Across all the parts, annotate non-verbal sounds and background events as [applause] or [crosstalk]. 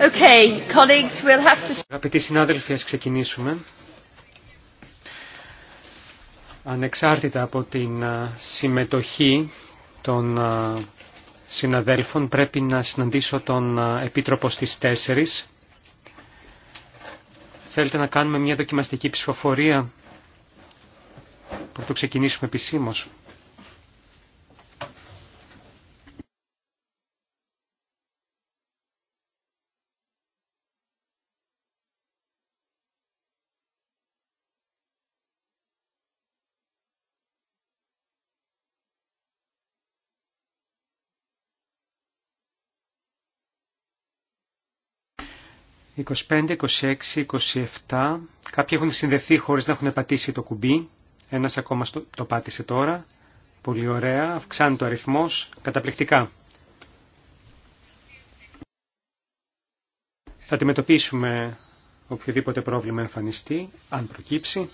Okay, colleagues, Αγαπητοί συνάδελφοι, ας ξεκινήσουμε. Ανεξάρτητα από την συμμετοχή των συναδέλφων, πρέπει να συναντήσω τον Επίτροπο στις 4. Θέλετε να κάνουμε μια δοκιμαστική ψηφοφορία, που το ξεκινήσουμε επισήμως. 25, 26, 27. Κάποιοι έχουν συνδεθεί χωρίς να έχουν πατήσει το κουμπί. Ένας ακόμα το πάτησε τώρα. Πολύ ωραία. Αυξάνει το αριθμός. Καταπληκτικά. Θα αντιμετωπίσουμε οποιοδήποτε πρόβλημα εμφανιστεί, αν προκύψει.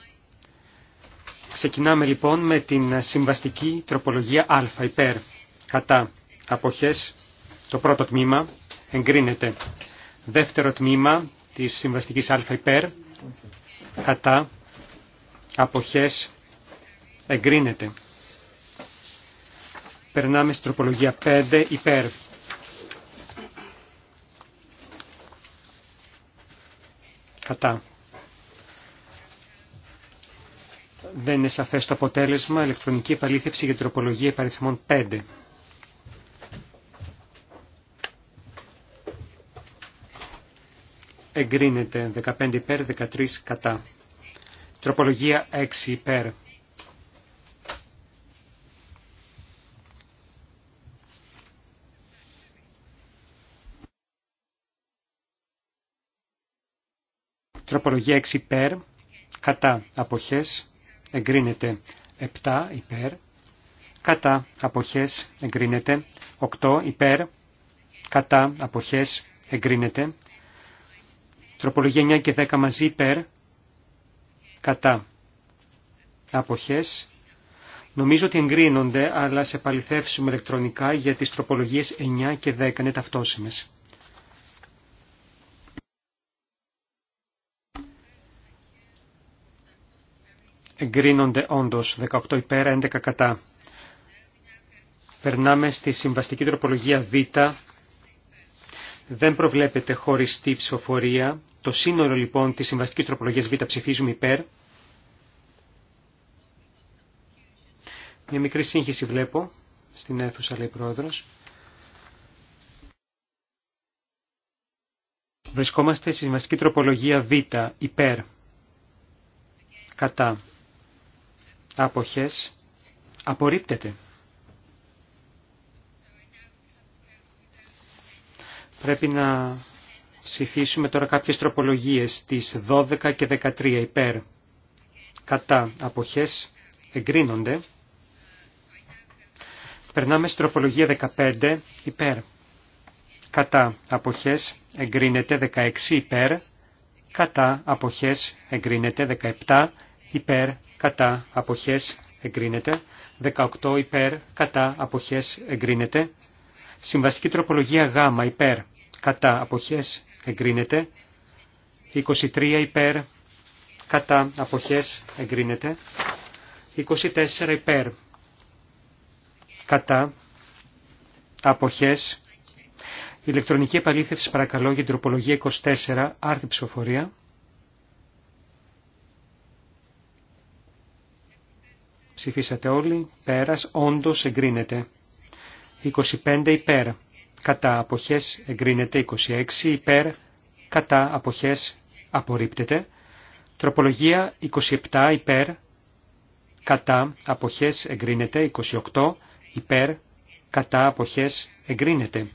Ξεκινάμε λοιπόν με την συμβαστική τροπολογία α υπέρ. Κατά αποχές το πρώτο τμήμα εγκρίνεται. Δεύτερο τμήμα της συμβαστικής α υπέρ, κατά, αποχές, εγκρίνεται. Περνάμε στην τροπολογία 5 υπέρ. Κατά. Δεν είναι σαφές το αποτέλεσμα. Ηλεκτρονική επαλήθευση για τροπολογία υπαριθμών 5. εγκρίνεται 15 υπέρ, 13 κατά. Τροπολογία 6 υπέρ. Τροπολογία 6 υπέρ, κατά αποχές, εγκρίνεται 7 υπέρ, κατά αποχές, εγκρίνεται 8 υπέρ, κατά αποχές, εγκρίνεται Τροπολογία 9 και 10 μαζί υπέρ. Κατά. Αποχές. Νομίζω ότι εγκρίνονται, αλλά σε παληθεύσουμε ηλεκτρονικά για τις τροπολογίες 9 και 10 είναι ταυτόσιμες. Εγκρίνονται όντως 18 υπέρ, 11 κατά. Περνάμε στη συμβαστική τροπολογία Β δεν προβλέπεται χωριστή ψηφοφορία. Το σύνολο λοιπόν της συμβαστικής τροπολογίας Β ψηφίζουμε υπέρ. Μια μικρή σύγχυση βλέπω στην αίθουσα, λέει πρόεδρος. Βρισκόμαστε στη συμβαστική τροπολογία Β, υπέρ, κατά, αποχές, απορρίπτεται. Πρέπει να ψηφίσουμε τώρα κάποιες τροπολογίες, τις 12 και 13 υπέρ. Κατά αποχές εγκρίνονται. Περνάμε στην τροπολογία 15 υπέρ. Κατά αποχές εγκρίνεται 16 υπέρ. Κατά αποχές εγκρίνεται 17 υπέρ. Κατά αποχές εγκρίνεται 18 υπέρ. Κατά αποχές εγκρίνεται. Συμβαστική τροπολογία Γ υπέρ κατά αποχές εγκρίνεται, 23 υπέρ κατά αποχές εγκρίνεται, 24 υπέρ κατά αποχές ηλεκτρονική επαλήθευση παρακαλώ για την τροπολογία 24 άρθρη ψηφοφορία. Ψηφίσατε όλοι, πέρας, όντως εγκρίνεται. 25 υπέρ, κατά αποχές εγκρίνεται 26, υπέρ κατά αποχές απορρίπτεται. Τροπολογία 27 υπέρ κατά αποχές εγκρίνεται 28 υπέρ κατά αποχές εγκρίνεται.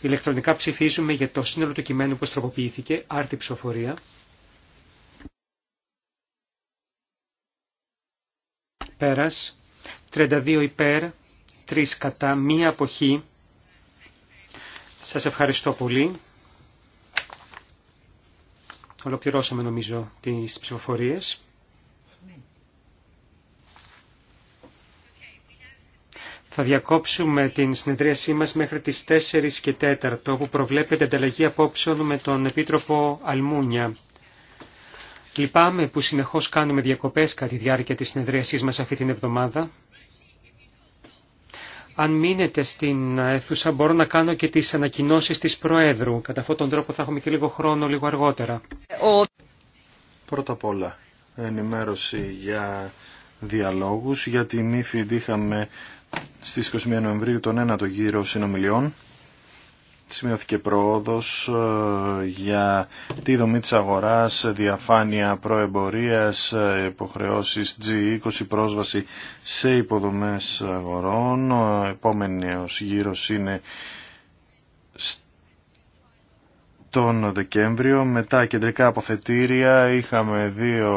Ηλεκτρονικά ψηφίζουμε για το σύνολο του κειμένου που τροποποιήθηκε, άρτη ψηφοφορία. Πέρας, 32 υπέρ, 3 κατά, μία αποχή. Σας ευχαριστώ πολύ. Ολοκληρώσαμε νομίζω τις ψηφοφορίες. Θα διακόψουμε την συνεδρίασή μας μέχρι τις 4 και 4, όπου προβλέπεται ανταλλαγή απόψεων με τον Επίτροπο Αλμούνια. Λυπάμαι που συνεχώς κάνουμε διακοπές κατά τη διάρκεια της συνεδρίασής μας αυτή την εβδομάδα. Αν μείνετε στην αίθουσα μπορώ να κάνω και τις ανακοινώσεις της Προέδρου. Κατά αυτόν τον τρόπο θα έχουμε και λίγο χρόνο λίγο αργότερα. Πρώτα απ' όλα, ενημέρωση για διαλόγους. Για την ύφη είχαμε στις 21 Νοεμβρίου τον ένατο γύρο συνομιλιών σημειώθηκε πρόοδος ε, για τη δομή της αγοράς, διαφάνεια προεμπορίας, ε, υποχρεώσεις G20, πρόσβαση σε υποδομές αγορών. Ο ε, επόμενος γύρος είναι τον Δεκέμβριο, μετά κεντρικά αποθετήρια είχαμε δύο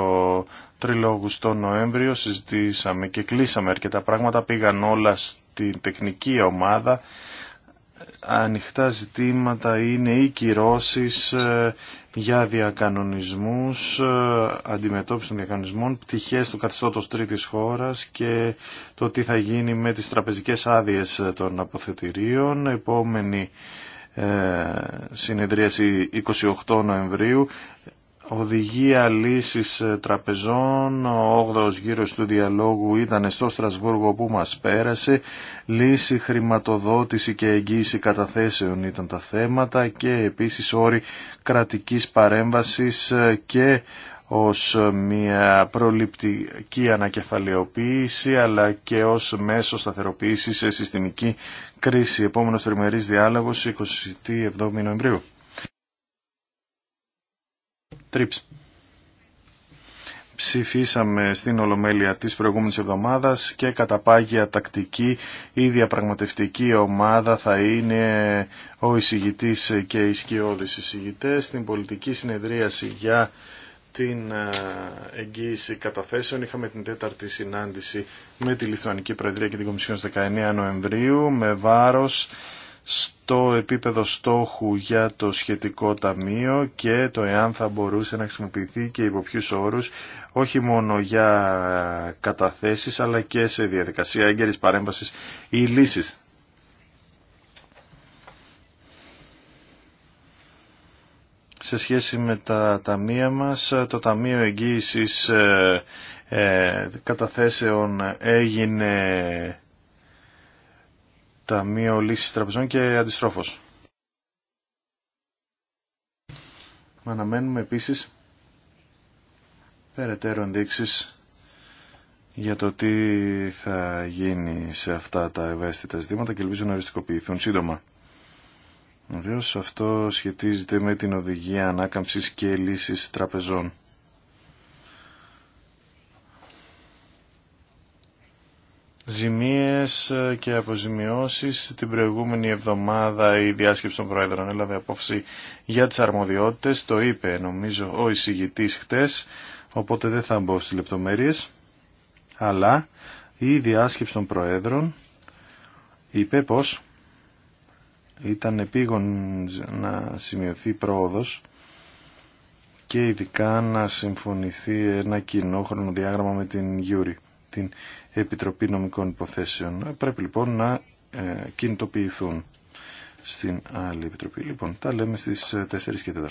τριλόγους τον Νοέμβριο, συζητήσαμε και κλείσαμε αρκετά πράγματα, πήγαν όλα στην τεχνική ομάδα ανοιχτά ζητήματα είναι οι κυρώσεις ε, για διακανονισμούς, ε, αντιμετώπιση των διακανονισμών, πτυχές του καθεστώτος τρίτης χώρας και το τι θα γίνει με τις τραπεζικές άδειες των αποθετηρίων. Επόμενη ε, συνεδρίαση 28 Νοεμβρίου Οδηγία λύσης ε, τραπεζών, ο 8 γύρος του διαλόγου ήταν στο Στρασβούργο που μας πέρασε, λύση χρηματοδότηση και εγγύηση καταθέσεων ήταν τα θέματα και επίσης όροι κρατικής παρέμβασης ε, και ως μια προληπτική ανακεφαλαιοποίηση αλλά και ως μέσο σταθεροποίηση σε συστημική κρίση. Επόμενος τριμερής διάλογος 27 Νοεμβρίου. Τρίψ. Ψηφίσαμε στην Ολομέλεια της προηγούμενης εβδομάδας και κατά πάγια τακτική η διαπραγματευτική ομάδα θα είναι ο εισηγητής και οι σκιώδης εισηγητές στην πολιτική συνεδρίαση για την εγγύηση καταθέσεων. Είχαμε την τέταρτη συνάντηση με τη Λιθουανική Προεδρία και την Κομισιόν 19 Νοεμβρίου με βάρος στο επίπεδο στόχου για το σχετικό ταμείο και το εάν θα μπορούσε να χρησιμοποιηθεί και υπό ποιους όρους όχι μόνο για καταθέσεις αλλά και σε διαδικασία έγκαιρης παρέμβασης ή λύσης. Σε σχέση με τα ταμεία μας, το Ταμείο Εγγύησης ε, ε Καταθέσεων έγινε Ταμείο Λύσης Τραπεζών και αντιστρόφως. Αναμένουμε επίσης περαιτέρω ενδείξεις για το τι θα γίνει σε αυτά τα ευαίσθητα ζητήματα και ελπίζω να οριστικοποιηθούν σύντομα. Βεβαίως αυτό σχετίζεται με την οδηγία ανάκαμψης και λύσης τραπεζών. ζημίες ε, και αποζημιώσεις. Την προηγούμενη εβδομάδα η διάσκεψη των Πρόεδρων έλαβε απόφαση για τις αρμοδιότητες. Το είπε νομίζω ο εισηγητής χτες, οπότε δεν θα μπω στις λεπτομέρειες. Αλλά η διάσκεψη των Προέδρων είπε πως ήταν επίγον να σημειωθεί πρόοδος και ειδικά να συμφωνηθεί ένα κοινό χρονοδιάγραμμα με την Γιούρη την Επιτροπή Νομικών Υποθέσεων. Πρέπει λοιπόν να ε, κινητοποιηθούν στην άλλη Επιτροπή. Λοιπόν, τα λέμε στις 4 ε, και 4.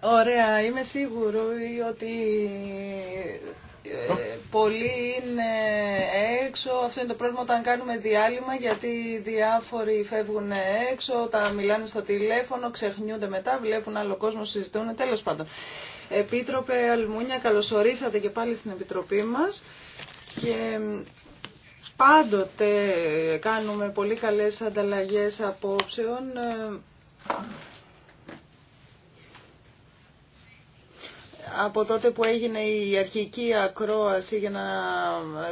Ωραία, είμαι σίγουρο ότι ε, πολλοί είναι έξω. Αυτό είναι το πρόβλημα όταν κάνουμε διάλειμμα γιατί διάφοροι φεύγουν έξω, τα μιλάνε στο τηλέφωνο, ξεχνιούνται μετά, βλέπουν άλλο κόσμο, συζητούν, τέλος πάντων. Επίτροπε Αλμούνια, καλωσορίσατε και πάλι στην Επιτροπή μας. Και πάντοτε κάνουμε πολύ καλές ανταλλαγές απόψεων. Ε, από τότε που έγινε η αρχική ακρόαση για να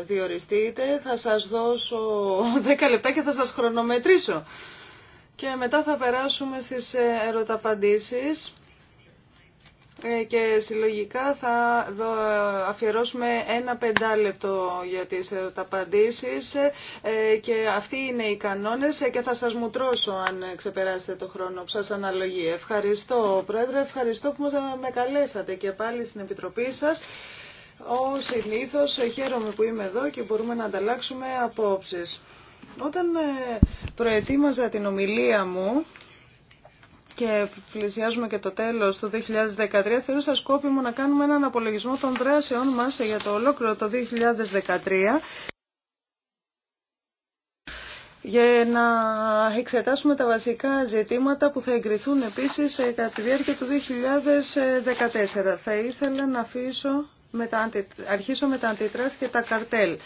διοριστείτε, θα σας δώσω 10 [laughs] λεπτά και θα σας χρονομετρήσω. Και μετά θα περάσουμε στις ερωταπαντήσεις. Ε, και συλλογικά θα αφιερώσουμε ένα πεντάλεπτο για τις απαντήσεις ε, και αυτοί είναι οι κανόνες ε, και θα σας μουτρώσω αν ξεπεράσετε το χρόνο που σας αναλογεί. Ευχαριστώ Πρόεδρε, ευχαριστώ που με καλέσατε και πάλι στην Επιτροπή σας. Ο συνήθως χαίρομαι που είμαι εδώ και μπορούμε να ανταλλάξουμε απόψεις. Όταν προετοίμαζα την ομιλία μου και πλησιάζουμε και το τέλος του 2013, θεωρούσα σκόπιμο να κάνουμε έναν απολογισμό των δράσεών μας για το ολόκληρο το 2013 για να εξετάσουμε τα βασικά ζητήματα που θα εγκριθούν επίσης ε, κατά τη διάρκεια του 2014. Θα ήθελα να αφήσω με τα, αρχίσω με τα αντιτράς και τα καρτέλ.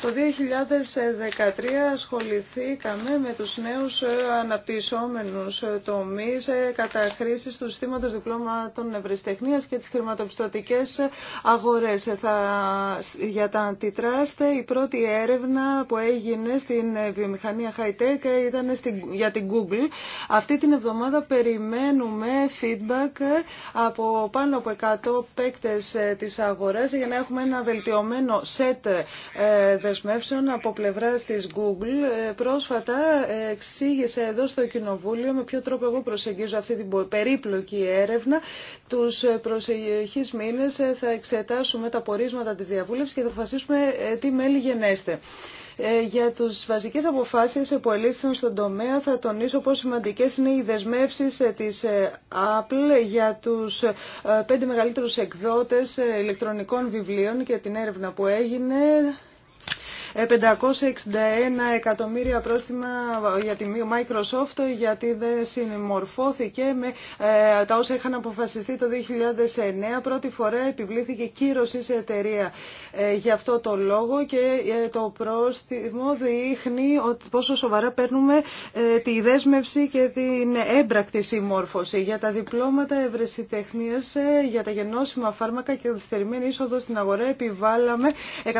Το 2013 ασχοληθήκαμε με τους νέους ε, αναπτυσσόμενους ε, τομείς ε, κατά χρήση του συστήματος διπλώματων ευρεσιτεχνίας και τις χρηματοπιστωτικές αγορές. για τα αντιτράστε η πρώτη έρευνα που έγινε στην βιομηχανία high-tech ήταν για την Google. Αυτή την εβδομάδα περιμένουμε feedback από πάνω από 100 παίκτες της αγοράς για να έχουμε ένα βελτιωμένο set δεσμεύσεων από πλευρά τη Google. Ε, πρόσφατα εξήγησε εδώ στο Κοινοβούλιο με ποιο τρόπο εγώ προσεγγίζω αυτή την περίπλοκη έρευνα. Του προσεχεί μήνε ε, θα εξετάσουμε τα πορίσματα τη διαβούλευση και θα αποφασίσουμε ε, τι μέλη γενέστε για τι βασικέ αποφάσει που ελήφθησαν στον τομέα θα τονίσω πόσο σημαντικέ είναι οι δεσμεύσει τη Apple για του πέντε μεγαλύτερου εκδότε ηλεκτρονικών βιβλίων και την έρευνα που έγινε 561 ε, εκατομμύρια πρόστιμα για τη Microsoft γιατί δεν συμμορφώθηκε με ε, τα όσα είχαν αποφασιστεί το 2009. Πρώτη φορά επιβλήθηκε κύρωση σε εταιρεία ε, για αυτό το λόγο και το πρόστιμο δείχνει ότι πόσο σοβαρά παίρνουμε τη δέσμευση και την έμπρακτη συμμόρφωση. Για τα διπλώματα ευρεσιτεχνίας, για τα γενώσιμα φάρμακα και καθυστερημένη είσοδο στην αγορά επιβάλαμε 146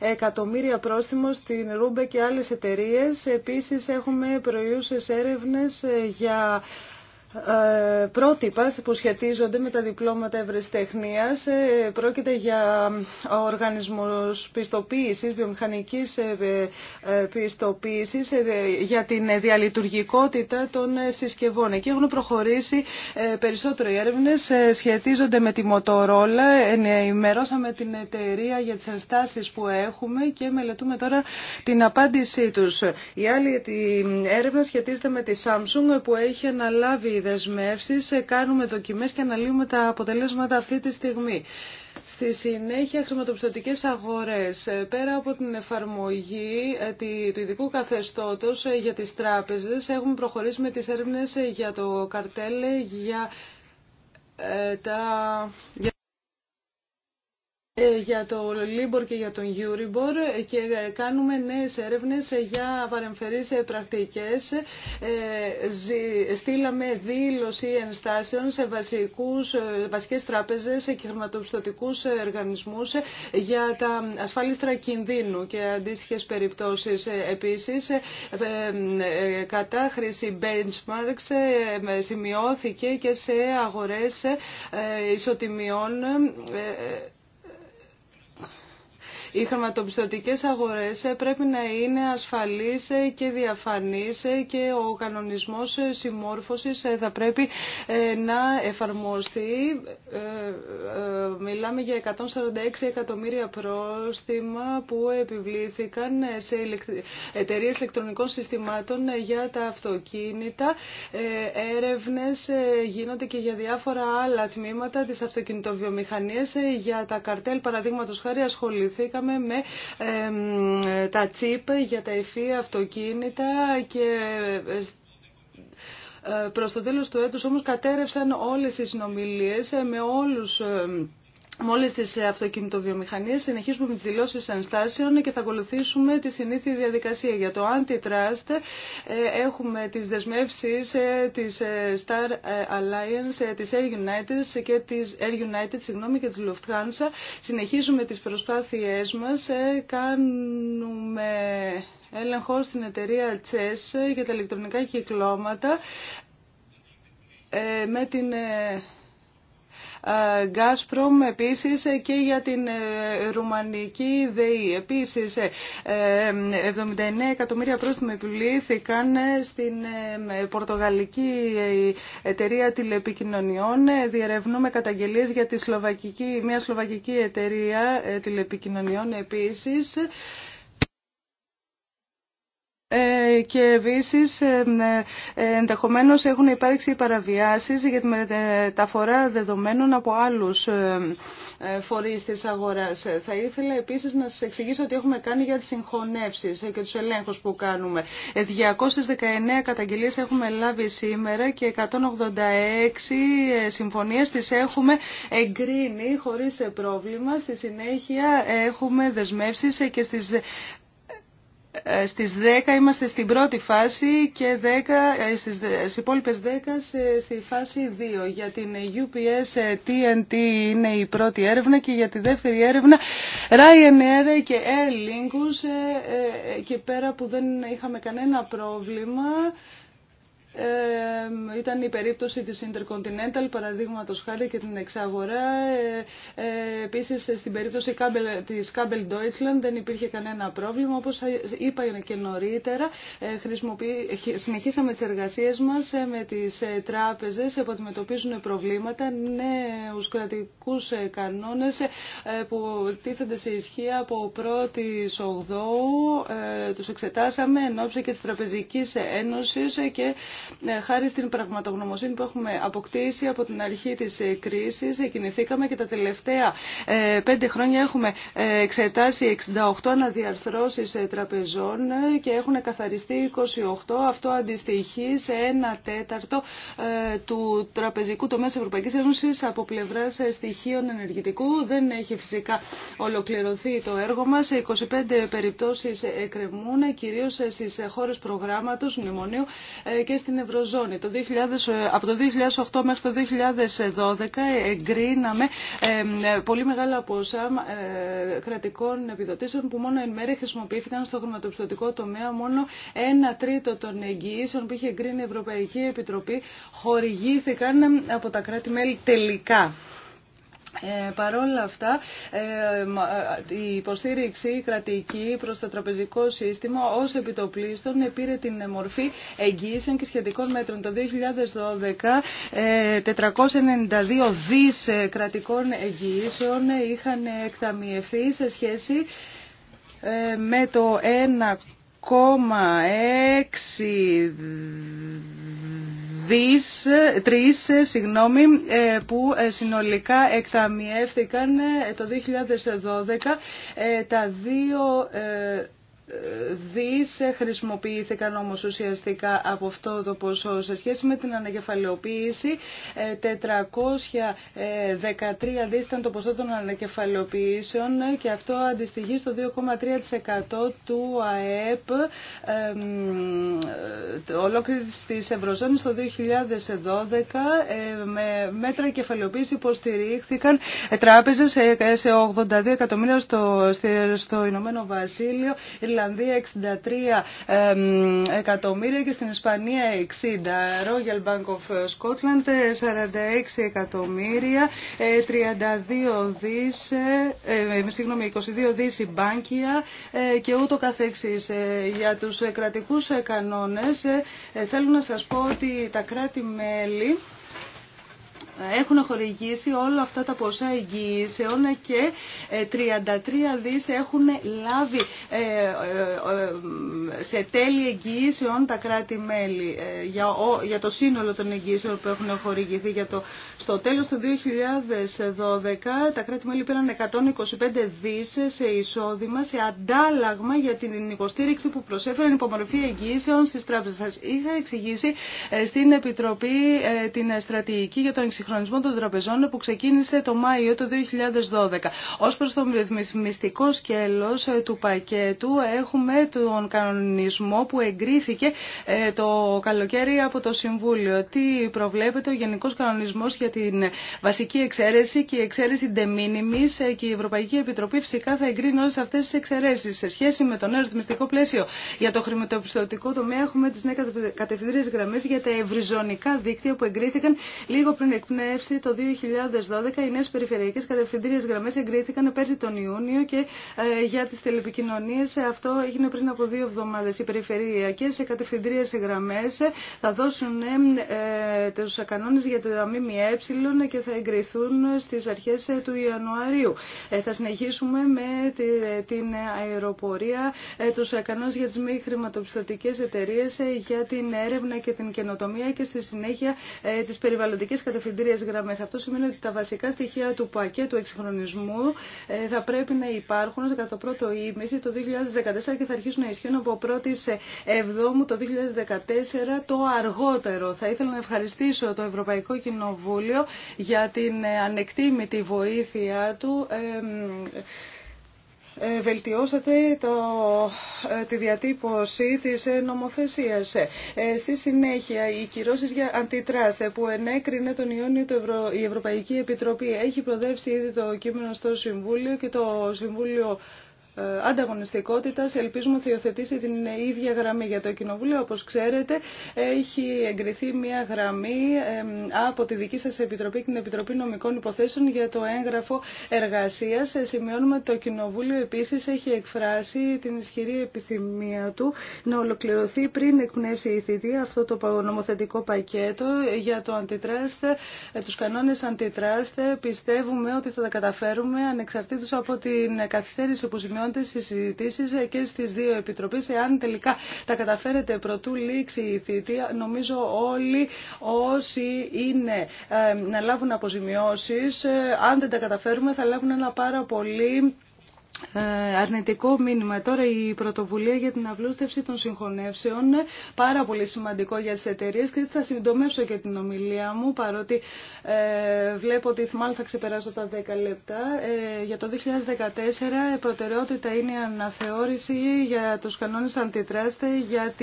εκατομμύρια πρόστιμο στην Ρούμπε και άλλες εταιρείες. Επίσης έχουμε προϊούσες έρευνες ε, για ε, πρότυπα που σχετίζονται με τα διπλώματα ευρεσιτεχνίας. Ε, πρόκειται για οργανισμός πιστοποίησης, βιομηχανικής ε, πιστοποίησης για την διαλειτουργικότητα των συσκευών. Εκεί έχουν προχωρήσει περισσότερο οι έρευνες, σχετίζονται με τη Μοτορόλα, ενημερώσαμε την εταιρεία για τις ενστάσεις που έχουμε και μελετούμε τώρα την απάντησή τους. Η άλλη έρευνα σχετίζεται με τη Samsung που έχει αναλάβει δεσμεύσεις, ε, κάνουμε δοκιμές και αναλύουμε τα αποτελέσματα αυτή τη στιγμή. Στη συνέχεια, χρηματοπιστωτικές αγορές. Ε, πέρα από την εφαρμογή ε, του ειδικού καθεστώτος για τις τράπεζες, έχουμε προχωρήσει με τις έρευνες για το καρτέλε για τα... Ε, για το Λίμπορ και για τον Γιούριμπορ ε, και ε, κάνουμε νέες έρευνες για παρεμφερείς πρακτικές. Στείλαμε δήλωση ενστάσεων σε βασικούς, βασικές τράπεζες και χρηματοπιστωτικούς οργανισμούς για τα ασφάλιστρα κινδύνου και αντίστοιχες περιπτώσεις. Επίσης, κατάχρηση benchmarks σημειώθηκε και σε αγορές ισοτιμιών οι χρηματοπιστωτικές αγορές ε, πρέπει να είναι ασφαλείς ε, και διαφανείς ε, και ο κανονισμός συμμόρφωσης θα πρέπει να εφαρμοστεί. Μιλάμε για 146 εκατομμύρια πρόστιμα που επιβλήθηκαν σε εταιρείε ηλεκτρονικών συστημάτων για τα αυτοκίνητα. Έρευνες γίνονται και για διάφορα άλλα τμήματα της αυτοκινητοβιομηχανίας. Για τα καρτέλ, παραδείγματος χάρη, ασχοληθήκαμε με τα τσίπ για τα ευφύ αυτοκίνητα και ε, ε, προς το τέλος του έτους όμως κατέρευσαν όλες οι συνομιλίες ε, με όλους με όλε τι ε, αυτοκινητοβιομηχανίε. Συνεχίζουμε με τι δηλώσει ενστάσεων και θα ακολουθήσουμε τη συνήθεια διαδικασία. Για το Antitrust ε, έχουμε τι δεσμεύσει ε, τη Star Alliance, τη Air United και τη Air United, και τη Lufthansa. Συνεχίζουμε τι προσπάθειέ μα. Κάνουμε έλεγχο στην εταιρεία CES για τα ηλεκτρονικά κυκλώματα με την ε, Gazprom επίσης και για την ε, Ρουμανική ΔΕΗ. Επίσης 79 ε, εκατομμύρια πρόστιμα επιβλήθηκαν στην Πορτογαλική εταιρεία τηλεπικοινωνιών. Διερευνούμε καταγγελίες για τη Σλοβακική, μια Σλοβακική εταιρεία τηλεπικοινωνιών επίσης. Ε, και επίσης ε, ε, ενδεχομένως έχουν υπάρξει παραβιάσεις για τη μεταφορά δεδομένων από άλλους φορείς της αγοράς. Θα ήθελα επίσης να σας εξηγήσω ότι έχουμε κάνει για τις συγχωνεύσεις και τους ελέγχους που κάνουμε. 219 καταγγελίες έχουμε λάβει σήμερα και 186 συμφωνίες τις έχουμε εγκρίνει χωρίς πρόβλημα. Στη συνέχεια έχουμε δεσμεύσεις και στις ε, στις 10 είμαστε στην πρώτη φάση και 10, ε, στις, στις υπόλοιπες 10 στη φάση 2. Για την UPS TNT ε, είναι η πρώτη έρευνα και για τη δεύτερη έρευνα Ryanair και Air Lingus και πέρα που δεν είχαμε κανένα πρόβλημα ε, ήταν η περίπτωση της Intercontinental, παραδείγματο χάρη και την εξαγορά. Ε, ε επίσης, στην περίπτωση της Kabel Deutschland δεν υπήρχε κανένα πρόβλημα. Όπως είπα και νωρίτερα, ε, συνεχίσαμε τις εργασίες μας ε, με τις ε, τράπεζες που αντιμετωπίζουν προβλήματα, νέους κρατικούς ε, κανόνες ε, που τίθενται σε ισχύ από 1η Ογδόου. Ε, τους εξετάσαμε εν και της Τραπεζικής Ένωσης και ε, χάρη στην πραγματογνωμοσύνη που έχουμε αποκτήσει από την αρχή της ε, κρίσης, ε, κινηθήκαμε και τα τελευταία πέντε χρόνια έχουμε εξετάσει 68 αναδιαρθρώσεις τραπεζών και έχουν καθαριστεί 28. Αυτό αντιστοιχεί σε ένα τέταρτο του τραπεζικού τομέα της Ευρωπαϊκής Ένωσης από πλευράς στοιχείων ενεργητικού. Δεν έχει φυσικά ολοκληρωθεί το έργο μας. 25 περιπτώσεις εκκρεμούν, κυρίως στις χώρες προγράμματος, μνημονίου Ευρωζώνη. Το 2000, ε, από το 2008 μέχρι το 2012 εγκρίναμε ε, πολύ μεγάλα ποσά ε, κρατικών επιδοτήσεων που μόνο εν μέρει χρησιμοποιήθηκαν στο χρηματοπιστωτικό τομέα. Μόνο ένα τρίτο των εγγυήσεων που είχε εγκρίνει η Ευρωπαϊκή Επιτροπή χορηγήθηκαν από τα κράτη-μέλη τελικά. Ε, Παρ' όλα αυτά, ε, ε, η υποστήριξη κρατική προς το τραπεζικό σύστημα ως επιτοπλίστων πήρε την μορφή εγγύησεων και σχετικών μέτρων. Το 2012, 492 ε, δις κρατικών εγγύησεων είχαν εκταμιευθεί σε σχέση με το 1,6 δις, τρεις ε, συγγνώμη, ε, που ε, συνολικά εκταμιεύθηκαν το 2012 τα δύο δις χρησιμοποιήθηκαν όμως ουσιαστικά από αυτό το ποσό σε σχέση με την ανακεφαλαιοποίηση 413 ε, δις ήταν το ποσό των ανακεφαλαιοποιήσεων και αυτό αντιστοιχεί στο 2,3% του ΑΕΠ ε, ολόκληρης της Ευρωζώνης το 2012 ε, με μέτρα κεφαλαιοποίηση υποστηρίχθηκαν τράπεζες σε 82 εκατομμύρια στο, στο Ηνωμένο Βασίλειο Ιρλανδία 63 εκατομμύρια και στην Ισπανία 60. Royal Bank of Scotland 46 εκατομμύρια, 32 ε, δις, ε, ε, συγγνώμη, 22 δις η Μπάνκια και ούτω καθεξής. Για τους κρατικούς κανόνες θέλω να σας πω ότι τα κράτη-μέλη έχουν χορηγήσει όλα αυτά τα ποσά εγγυήσεων και 33 ε, δις έχουν λάβει ε, ε, σε τέλη εγγυήσεων τα κράτη-μέλη για το σύνολο των εγγυήσεων που έχουν χορηγηθεί. Για το, στο τέλος του 2012 τα κράτη-μέλη πήραν 125 δις σε εισόδημα, σε αντάλλαγμα για την υποστήριξη που προσέφεραν υπομορφή εγγυήσεων στις τράπεζες. Είχα εξηγήσει στην Επιτροπή την στρατηγική για τον εξυγχρονισμό εξυγχρονισμό των τραπεζών που ξεκίνησε το Μάιο του 2012. Ως προς το ρυθμιστικό σκέλος ε, του πακέτου έχουμε τον κανονισμό που εγκρίθηκε ε, το καλοκαίρι από το Συμβούλιο. Τι προβλέπεται ο Γενικός Κανονισμός για την βασική εξαίρεση και η εξαίρεση de minimis ε, και η Ευρωπαϊκή Επιτροπή φυσικά θα εγκρίνει όλες αυτές τις εξαιρέσεις. Σε σχέση με το νέο ρυθμιστικό πλαίσιο για το χρηματοπιστωτικό τομέα έχουμε τις νέες κατευθυντήριες γραμμές για τα ευρυζωνικά δίκτυα που εγκρίθηκαν λίγο πριν την το 2012 οι νέε περιφερειακέ κατευθυντήριες γραμμέ εγκρίθηκαν πέρσι τον Ιούνιο και ε, για τι τηλεπικοινωνίε ε, αυτό έγινε πριν από δύο εβδομάδε. Οι περιφερειακές κατευθυντήριε γραμμέ ε, θα δώσουν του κανόνε για τα ΜΜΕ και θα εγκριθούν στι αρχέ του Ιανουαρίου. Θα συνεχίσουμε με την αεροπορία, του κανόνε για τι μη χρηματοπιστωτικές εταιρείες, για την έρευνα και την καινοτομία και στη συνέχεια τις περιβαλλοντικές κατευθυντήριες αυτό σημαίνει ότι τα βασικά στοιχεία του πακέτου εξυγχρονισμού ε, θα πρέπει να υπάρχουν κατά το πρώτο ήμιση το 2014 και θα αρχίσουν να ισχύουν από 1η ε, Εβδόμου το 2014 το αργότερο. Θα ήθελα να ευχαριστήσω το Ευρωπαϊκό Κοινοβούλιο για την ε, ανεκτήμητη βοήθεια του ε, βελτιώσατε το, ε, τη διατύπωση της ε, νομοθεσίας. Στη συνέχεια, οι κυρώσεις για αντιτράστε που ενέκρινε τον Ιόνιο το Ευρω... η Ευρωπαϊκή Επιτροπή έχει προδέψει ήδη το κείμενο στο Συμβούλιο και το Συμβούλιο ε, Ανταγωνιστικότητα. ελπίζουμε θα υιοθετήσει την ίδια γραμμή για το Κοινοβούλιο. όπω ξέρετε έχει εγκριθεί μια γραμμή από τη δική σα Επιτροπή και την Επιτροπή Νομικών Υποθέσεων για το έγγραφο εργασία. Ε, σημειώνουμε ότι το Κοινοβούλιο επίση έχει εκφράσει την ισχυρή επιθυμία του να ολοκληρωθεί πριν εκπνεύσει η θητεία αυτό το νομοθετικό πακέτο για το αντιτράστε, τους κανόνες αντιτράστε, Πιστεύουμε ότι θα τα καταφέρουμε ανεξαρτήτως από την καθυστέρηση που σημειώνουμε σημειώνεται στις και στι δύο επιτροπές. Εάν τελικά τα καταφέρετε προτού λήξει η θητεία, νομίζω όλοι όσοι είναι ε, να λάβουν αποζημιώσεις, ε, αν δεν τα καταφέρουμε θα λάβουν ένα πάρα πολύ ε, αρνητικό μήνυμα. Τώρα η πρωτοβουλία για την αυλούστευση των συγχωνεύσεων πάρα πολύ σημαντικό για τις εταιρείε και θα συντομεύσω και την ομιλία μου παρότι ε, βλέπω ότι μάλλον θα ξεπεράσω τα 10 λεπτά. Ε, για το 2014 προτεραιότητα είναι η αναθεώρηση για τους κανόνες αντιτράστε για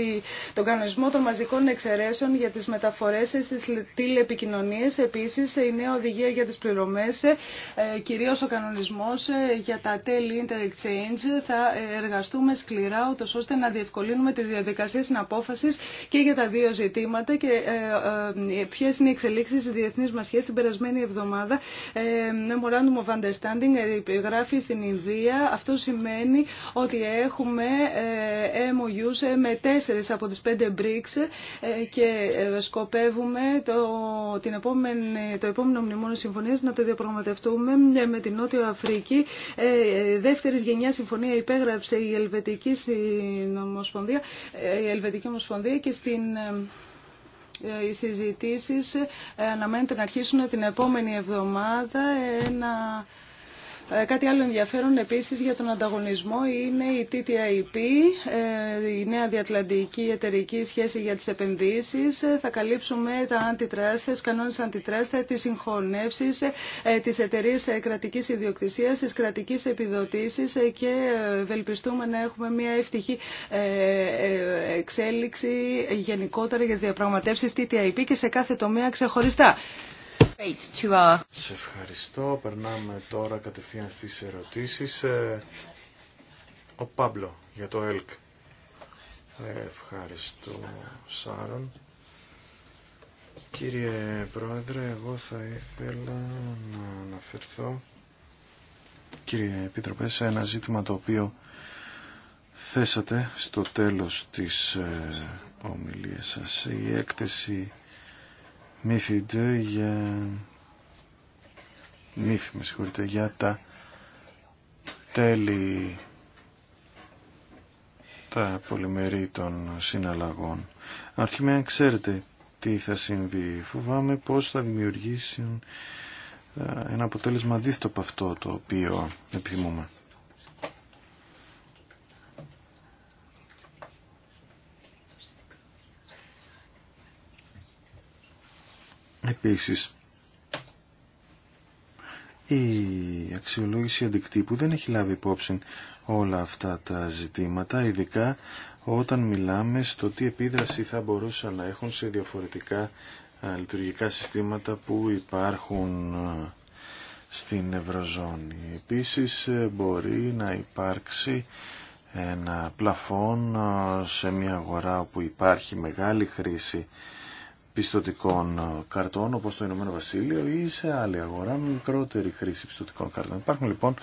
τον κανονισμό των μαζικών εξαιρέσεων για τις μεταφορές στις τηλεπικοινωνίες. Επίσης η νέα οδηγία για τις πληρωμές, ε, κυρίως ο κανονισμός ε, για τα τέλη θα εργαστούμε σκληρά ούτως ώστε να διευκολύνουμε τη διαδικασία συναπόφασης και για τα δύο ζητήματα και ε, ε, ποιες είναι οι εξελίξεις της διεθνής μας σχέσης την περασμένη εβδομάδα. Ε, Memorandum of Understanding ε, γράφει στην Ινδία. Αυτό σημαίνει ότι έχουμε ε, MOUs ε, με τέσσερι από τις πέντε BRICS και σκοπεύουμε το, την επόμενη, το επόμενο μνημόνιο συμφωνίας να το διαπραγματευτούμε με την Νότιο Αφρική δεύτερης γενιάς συμφωνία υπέγραψε η Ελβετική, Ομοσπονδία, ε, η Ελβετική Ομοσπονδία και στην ε, ε, οι συζητήσεις αναμένεται να αρχίσουν την επόμενη εβδομάδα ένα ε, κάτι άλλο ενδιαφέρον επίσης για τον ανταγωνισμό είναι η TTIP, ε, η Νέα Διατλαντική Εταιρική Σχέση για τις Επενδύσεις. Ε, θα καλύψουμε τα αντιτράστα, τους κανόνες αντιτράστα, τις συγχωνεύσεις, τις εταιρείες κρατικής ιδιοκτησίας, τις κρατικές επιδοτήσεις και ευελπιστούμε να έχουμε μια ευτυχή εξέλιξη γενικότερα για τις διαπραγματεύσεις TTIP και σε κάθε τομέα ξεχωριστά. Σε ευχαριστώ. Περνάμε τώρα κατευθείαν στις ερωτήσεις. Ε, ο Πάμπλο για το ΕΛΚ. Ε, ευχαριστώ, Σάρων. Κύριε Πρόεδρε, εγώ θα ήθελα να αναφερθώ, κύριε Επίτροπε, σε ένα ζήτημα το οποίο θέσατε στο τέλος της ε, ομιλίας σας. Η έκθεση μύφη για... με συγχωρείτε, για τα τέλη τα πολυμερή των συναλλαγών. αν ξέρετε τι θα συμβεί. Φοβάμαι πώς θα δημιουργήσουν ε, ένα αποτέλεσμα αντίθετο από αυτό το οποίο επιθυμούμε. Επίσης, η αξιολόγηση αντικτύπου δεν έχει λάβει υπόψη όλα αυτά τα ζητήματα, ειδικά όταν μιλάμε στο τι επίδραση θα μπορούσαν να έχουν σε διαφορετικά λειτουργικά συστήματα που υπάρχουν στην Ευρωζώνη. Επίσης ε, μπορεί να υπάρξει ένα πλαφόν σε μια αγορά όπου υπάρχει μεγάλη χρήση πιστοτικών καρτών όπως το Ηνωμένο Βασίλειο ή σε άλλη αγορά με μικρότερη χρήση πιστοτικών καρτών. Υπάρχουν λοιπόν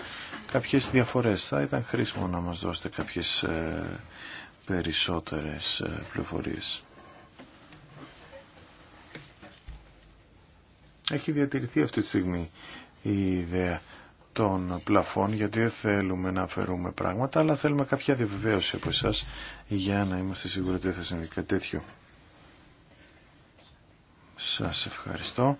κάποιες διαφορές. Θα ήταν χρήσιμο να μας δώσετε κάποιες ε, περισσότερες ε, πληροφορίες. Έχει διατηρηθεί αυτή τη στιγμή η ιδέα των πλαφών γιατί δεν θέλουμε να αφαιρούμε πράγματα αλλά θέλουμε κάποια διαβεβαίωση από εσά για να είμαστε σίγουροι ότι θα συμβεί κάτι τέτοιο. Σας ευχαριστώ.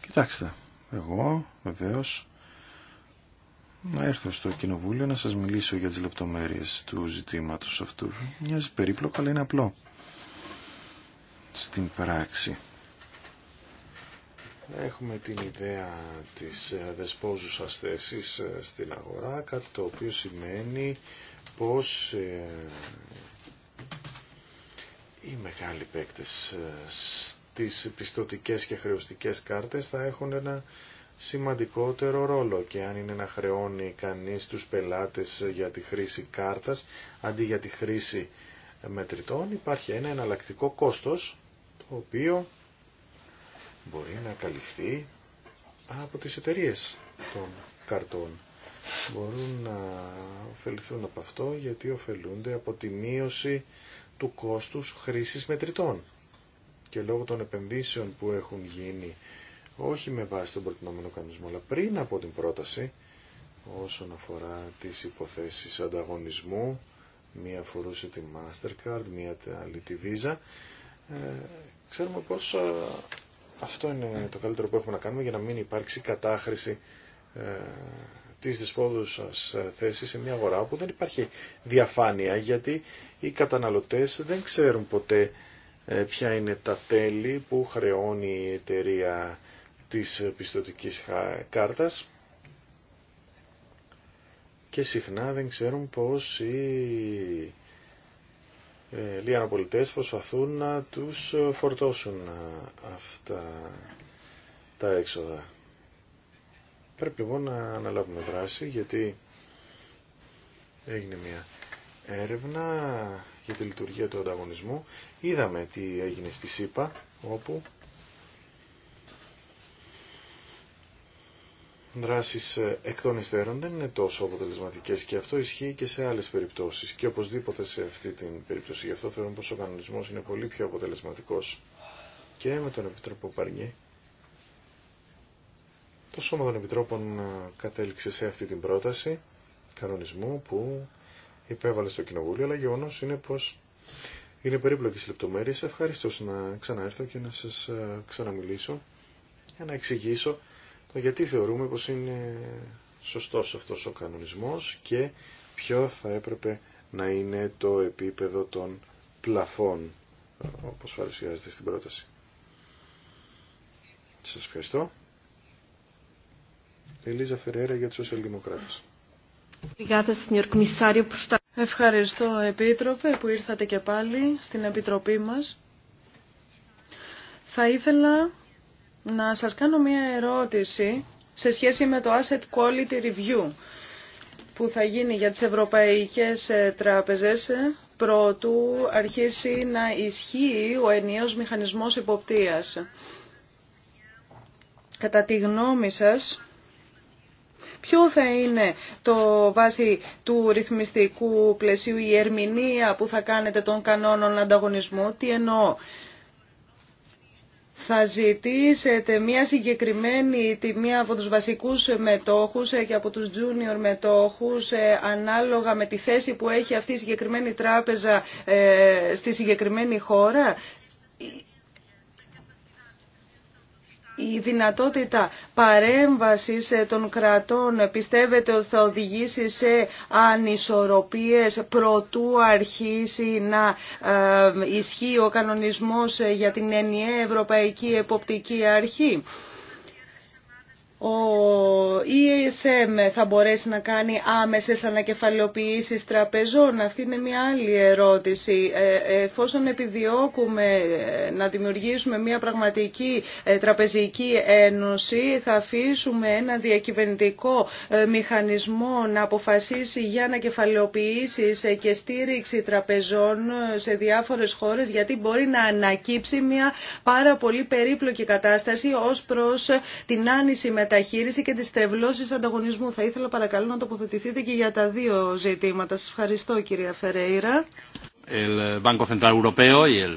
Κοιτάξτε, εγώ βεβαίως να έρθω στο κοινοβούλιο να σας μιλήσω για τις λεπτομέρειες του ζητήματος αυτού. Μοιάζει περίπλοκο, αλλά είναι απλό. Στην πράξη. Έχουμε την ιδέα της δεσπόζουσας θέσης στην αγορά, κάτι το οποίο σημαίνει πως ε, οι μεγάλοι παίκτες ε, στις πιστοτικές και χρεωστικές κάρτες θα έχουν ένα σημαντικότερο ρόλο και αν είναι να χρεώνει κανείς τους πελάτες για τη χρήση κάρτας αντί για τη χρήση μετρητών υπάρχει ένα εναλλακτικό κόστος το οποίο μπορεί να καλυφθεί από τις εταιρείες των καρτών. Μπορούν να ωφεληθούν από αυτό γιατί ωφελούνται από τη μείωση του κόστους χρήσης μετρητών. Και λόγω των επενδύσεων που έχουν γίνει, όχι με βάση τον προτινόμενο κανονισμό, αλλά πριν από την πρόταση, όσον αφορά τις υποθέσεις ανταγωνισμού, μία αφορούσε τη Mastercard, μία άλλη τη Visa, ε, ξέρουμε πως ε, αυτό είναι το καλύτερο που έχουμε να κάνουμε για να μην υπάρξει κατάχρηση ε, τη της ε, θέση σε μια αγορά όπου δεν υπάρχει διαφάνεια γιατί οι καταναλωτές δεν ξέρουν ποτέ ε, ποια είναι τα τέλη που χρεώνει η εταιρεία της πιστοτικής κάρτας και συχνά δεν ξέρουν πως οι ε, λιανοπολιτές προσπαθούν να τους φορτώσουν αυτά τα έξοδα. Πρέπει λοιπόν να αναλάβουμε δράση γιατί έγινε μια έρευνα για τη λειτουργία του ανταγωνισμού. Είδαμε τι έγινε στη ΣΥΠΑ όπου δράσεις εκ των υστέρων δεν είναι τόσο αποτελεσματικές και αυτό ισχύει και σε άλλες περιπτώσεις και οπωσδήποτε σε αυτή την περίπτωση. Γι' αυτό θεωρούμε πως ο κανονισμός είναι πολύ πιο αποτελεσματικός και με τον Επιτρόπο Παρνιέ το Σώμα των Επιτρόπων ε, κατέληξε σε αυτή την πρόταση κανονισμού που υπέβαλε στο Κοινοβούλιο, αλλά γεγονό είναι πως είναι περίπλοκες λεπτομέρειες. Ευχαριστώ να ξαναέρθω και να σας ε, ξαναμιλήσω για να εξηγήσω το γιατί θεωρούμε πως είναι σωστός αυτός ο κανονισμός και ποιο θα έπρεπε να είναι το επίπεδο των πλαφών, ε, όπως παρουσιάζεται στην πρόταση. Σας ευχαριστώ. Ελίζα Φεραίρα για τους Σοσιαλδημοκράτες. Ευχαριστώ Επίτροπε που ήρθατε και πάλι στην Επιτροπή μας. Θα ήθελα να σας κάνω μια ερώτηση σε σχέση με το Asset Quality Review που θα γίνει για τις ευρωπαϊκές ε, τράπεζες ε, προτού αρχίσει να ισχύει ο ενιαίος μηχανισμός υποπτίας. Κατά τη γνώμη σας, Ποιο θα είναι το βάση του ρυθμιστικού πλαισίου η ερμηνεία που θα κάνετε των κανόνων ανταγωνισμού. Τι εννοώ. Θα ζητήσετε μια συγκεκριμένη τιμή από τους βασικούς μετόχους και από τους junior μετόχους ε, ανάλογα με τη θέση που έχει αυτή η συγκεκριμένη τράπεζα ε, στη συγκεκριμένη χώρα η δυνατότητα παρέμβασης ε, των κρατών ε, πιστεύετε ότι θα οδηγήσει σε ανισορροπίες προτού αρχίσει να ε, ισχύει ο κανονισμός για την ενιαία Ευρωπαϊκή Εποπτική Αρχή ο ESM θα μπορέσει να κάνει άμεσες ανακεφαλαιοποιήσεις τραπεζών. Αυτή είναι μια άλλη ερώτηση. Ε, εφόσον επιδιώκουμε ε, να δημιουργήσουμε μια πραγματική ε, τραπεζική ένωση, θα αφήσουμε ένα διακυβερνητικό μηχανισμό να αποφασίσει για ανακεφαλαιοποιήσεις και στήριξη τραπεζών σε διάφορες χώρες, γιατί μπορεί να ανακύψει μια πάρα πολύ περίπλοκη κατάσταση ως προς την άνηση με μεταχείριση και τις τρευλώσεις ανταγωνισμού. Θα ήθελα παρακαλώ να τοποθετηθείτε και για τα δύο ζητήματα. Σας ευχαριστώ κυρία Φερέιρα.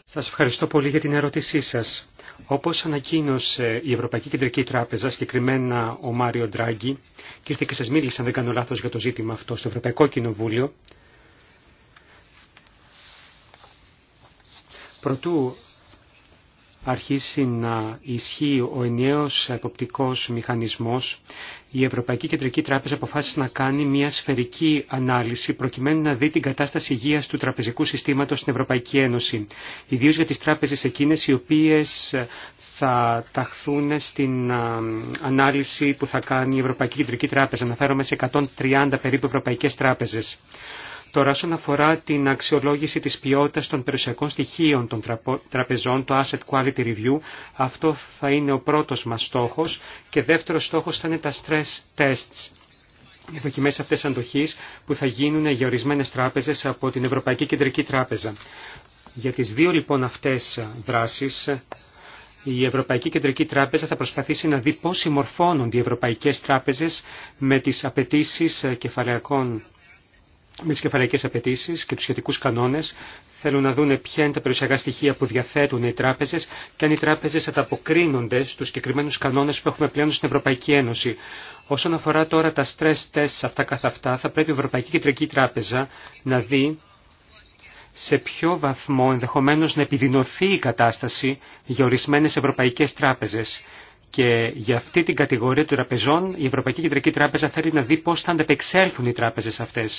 Σας ευχαριστώ πολύ για την ερώτησή σας. Όπως ανακοίνωσε η Ευρωπαϊκή Κεντρική Τράπεζα, συγκεκριμένα ο Μάριο Ντράγκη, και ήρθε και σας μίλησε, αν δεν κάνω λάθος, για το ζήτημα αυτό στο Ευρωπαϊκό Κοινοβούλιο, Προτού αρχίσει να ισχύει ο ενιαίος εποπτικός μηχανισμός, η Ευρωπαϊκή Κεντρική Τράπεζα αποφάσισε να κάνει μια σφαιρική ανάλυση προκειμένου να δει την κατάσταση υγείας του τραπεζικού συστήματος στην Ευρωπαϊκή Ένωση, ιδίως για τις τράπεζες εκείνες οι οποίες θα ταχθούν στην ανάλυση που θα κάνει η Ευρωπαϊκή Κεντρική Τράπεζα. Αναφέρομαι σε 130 περίπου ευρωπαϊκές τράπεζες. Τώρα, όσον αφορά την αξιολόγηση της ποιότητας των περιουσιακών στοιχείων των τραπεζών, το Asset Quality Review, αυτό θα είναι ο πρώτος μας στόχος και δεύτερος στόχος θα είναι τα stress tests. Οι δοκιμές αυτές αντοχής που θα γίνουν για ορισμένε τράπεζες από την Ευρωπαϊκή Κεντρική Τράπεζα. Για τις δύο λοιπόν αυτές δράσεις, η Ευρωπαϊκή Κεντρική Τράπεζα θα προσπαθήσει να δει πώς συμμορφώνονται οι ευρωπαϊκές τράπεζες με τις απαιτήσει κεφαλαϊκών με τι κεφαλαικέ απαιτήσει και του σχετικού κανόνε θέλουν να δουν ποια είναι τα περιουσιακά στοιχεία που διαθέτουν οι τράπεζε, και αν οι τράπεζες ανταποκρίνονται στου συγκεκριμένου κανόνε που έχουμε πλέον στην Ευρωπαϊκή Ένωση. Όσον αφορά τώρα τα stress tests αυτά καθ' αυτά, θα πρέπει η Ευρωπαϊκή Κεντρική Τράπεζα να δει σε ποιο βαθμό ενδεχομένω να επιδεινωθεί η κατάσταση για ορισμένε ευρωπαϊκέ τράπεζε. Και για αυτή την κατηγορία των τραπεζών η Ευρωπαϊκή Κεντρική Τράπεζα θέλει να δει πώ θα ανταπεξέλθουν οι τράπεζε αυτέ.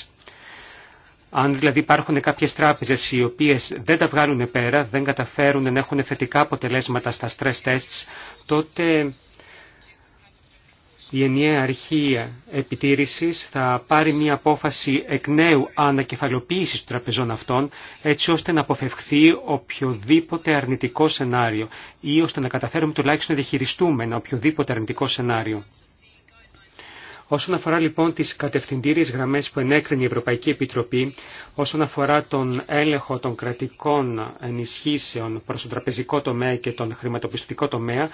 Αν δηλαδή υπάρχουν κάποιες τράπεζες οι οποίες δεν τα βγάλουν πέρα, δεν καταφέρουν να έχουν θετικά αποτελέσματα στα stress tests, τότε η ενιαία αρχή επιτήρησης θα πάρει μια απόφαση εκ νέου ανακεφαλοποίησης των τραπεζών αυτών, έτσι ώστε να αποφευχθεί οποιοδήποτε αρνητικό σενάριο ή ώστε να καταφέρουμε τουλάχιστον να διαχειριστούμε ένα οποιοδήποτε αρνητικό σενάριο. Όσον αφορά λοιπόν τις κατευθυντήριες γραμμές που ενέκρινε η Ευρωπαϊκή Επιτροπή, όσον αφορά τον έλεγχο των κρατικών ενισχύσεων προς τον τραπεζικό τομέα και τον χρηματοπιστωτικό τομέα,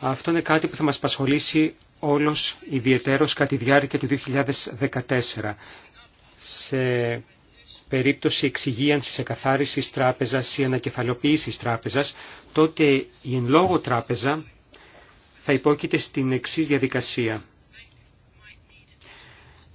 αυτό είναι κάτι που θα μας πασχολήσει όλος ιδιαιτέρως κατά τη διάρκεια του 2014. Σε περίπτωση εξυγίανσης εκαθάρισης τράπεζας ή ανακεφαλοποίησης τράπεζας, τότε η εν λόγω τράπεζα θα υπόκειται στην εξή διαδικασία.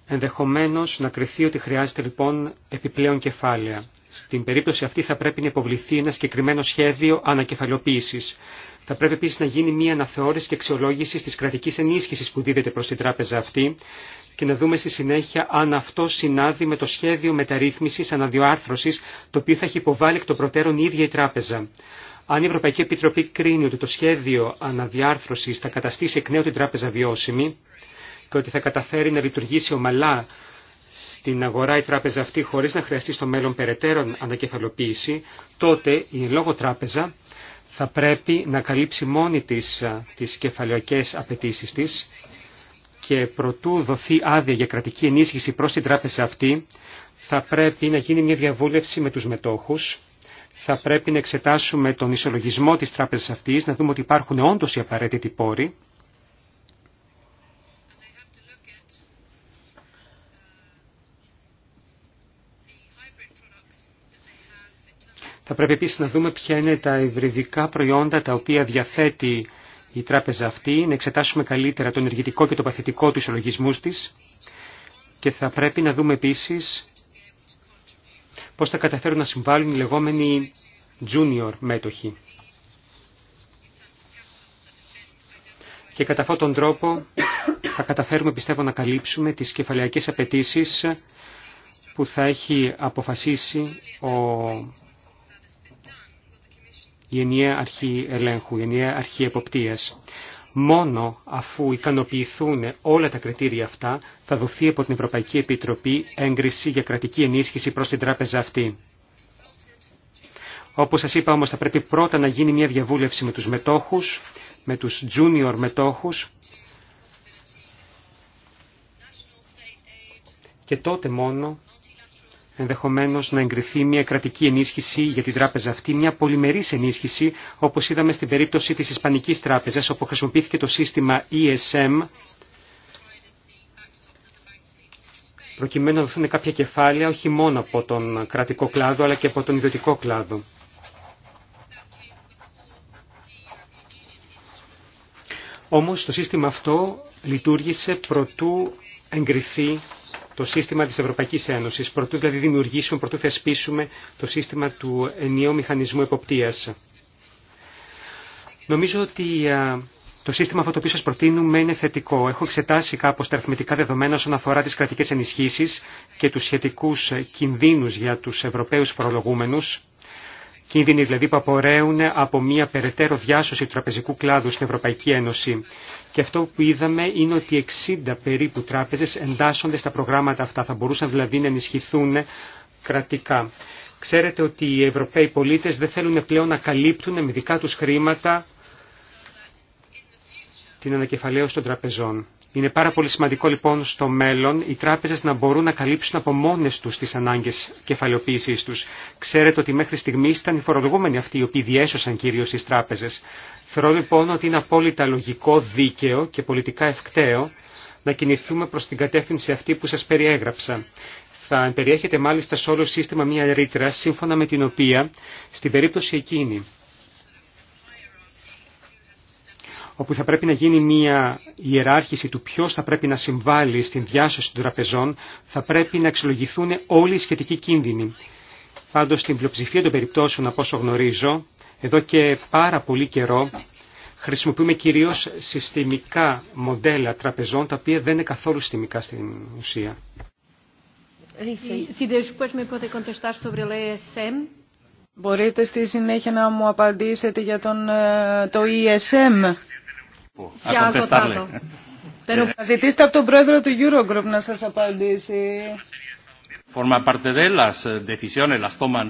Ενδεχομένως να κρυθεί ότι χρειάζεται λοιπόν επιπλέον κεφάλαια. Στην περίπτωση αυτή θα πρέπει να υποβληθεί ένα συγκεκριμένο σχέδιο ανακεφαλαιοποίησης. Θα πρέπει επίσης να γίνει μια αναθεώρηση και αξιολόγηση της κρατικής ενίσχυσης που δίδεται προς την τράπεζα αυτή και να δούμε στη συνέχεια αν αυτό συνάδει με το σχέδιο μεταρρύθμισης αναδιοάρθρωσης το οποίο θα έχει υποβάλει εκ των προτέρων η ίδια η τράπεζα. Αν η Ευρωπαϊκή Επιτροπή κρίνει ότι το σχέδιο αναδιάρθρωσης θα καταστήσει εκ νέου την τράπεζα βιώσιμη και ότι θα καταφέρει να λειτουργήσει ομαλά στην αγορά η τράπεζα αυτή χωρίς να χρειαστεί στο μέλλον περαιτέρω ανακεφαλοποίηση, τότε η λόγω τράπεζα θα πρέπει να καλύψει μόνη της τις κεφαλαιοκές απαιτήσεις της και προτού δοθεί άδεια για κρατική ενίσχυση προς την τράπεζα αυτή, θα πρέπει να γίνει μια διαβούλευση με τους μετόχους θα πρέπει να εξετάσουμε τον ισολογισμό της τράπεζας αυτής, να δούμε ότι υπάρχουν όντως οι απαραίτητοι πόροι. Θα πρέπει επίσης να δούμε ποια είναι τα υβριδικά προϊόντα τα οποία διαθέτει η τράπεζα αυτή, να εξετάσουμε καλύτερα το ενεργητικό και το παθητικό του ισολογισμού της και θα πρέπει να δούμε επίσης πώς θα καταφέρουν να συμβάλλουν οι λεγόμενοι junior μέτοχοι. Και κατά αυτόν τον τρόπο θα καταφέρουμε πιστεύω να καλύψουμε τις κεφαλαικές απαιτήσει που θα έχει αποφασίσει ο... η ενιαία αρχή ελέγχου, η ενιαία αρχή εποπτείας. Μόνο αφού ικανοποιηθούν όλα τα κριτήρια αυτά, θα δοθεί από την Ευρωπαϊκή Επιτροπή έγκριση για κρατική ενίσχυση προς την τράπεζα αυτή. Όπως σας είπα όμως θα πρέπει πρώτα να γίνει μια διαβούλευση με τους μετόχους, με τους junior μετόχους και τότε μόνο ενδεχομένως να εγκριθεί μια κρατική ενίσχυση για την τράπεζα αυτή, μια πολυμερής ενίσχυση, όπως είδαμε στην περίπτωση της Ισπανικής Τράπεζας, όπου χρησιμοποιήθηκε το σύστημα ESM, προκειμένου να δοθούν κάποια κεφάλαια όχι μόνο από τον κρατικό κλάδο, αλλά και από τον ιδιωτικό κλάδο. Όμως το σύστημα αυτό λειτουργήσε προτού εγκριθεί το σύστημα της Ευρωπαϊκής Ένωσης, προτού δηλαδή δημιουργήσουμε, προτού θεσπίσουμε το σύστημα του ενιαίου μηχανισμού εποπτείας. Νομίζω ότι το σύστημα αυτό το οποίο σα προτείνουμε είναι θετικό. Έχω εξετάσει κάπω τα αριθμητικά δεδομένα όσον αφορά τις κρατικές ενισχύσεις και τους σχετικούς κινδύνους για τους Ευρωπαίους φορολογούμενους κίνδυνοι δηλαδή που απορρέουν από μια περαιτέρω διάσωση του τραπεζικού κλάδου στην Ευρωπαϊκή Ένωση. Και αυτό που είδαμε είναι ότι 60 περίπου τράπεζες εντάσσονται στα προγράμματα αυτά, θα μπορούσαν δηλαδή να ενισχυθούν κρατικά. Ξέρετε ότι οι Ευρωπαίοι πολίτες δεν θέλουν πλέον να καλύπτουν με δικά τους χρήματα την ανακεφαλαίωση των τραπεζών. Είναι πάρα πολύ σημαντικό λοιπόν στο μέλλον οι τράπεζες να μπορούν να καλύψουν από μόνες τους τις ανάγκες κεφαλαιοποίησής τους. Ξέρετε ότι μέχρι στιγμής ήταν οι φορολογούμενοι αυτοί οι οποίοι διέσωσαν κυρίως τις τράπεζες. Θεωρώ λοιπόν ότι είναι απόλυτα λογικό, δίκαιο και πολιτικά ευκταίο να κινηθούμε προς την κατεύθυνση αυτή που σας περιέγραψα. Θα περιέχεται μάλιστα σε όλο σύστημα μια ρήτρα σύμφωνα με την οποία στην περίπτωση εκείνη όπου θα πρέπει να γίνει μια ιεράρχηση του ποιος θα πρέπει να συμβάλλει στην διάσωση των τραπεζών, θα πρέπει να αξιολογηθούν όλοι οι σχετικοί κίνδυνοι. Πάντως, στην πλειοψηφία των περιπτώσεων, από όσο γνωρίζω, εδώ και πάρα πολύ καιρό, χρησιμοποιούμε κυρίως συστημικά μοντέλα τραπεζών, τα οποία δεν είναι καθόλου συστημικά στην ουσία. Μπορείτε στη συνέχεια να μου απαντήσετε για ε, το ESM. A contestarle. Pero... Ε. Ζητήστε από τον πρόεδρο του Eurogroup να σας απαντήσει. Forma parte de eh, decisiones, las toman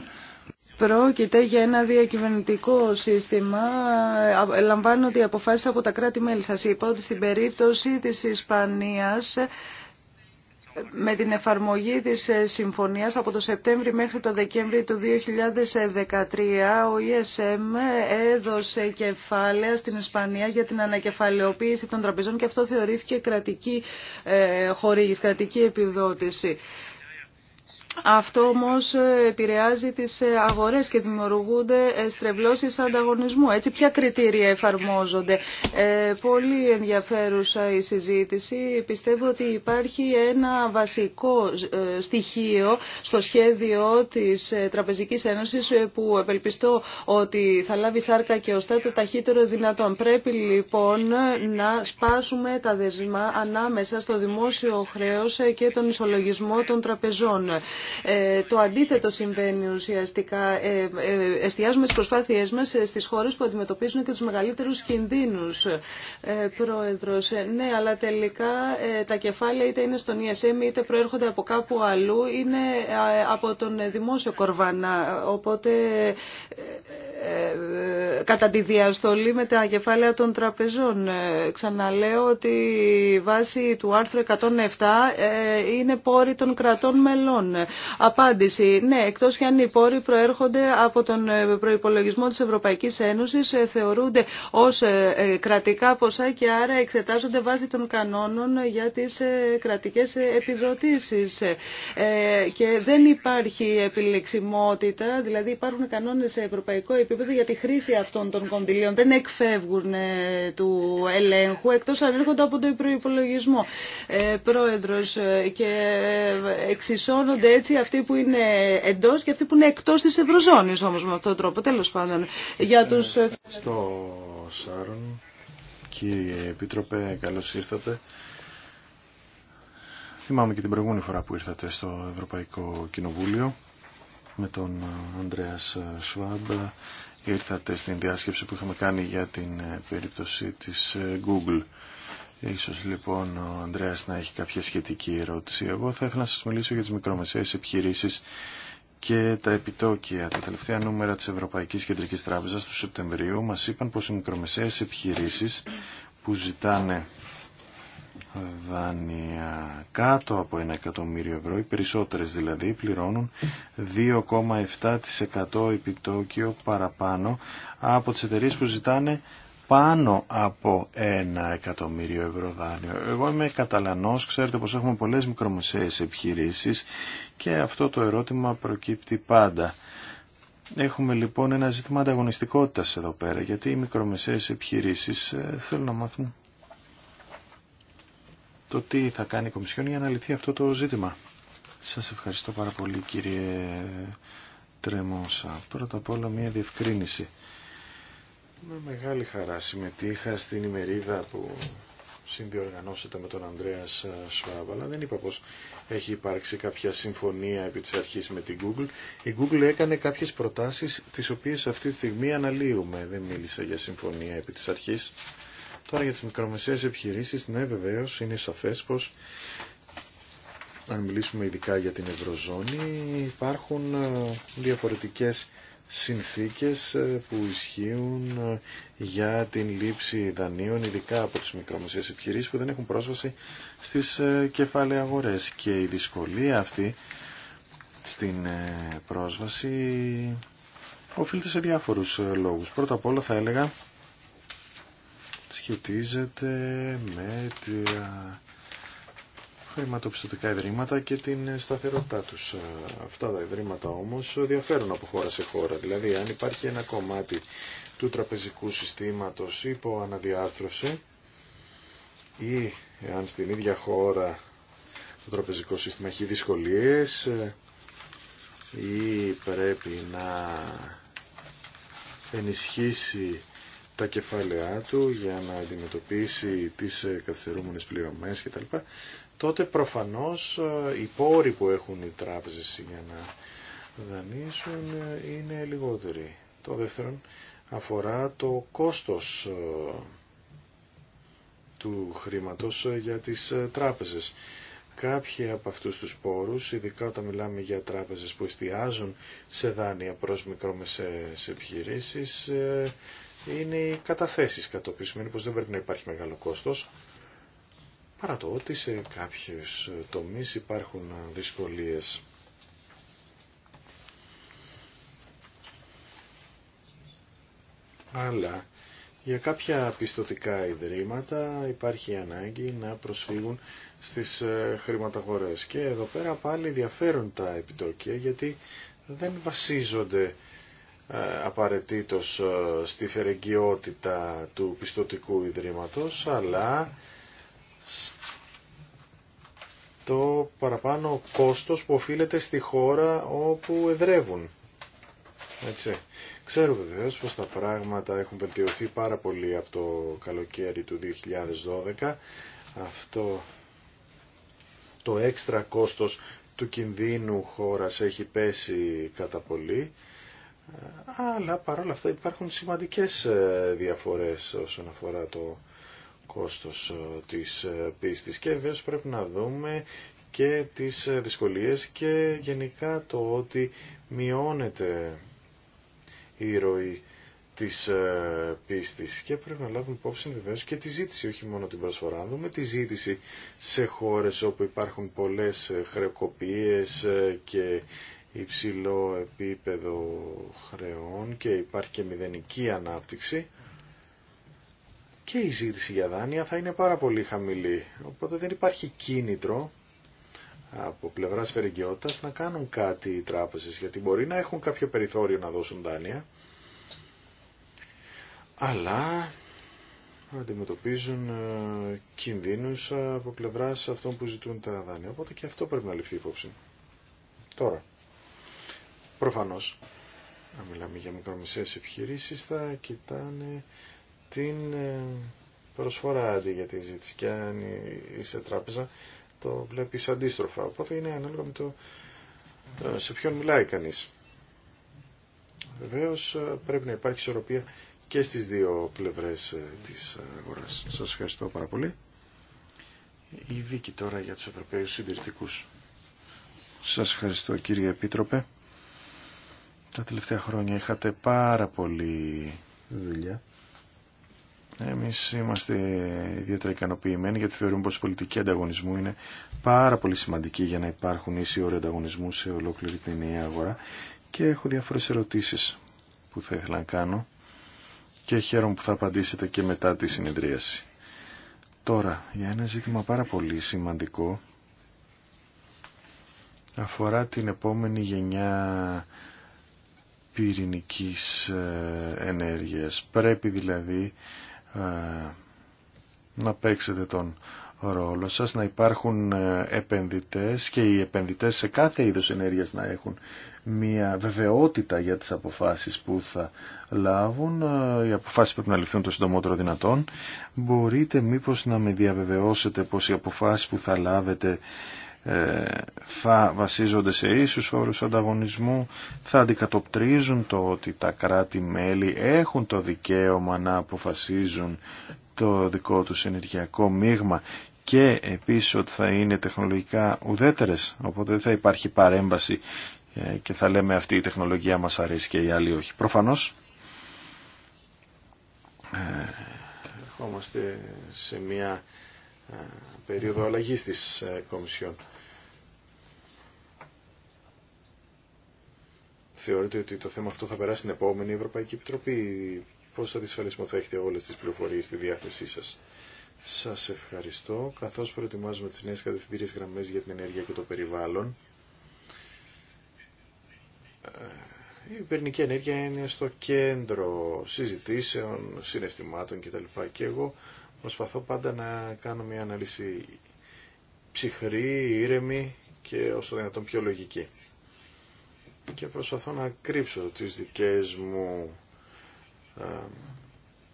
Πρόκειται για ένα διακυβερνητικό σύστημα. Ε, λαμβάνονται οι αποφάσεις από τα κράτη-μέλη. Σας είπα ότι στην περίπτωση της Ισπανίας με την εφαρμογή της ε, συμφωνίας από το Σεπτέμβριο μέχρι το Δεκέμβριο του 2013 ο ESM έδωσε κεφάλαια στην Ισπανία για την ανακεφαλαιοποίηση των τραπεζών και αυτό θεωρήθηκε κρατική ε, χορήγηση, κρατική επιδότηση. Αυτό όμως ε, επηρεάζει τις ε, αγορές και δημιουργούνται ε, στρεβλώσεις ανταγωνισμού. Έτσι, ποια κριτήρια εφαρμόζονται. πολύ ενδιαφέρουσα η συζήτηση. Πιστεύω ότι υπάρχει ένα βασικό στοιχείο στο σχέδιο της Τραπεζικής Ένωσης που ευελπιστώ ότι θα λάβει σάρκα και ωστά το ταχύτερο δυνατόν. Πρέπει λοιπόν να σπάσουμε τα δεσμά ανάμεσα στο δημόσιο χρέος και τον ισολογισμό των τραπεζών. Ε, το αντίθετο συμβαίνει ουσιαστικά. Ε, ε, εστιάζουμε τι προσπάθειέ μα στι χώρε που αντιμετωπίζουν και του μεγαλύτερου κινδύνου. Πρόεδρο, ναι, αλλά τελικά τα κεφάλαια είτε είναι στον ESM είτε προέρχονται από κάπου αλλού. Είναι από τον δημόσιο κορβανά. Οπότε κατά τη διαστολή με τα κεφάλαια των τραπεζών. Ε, ξαναλέω ότι η βάση του άρθρου 107 ε, είναι πόροι των κρατών μελών. Απάντηση. Ναι, εκτός και αν οι πόροι προέρχονται από τον ε, προϋπολογισμό της Ευρωπαϊκής Ένωσης, θεωρούνται ως κρατικά ποσά και άρα εξετάζονται βάσει των κανόνων για τις κρατικές επιδοτήσεις. Και δεν υπάρχει επιλεξιμότητα, δηλαδή υπάρχουν κανόνες σε ευρωπαϊκό επίπεδο για τη χρήση αυτών των κονδυλίων δεν εκφεύγουν ε, του ελέγχου εκτός αν έρχονται από τον προϋπολογισμό. Ε, πρόεδρος ε, και ε, εξισώνονται έτσι αυτοί που είναι εντός και αυτοί που είναι εκτός της Ευρωζώνης όμως με αυτόν τον τρόπο. Τέλος πάντων για τους... Ε, στο Σάρων κύριε Επίτροπε, καλώς ήρθατε. Θυμάμαι και την προηγούμενη φορά που ήρθατε στο Ευρωπαϊκό Κοινοβούλιο με τον Ανδρέας Σουάμπ ήρθατε στην διάσκεψη που είχαμε κάνει για την ε, περίπτωση της ε, Google. Ίσως λοιπόν ο Ανδρέας να έχει κάποια σχετική ερώτηση. Εγώ θα ήθελα να σας μιλήσω για τις μικρομεσαίες επιχειρήσεις και τα επιτόκια. Τα τελευταία νούμερα της Ευρωπαϊκής Κεντρικής Τράπεζας του Σεπτεμβρίου μας είπαν πως οι μικρομεσαίες επιχειρήσεις που ζητάνε δάνεια κάτω από ένα εκατομμύριο ευρώ, οι περισσότερες δηλαδή πληρώνουν 2,7% επιτόκιο παραπάνω από τις εταιρείε που ζητάνε πάνω από ένα εκατομμύριο ευρώ δάνειο. Εγώ είμαι Καταλανός, ξέρετε πως έχουμε πολλές μικρομεσαίες επιχειρήσεις και αυτό το ερώτημα προκύπτει πάντα. Έχουμε λοιπόν ένα ζήτημα ανταγωνιστικότητας εδώ πέρα, γιατί οι μικρομεσαίες επιχειρήσεις ε, θέλουν να μάθουν το τι θα κάνει η Κομισιόν για να λυθεί αυτό το ζήτημα. Σας ευχαριστώ πάρα πολύ κύριε Τρεμόσα. Πρώτα απ' όλα μια διευκρίνηση. Με μεγάλη χαρά συμμετείχα στην ημερίδα που συνδιοργανώσατε με τον Ανδρέας Σουάβα, αλλά δεν είπα πως έχει υπάρξει κάποια συμφωνία επί της αρχής με την Google. Η Google έκανε κάποιες προτάσεις τις οποίες αυτή τη στιγμή αναλύουμε. Δεν μίλησα για συμφωνία επί της αρχής. Τώρα για τις μικρομεσαίες επιχειρήσεις, ναι βεβαίως είναι σαφές πως αν μιλήσουμε ειδικά για την Ευρωζώνη υπάρχουν ε, διαφορετικές συνθήκες ε, που ισχύουν ε, για την λήψη δανείων ειδικά από τις μικρομεσαίες επιχειρήσεις που δεν έχουν πρόσβαση στις κεφάλαια αγορές και η δυσκολία αυτή στην πρόσβαση οφείλεται σε διάφορους λόγους. Πρώτα απ' όλα θα έλεγα σχετίζεται με τα χρηματοπιστωτικά ιδρύματα και την σταθερότητά τους. Αυτά τα ιδρύματα όμως διαφέρουν από χώρα σε χώρα. Δηλαδή αν υπάρχει ένα κομμάτι του τραπεζικού συστήματος υπό αναδιάρθρωση ή αν στην ίδια χώρα το τραπεζικό σύστημα έχει δυσκολίες ή πρέπει να ενισχύσει τα κεφάλαιά του για να αντιμετωπίσει τις ε, καθυστερούμενες πληρωμές κτλ. Τότε προφανώς ε, οι πόροι που έχουν οι τράπεζες για να δανείσουν ε, είναι λιγότεροι. Το δεύτερον αφορά το κόστος του χρήματος για τις τράπεζες. Κάποιοι από αυτούς τους πόρους, ειδικά όταν μιλάμε για τράπεζες που εστιάζουν σε δάνεια προς μικρόμεσες επιχειρήσεις, είναι οι καταθέσεις κατοπισμένοι πως δεν πρέπει να υπάρχει μεγάλο κόστος παρά το ότι σε κάποιους τομείς υπάρχουν δυσκολίες. Αλλά για κάποια πιστοτικά ιδρύματα υπάρχει ανάγκη να προσφύγουν στις ε, χρηματαγορές. Και εδώ πέρα πάλι διαφέρουν τα επιτόκια γιατί δεν βασίζονται ε, απαραίτητος ε, στη φερεγγιότητα του πιστοτικού ιδρύματος, αλλά το παραπάνω κόστος που οφείλεται στη χώρα όπου εδρεύουν. Έτσι. Ξέρω βεβαίω πως τα πράγματα έχουν βελτιωθεί πάρα πολύ από το καλοκαίρι του 2012. Αυτό το έξτρα κόστος του κινδύνου χώρας έχει πέσει κατά πολύ αλλά παρόλα αυτά υπάρχουν σημαντικές ε, διαφορές όσον αφορά το κόστος ε, της ε, πίστης και βέβαια πρέπει να δούμε και τις δυσκολίες και γενικά το ότι μειώνεται η ροή της πίστης και πρέπει να λάβουμε υπόψη βεβαίως και τη ζήτηση, όχι μόνο την προσφορά. Αν δούμε τη ζήτηση σε χώρες όπου υπάρχουν πολλές χρεοκοπίες και υψηλό επίπεδο χρεών και υπάρχει και μηδενική ανάπτυξη και η ζήτηση για δάνεια θα είναι πάρα πολύ χαμηλή. Οπότε δεν υπάρχει κίνητρο από πλευρά φερικαιότητας να κάνουν κάτι οι τράπεζε γιατί μπορεί να έχουν κάποιο περιθώριο να δώσουν δάνεια αλλά αντιμετωπίζουν ε, κινδύνους από πλευράς αυτών που ζητούν τα δάνεια. Οπότε και αυτό πρέπει να ληφθεί υπόψη. Τώρα. Προφανώς, αν μιλάμε για μικρομεσαίες επιχειρήσεις, θα κοιτάνε την ε, προσφορά αντί για τη ζήτηση. Και αν είσαι τράπεζα, το βλέπεις αντίστροφα. Οπότε είναι ανάλογα με το ε, σε ποιον μιλάει κανείς. Βεβαίως ε, πρέπει να υπάρχει ισορροπία και στις δύο πλευρές της αγοράς. Σας ευχαριστώ πάρα πολύ. Η Βίκη τώρα για τους Ευρωπαίους Συντηρητικούς. Σας ευχαριστώ κύριε Επίτροπε. Τα τελευταία χρόνια είχατε πάρα πολύ δουλειά. Εμείς είμαστε ιδιαίτερα ικανοποιημένοι γιατί θεωρούμε πως η πολιτική ανταγωνισμού είναι πάρα πολύ σημαντική για να υπάρχουν ίσοι όροι ανταγωνισμού σε ολόκληρη την ενιαία αγορά και έχω διάφορες ερωτήσεις που θα ήθελα να κάνω και χαίρομαι που θα απαντήσετε και μετά τη συνεδρίαση. Τώρα, για ένα ζήτημα πάρα πολύ σημαντικό αφορά την επόμενη γενιά πυρηνικής ε, ενέργειας. Πρέπει δηλαδή ε, να παίξετε τον ρόλο σας, να υπάρχουν ε, επενδυτές και οι επενδυτές σε κάθε είδος ενέργειας να έχουν μια βεβαιότητα για τις αποφάσεις που θα λάβουν. Οι αποφάσεις πρέπει να ληφθούν το συντομότερο δυνατόν. Μπορείτε μήπως να με διαβεβαιώσετε πως οι αποφάσεις που θα λάβετε ε, θα βασίζονται σε ίσους όρους ανταγωνισμού, θα αντικατοπτρίζουν το ότι τα κράτη-μέλη έχουν το δικαίωμα να αποφασίζουν το δικό τους ενεργειακό μείγμα και επίσης ότι θα είναι τεχνολογικά ουδέτερες, οπότε δεν θα υπάρχει παρέμβαση ε, και θα λέμε αυτή η τεχνολογία μας αρέσει και η άλλη όχι. Προφανώς ε, ερχόμαστε σε μια περίοδο αλλαγής της Κομισιόν. θεωρείτε ότι το θέμα αυτό θα περάσει στην επόμενη Ευρωπαϊκή Επιτροπή. Πώ θα δυσφαλίσουμε θα έχετε όλες τις πληροφορίες στη διάθεσή σας. Σας ευχαριστώ. Καθώς προετοιμάζουμε τις νέες κατευθυντήριες γραμμές για την ενέργεια και το περιβάλλον, ε, η υπερνική ενέργεια είναι στο κέντρο συζητήσεων, συναισθημάτων κτλ. Και εγώ προσπαθώ πάντα να κάνω μια ανάλυση ψυχρή, ήρεμη και όσο δυνατόν πιο λογική και προσπαθώ να κρύψω τις δικές μου ε,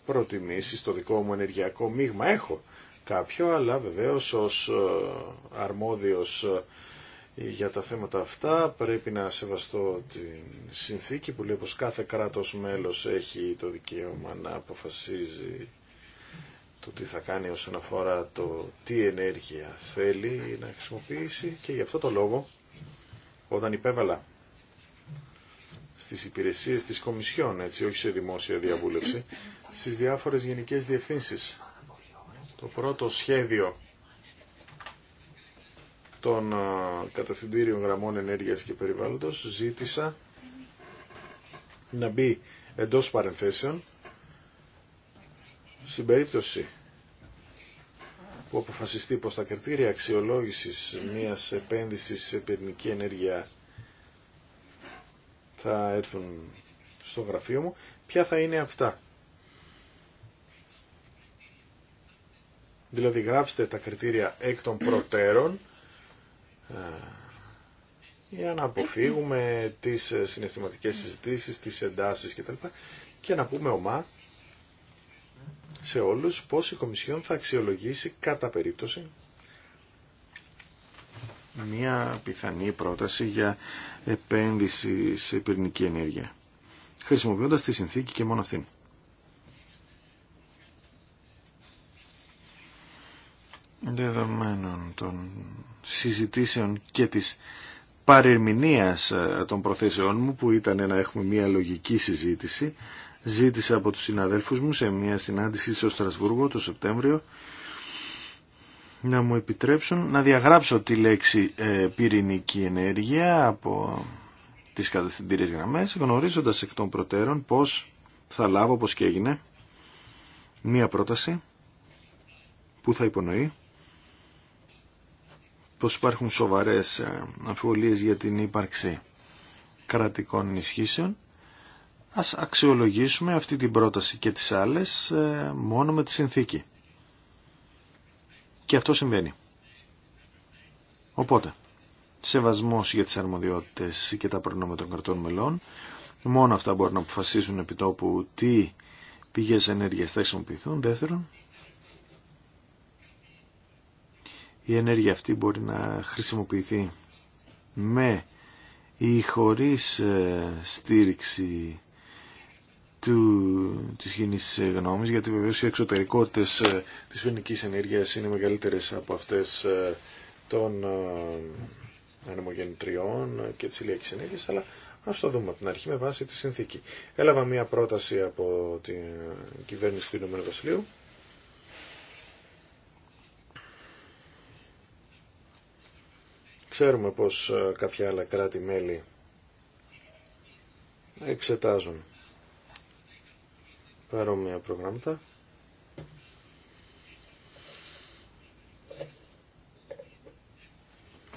προτιμήσεις, το δικό μου ενεργειακό μείγμα. Έχω κάποιο, αλλά βεβαίως ως ε, αρμόδιος ε, για τα θέματα αυτά πρέπει να σεβαστώ την συνθήκη που λέει πως κάθε κράτος μέλος έχει το δικαίωμα να αποφασίζει το τι θα κάνει όσον αφορά το τι ενέργεια θέλει να χρησιμοποιήσει και γι' αυτό το λόγο όταν υπέβαλα στις υπηρεσίες της Κομισιόν, έτσι, όχι σε δημόσια διαβούλευση, στις διάφορες γενικές διευθύνσεις. Το πρώτο σχέδιο των κατευθυντήριων γραμμών ενέργειας και περιβάλλοντος ζήτησα να μπει εντός παρενθέσεων στην περίπτωση που αποφασιστεί πως τα κριτήρια αξιολόγησης μιας επένδυσης σε πυρηνική ενέργεια θα έρθουν στο γραφείο μου, ποια θα είναι αυτά. Δηλαδή γράψτε τα κριτήρια εκ των προτέρων ε, για να αποφύγουμε τις συναισθηματικές συζητήσεις, τις εντάσεις κτλ. Και να πούμε ομά σε όλους πώς η Κομισιόν θα αξιολογήσει κατά περίπτωση μια πιθανή πρόταση για επένδυση σε πυρηνική ενέργεια, χρησιμοποιώντας τη συνθήκη και μόνο αυτήν. Δεδομένων των συζητήσεων και της παρερμηνίας ε, των προθέσεών μου, που ήταν να έχουμε μια λογική συζήτηση, ζήτησα από τους συναδέλφους μου σε μια συνάντηση στο Στρασβούργο το Σεπτέμβριο να μου επιτρέψουν να διαγράψω τη λέξη ε, πυρηνική ενέργεια από τις κατευθυντήριες γραμμές γνωρίζοντας εκ των προτέρων πως θα λάβω, πως και έγινε, μία πρόταση που θα υπονοεί πως υπάρχουν σοβαρές ε, αμφιβολίες για την ύπαρξη κρατικών ενισχύσεων. Ας αξιολογήσουμε αυτή την πρόταση και τις άλλες ε, μόνο με τη συνθήκη. Και αυτό συμβαίνει. Οπότε, σεβασμό για τις αρμοδιότητες και τα προνόμια των κρατών μελών, μόνο αυτά μπορούν να αποφασίσουν επί τόπου τι πηγές ενέργεια θα χρησιμοποιηθούν. Δεύτερον, η ενέργεια αυτή μπορεί να χρησιμοποιηθεί με ή χωρίς ε, στήριξη του, της κοινής γνώμης, γιατί βεβαίως οι εξωτερικότητες ε, της φαινικής ενέργειας είναι μεγαλύτερες από αυτές ε, των ε, ανεμογεννητριών και της ηλιακής ενέργειας, αλλά ας το δούμε από την αρχή με βάση τη συνθήκη. Έλαβα μία πρόταση από την κυβέρνηση του Ηνωμένου Βασιλείου, Ξέρουμε πως κάποια άλλα κράτη-μέλη εξετάζουν παρόμοια προγράμματα.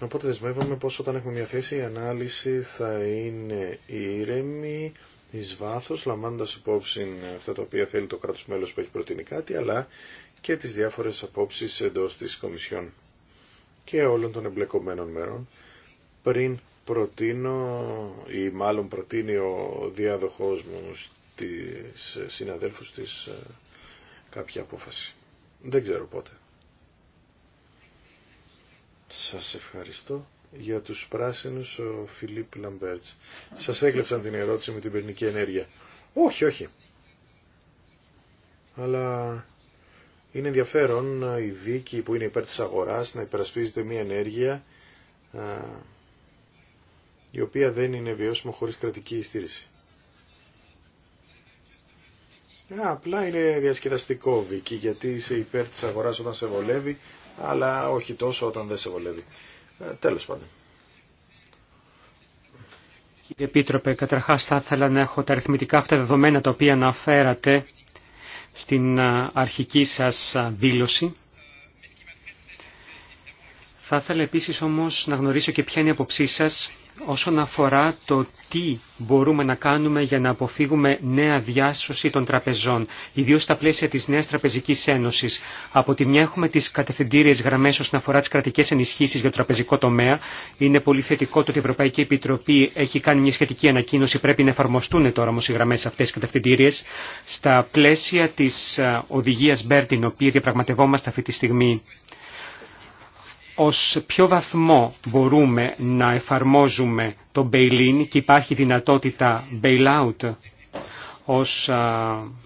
Οπότε δεσμεύομαι πως όταν έχουμε μια θέση η ανάλυση θα είναι ήρεμη, εις βάθος, λαμβάνοντας υπόψη αυτά τα οποία θέλει το κράτος μέλος που έχει προτείνει κάτι, αλλά και τις διάφορες απόψεις εντός της Κομισιόν και όλων των εμπλεκομένων μέρων πριν προτείνω ή μάλλον προτείνει ο διάδοχός μου τις ε, συναδέλφους της ε, κάποια απόφαση. Δεν ξέρω πότε. Σας ευχαριστώ για τους πράσινους ο Φιλίπ Λαμπέρτς. Σας έκλεψαν την ερώτηση με την πυρνική ενέργεια. Όχι, όχι. Αλλά είναι ενδιαφέρον ε, η δίκη που είναι υπέρ της αγοράς να υπερασπίζεται μια ενέργεια η οποία δεν είναι βιώσιμο χωρίς κρατική στήριξη. Απλά είναι διασκεδαστικό Βίκυ γιατί είσαι υπέρ της αγοράς όταν σε βολεύει αλλά όχι τόσο όταν δεν σε βολεύει. Ε, τέλος πάντων. Κύριε Επίτροπε, καταρχάς θα ήθελα να έχω τα αριθμητικά αυτά δεδομένα τα οποία αναφέρατε στην αρχική σας δήλωση. Θα ήθελα επίσης όμως να γνωρίσω και ποια είναι η αποψή σας όσον αφορά το τι μπορούμε να κάνουμε για να αποφύγουμε νέα διάσωση των τραπεζών, ιδίως στα πλαίσια της Νέας Τραπεζικής Ένωσης. Από τη μια έχουμε τις κατευθυντήριες γραμμές όσον αφορά τις κρατικές ενισχύσεις για το τραπεζικό τομέα. Είναι πολύ θετικό το ότι η Ευρωπαϊκή Επιτροπή έχει κάνει μια σχετική ανακοίνωση. Πρέπει να εφαρμοστούν τώρα όμως οι γραμμές αυτές οι κατευθυντήριες. Στα πλαίσια της ε, οδηγίας Μπέρτιν, οποία διαπραγματευόμαστε αυτή τη στιγμή, ως ποιο βαθμό μπορούμε να εφαρμόζουμε το bail-in και υπάρχει δυνατότητα bail-out ως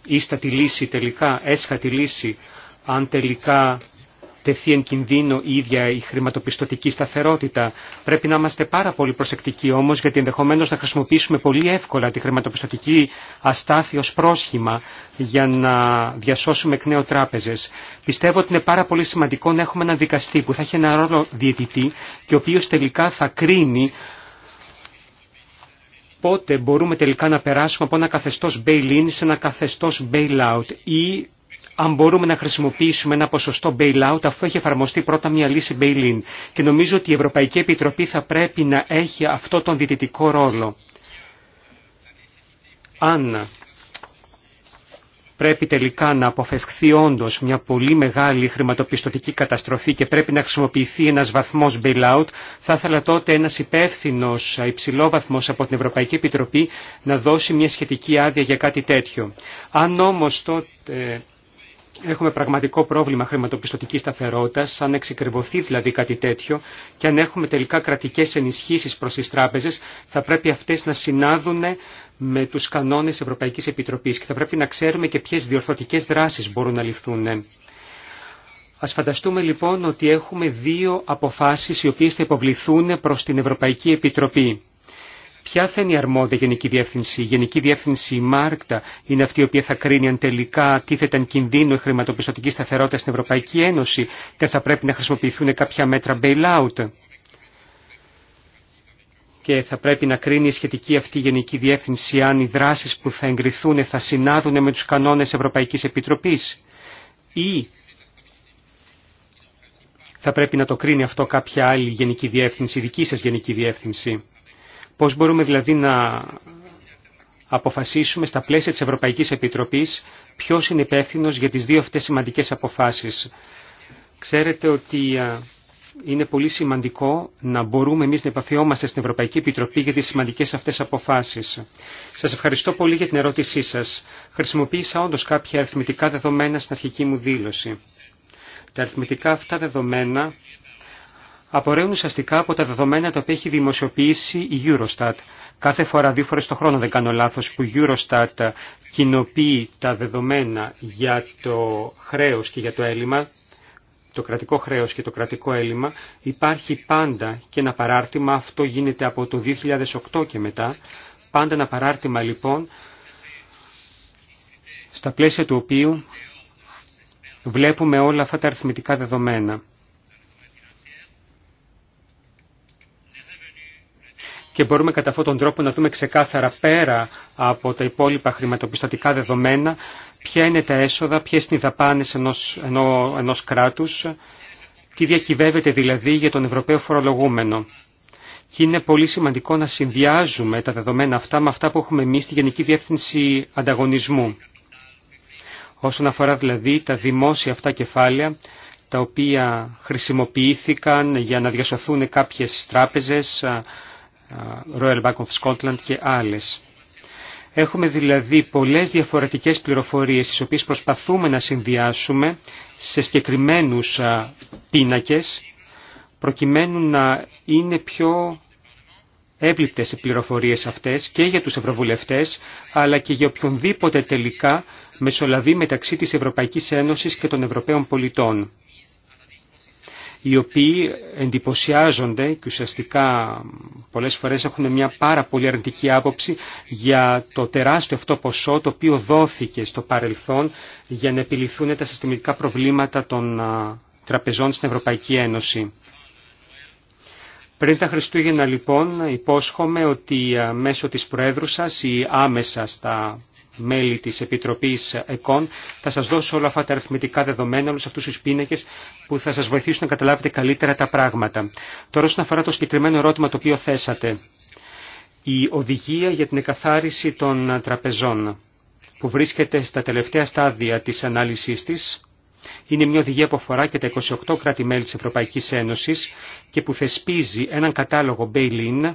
ίστατη λύση τελικά, έσχατη λύση, αν τελικά τεθεί εν κινδύνο η ίδια η χρηματοπιστωτική σταθερότητα. Πρέπει να είμαστε πάρα πολύ προσεκτικοί όμω γιατί ενδεχομένω να χρησιμοποιήσουμε πολύ εύκολα τη χρηματοπιστωτική αστάθεια ω πρόσχημα για να διασώσουμε εκ νέου τράπεζε. Πιστεύω ότι είναι πάρα πολύ σημαντικό να έχουμε έναν δικαστή που θα έχει ένα ρόλο διαιτητή και ο οποίο τελικά θα κρίνει πότε μπορούμε τελικά να περάσουμε από ένα καθεστώς bail-in σε ένα καθεστώς bail-out ή αν μπορούμε να χρησιμοποιήσουμε ένα ποσοστό bailout αφού έχει εφαρμοστεί πρώτα μια λύση bail-in. Και νομίζω ότι η Ευρωπαϊκή Επιτροπή θα πρέπει να έχει αυτό τον διτητικό ρόλο. Αν πρέπει τελικά να αποφευχθεί όντω μια πολύ μεγάλη χρηματοπιστωτική καταστροφή και πρέπει να χρησιμοποιηθεί ένα βαθμό bailout, θα ήθελα τότε ένα υπεύθυνο υψηλόβαθμο από την Ευρωπαϊκή Επιτροπή να δώσει μια σχετική άδεια για κάτι τέτοιο. Αν όμω τότε έχουμε πραγματικό πρόβλημα χρηματοπιστωτικής σταθερότητας, αν εξεκριβωθεί δηλαδή κάτι τέτοιο και αν έχουμε τελικά κρατικές ενισχύσεις προς τις τράπεζες, θα πρέπει αυτές να συνάδουν με τους κανόνες Ευρωπαϊκής Επιτροπής και θα πρέπει να ξέρουμε και ποιες διορθωτικές δράσεις μπορούν να ληφθούν. Ας φανταστούμε λοιπόν ότι έχουμε δύο αποφάσεις οι οποίες θα υποβληθούν προς την Ευρωπαϊκή Επιτροπή. Ποια θα είναι η αρμόδια Γενική Διεύθυνση. Η Γενική Διεύθυνση η Μάρκτα είναι αυτή η οποία θα κρίνει αν τελικά τίθεται αν κινδύνο η χρηματοπιστωτική σταθερότητα στην Ευρωπαϊκή Ένωση και θα πρέπει να χρησιμοποιηθούν κάποια μέτρα bailout. Και θα πρέπει να κρίνει η σχετική αυτή Γενική Διεύθυνση αν οι δράσεις που θα εγκριθούν θα συνάδουν με τους κανόνες Ευρωπαϊκής Επιτροπής ή θα πρέπει να το κρίνει αυτό κάποια άλλη γενική διεύθυνση, δική σα γενική διεύθυνση. Πώς μπορούμε δηλαδή να αποφασίσουμε στα πλαίσια της Ευρωπαϊκής Επιτροπής ποιος είναι υπεύθυνο για τις δύο αυτές σημαντικές αποφάσεις. Ξέρετε ότι είναι πολύ σημαντικό να μπορούμε εμείς να επαφιόμαστε στην Ευρωπαϊκή Επιτροπή για τις σημαντικές αυτές αποφάσεις. Σας ευχαριστώ πολύ για την ερώτησή σας. Χρησιμοποίησα όντως κάποια αριθμητικά δεδομένα στην αρχική μου δήλωση. Τα αριθμητικά αυτά δεδομένα απορρέουν ουσιαστικά από τα δεδομένα τα οποία έχει δημοσιοποιήσει η Eurostat. Κάθε φορά, δύο φορές το χρόνο δεν κάνω λάθος, που η Eurostat κοινοποιεί τα δεδομένα για το χρέος και για το έλλειμμα, το κρατικό χρέος και το κρατικό έλλειμμα, υπάρχει πάντα και ένα παράρτημα, αυτό γίνεται από το 2008 και μετά, πάντα ένα παράρτημα λοιπόν, στα πλαίσια του οποίου βλέπουμε όλα αυτά τα αριθμητικά δεδομένα. και μπορούμε κατά αυτόν τον τρόπο να δούμε ξεκάθαρα πέρα από τα υπόλοιπα χρηματοπιστωτικά δεδομένα ποια είναι τα έσοδα, ποιες είναι οι δαπάνες ενός, ενό, ενός κράτους, τι διακυβεύεται δηλαδή για τον Ευρωπαίο φορολογούμενο. Και είναι πολύ σημαντικό να συνδυάζουμε τα δεδομένα αυτά με αυτά που έχουμε εμείς στη Γενική Διεύθυνση Ανταγωνισμού. Όσον αφορά δηλαδή τα δημόσια αυτά κεφάλαια, τα οποία χρησιμοποιήθηκαν για να διασωθούν κάποιες τράπεζες, ε, Royal Bank of Scotland και άλλες. Έχουμε δηλαδή πολλές διαφορετικές πληροφορίες τις οποίες προσπαθούμε να συνδυάσουμε σε συγκεκριμένους ε, πίνακες προκειμένου να είναι πιο εύληπτες οι πληροφορίες αυτές και για τους ευρωβουλευτές αλλά και για οποιονδήποτε τελικά μεσολαβεί μεταξύ της Ευρωπαϊκής Ένωσης και των Ευρωπαίων πολιτών οι οποίοι εντυπωσιάζονται και ουσιαστικά πολλές φορές έχουν μια πάρα πολύ αρνητική άποψη για το τεράστιο αυτό ποσό το οποίο δόθηκε στο παρελθόν για να επιληθούν τα συστημικά προβλήματα των τραπεζών στην Ευρωπαϊκή Ένωση. Πριν τα Χριστούγεννα λοιπόν υπόσχομαι ότι μέσω της Προέδρου σας ή άμεσα στα μέλη τη επιτροπή ΕΚΟΝ. Θα σα δώσω όλα αυτά τα αριθμητικά δεδομένα, όλου αυτού του πίνακες που θα σα βοηθήσουν να καταλάβετε καλύτερα τα πράγματα. Τώρα όσον αφορά το συγκεκριμένο ερώτημα το οποίο θέσατε. Η οδηγία για την εκαθάριση των τραπεζών που βρίσκεται στα τελευταία στάδια τη ανάλυσή τη, είναι μια οδηγία που αφορά και τα 28 κράτη-μέλη της Ευρωπαϊκής Ένωσης και που θεσπίζει έναν κατάλογο bail-in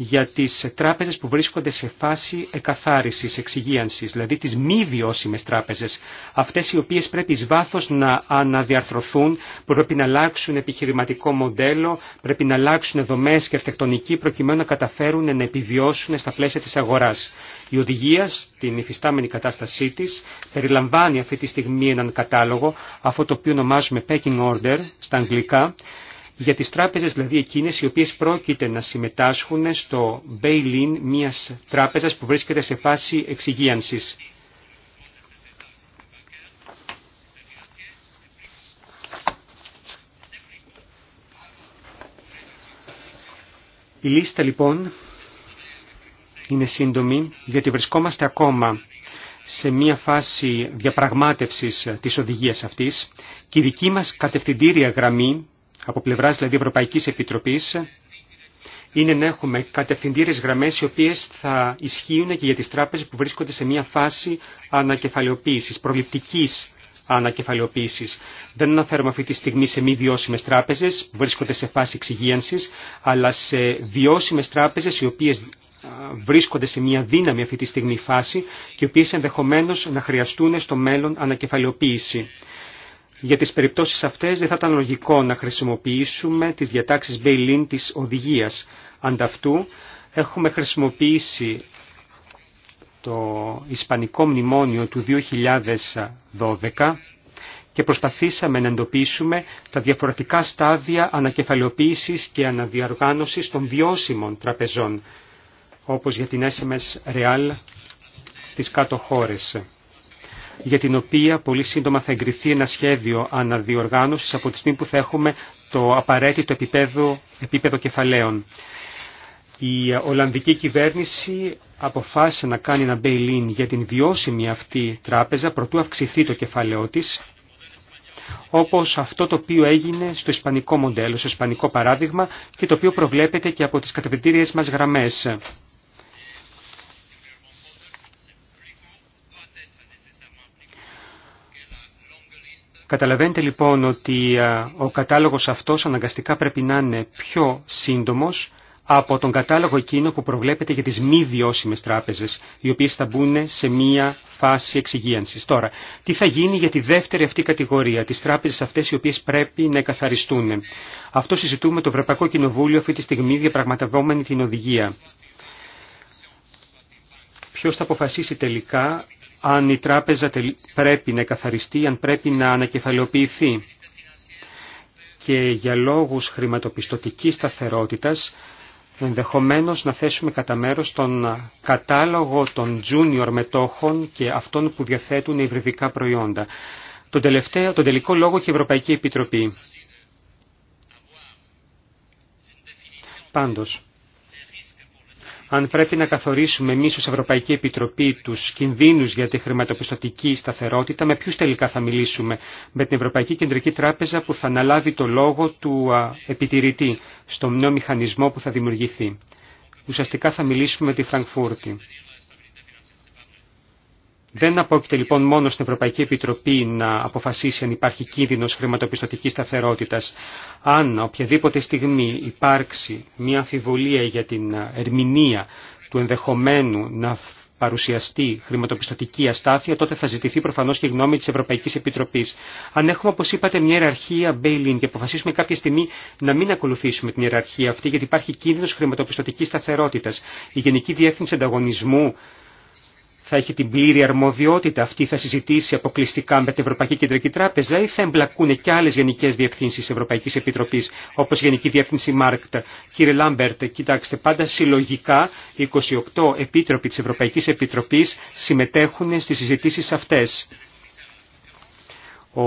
για τις τράπεζες που βρίσκονται σε φάση εκαθάρισης, εξυγίανσης, δηλαδή τις μη βιώσιμες τράπεζες, αυτές οι οποίες πρέπει εις βάθος να αναδιαρθρωθούν, πρέπει να αλλάξουν επιχειρηματικό μοντέλο, πρέπει να αλλάξουν δομές και αρχιτεκτονική προκειμένου να καταφέρουν να επιβιώσουν στα πλαίσια της αγοράς. Η οδηγία στην υφιστάμενη κατάστασή της περιλαμβάνει αυτή τη στιγμή έναν κατάλογο, αυτό το οποίο ονομάζουμε packing order στα αγγλικά, για τις τράπεζες δηλαδή εκείνες οι οποίες πρόκειται να συμμετάσχουν στο bail-in μιας τράπεζας που βρίσκεται σε φάση εξυγίανσης. Η λίστα λοιπόν είναι σύντομη γιατί βρισκόμαστε ακόμα σε μια φάση διαπραγμάτευσης της οδηγίας αυτής και η δική μας κατευθυντήρια γραμμή από πλευράς δηλαδή Ευρωπαϊκής Επιτροπής είναι να έχουμε κατευθυντήρες γραμμές οι οποίες θα ισχύουν και για τις τράπεζες που βρίσκονται σε μια φάση ανακεφαλαιοποίησης, προληπτικής ανακεφαλαιοποίησης. Δεν αναφέρομαι αυτή τη στιγμή σε μη βιώσιμες τράπεζες που βρίσκονται σε φάση εξυγίανσης, αλλά σε βιώσιμε τράπεζες οι οποίες βρίσκονται σε μια δύναμη αυτή τη στιγμή φάση και οι οποίες ενδεχομένως να χρειαστούν στο μέλλον ανακεφαλαιοποίηση. Για τις περιπτώσεις αυτές δεν θα ήταν λογικό να χρησιμοποιήσουμε τις διατάξεις bail-in της οδηγίας. Ανταυτού έχουμε χρησιμοποιήσει το Ισπανικό Μνημόνιο του 2012 και προσπαθήσαμε να εντοπίσουμε τα διαφορετικά στάδια ανακεφαλαιοποίησης και αναδιαργάνωσης των βιώσιμων τραπεζών, όπως για την SMS Real στις κάτω χώρες για την οποία πολύ σύντομα θα εγκριθεί ένα σχέδιο αναδιοργάνωσης από τη στιγμή που θα έχουμε το απαραίτητο επίπεδο, επίπεδο κεφαλαίων. Η Ολλανδική κυβέρνηση αποφάσισε να κάνει ένα bail-in για την βιώσιμη αυτή τράπεζα προτού αυξηθεί το κεφαλαίο της όπως αυτό το οποίο έγινε στο ισπανικό μοντέλο, στο ισπανικό παράδειγμα και το οποίο προβλέπεται και από τις κατευθυντήριες μας γραμμές. Καταλαβαίνετε λοιπόν ότι ε, ο κατάλογος αυτός αναγκαστικά πρέπει να είναι πιο σύντομος από τον κατάλογο εκείνο που προβλέπεται για τις μη βιώσιμες τράπεζες, οι οποίες θα μπουν σε μία φάση εξυγίανσης. Τώρα, τι θα γίνει για τη δεύτερη αυτή κατηγορία, τις τράπεζες αυτές οι οποίες πρέπει να εκαθαριστούν. Αυτό συζητούμε το Ευρωπαϊκό Κοινοβούλιο αυτή τη στιγμή διαπραγματευόμενη την οδηγία. Ποιος θα αποφασίσει τελικά αν η τράπεζα πρέπει να καθαριστεί, αν πρέπει να ανακεφαλαιοποιηθεί. Και για λόγους χρηματοπιστωτικής σταθερότητας, ενδεχομένως να θέσουμε κατά μέρο τον κατάλογο των junior μετόχων και αυτών που διαθέτουν υβριδικά προϊόντα. Τον, τελευταίο, τον τελικό λόγο έχει η Ευρωπαϊκή Επιτροπή. Πάντως, αν πρέπει να καθορίσουμε εμεί ω Ευρωπαϊκή Επιτροπή του κινδύνου για τη χρηματοπιστωτική σταθερότητα, με ποιου τελικά θα μιλήσουμε. Με την Ευρωπαϊκή Κεντρική Τράπεζα που θα αναλάβει το λόγο του επιτηρητή στο νέο μηχανισμό που θα δημιουργηθεί. Ουσιαστικά θα μιλήσουμε με τη Φραγκφούρτη. Δεν απόκειται λοιπόν μόνο στην Ευρωπαϊκή Επιτροπή να αποφασίσει αν υπάρχει κίνδυνος χρηματοπιστωτικής σταθερότητας. Αν οποιαδήποτε στιγμή υπάρξει μια αμφιβολία για την ερμηνεία του ενδεχομένου να παρουσιαστεί χρηματοπιστωτική αστάθεια, τότε θα ζητηθεί προφανώ και η γνώμη τη Ευρωπαϊκή Επιτροπή. Αν έχουμε, όπω είπατε, μια ιεραρχία και αποφασίσουμε κάποια στιγμή να μην ακολουθήσουμε την ιεραρχία αυτή, γιατί υπάρχει κίνδυνο χρηματοπιστωτική σταθερότητα, η Γενική Διεύθυνση Ανταγωνισμού θα έχει την πλήρη αρμοδιότητα αυτή, θα συζητήσει αποκλειστικά με την Ευρωπαϊκή Κεντρική Τράπεζα ή θα εμπλακούν και άλλε γενικέ διευθύνσει Ευρωπαϊκή Επιτροπή, όπω Γενική Διεύθυνση Μάρκτ. Κύριε Λάμπερτ, κοιτάξτε, πάντα συλλογικά 28 επίτροποι τη Ευρωπαϊκή Επιτροπή συμμετέχουν στι συζητήσει αυτέ. Ο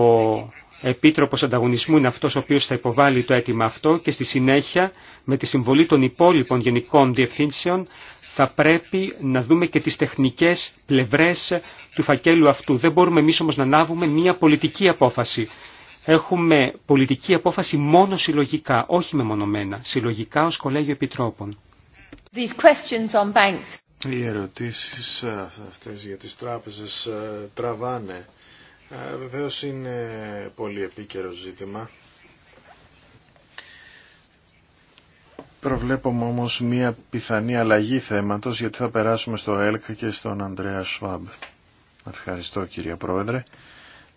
Επίτροπος Ανταγωνισμού είναι αυτός ο οποίος θα υποβάλει το αίτημα αυτό και στη συνέχεια με τη συμβολή των υπόλοιπων γενικών διευθύνσεων θα πρέπει να δούμε και τις τεχνικές πλευρές του φακέλου αυτού. Δεν μπορούμε εμείς όμως να λάβουμε μια πολιτική απόφαση. Έχουμε πολιτική απόφαση μόνο συλλογικά, όχι μεμονωμένα, συλλογικά ως Κολέγιο Επιτρόπων. Οι ερωτήσεις ε, αυτές για τις τράπεζες ε, τραβάνε. Ε, βεβαίως είναι πολύ επίκαιρο ζήτημα Προβλέπουμε όμως μία πιθανή αλλαγή θέματος γιατί θα περάσουμε στο ΕΛΚ και στον Ανδρέα Σουάμπ. Ευχαριστώ κύριε Πρόεδρε.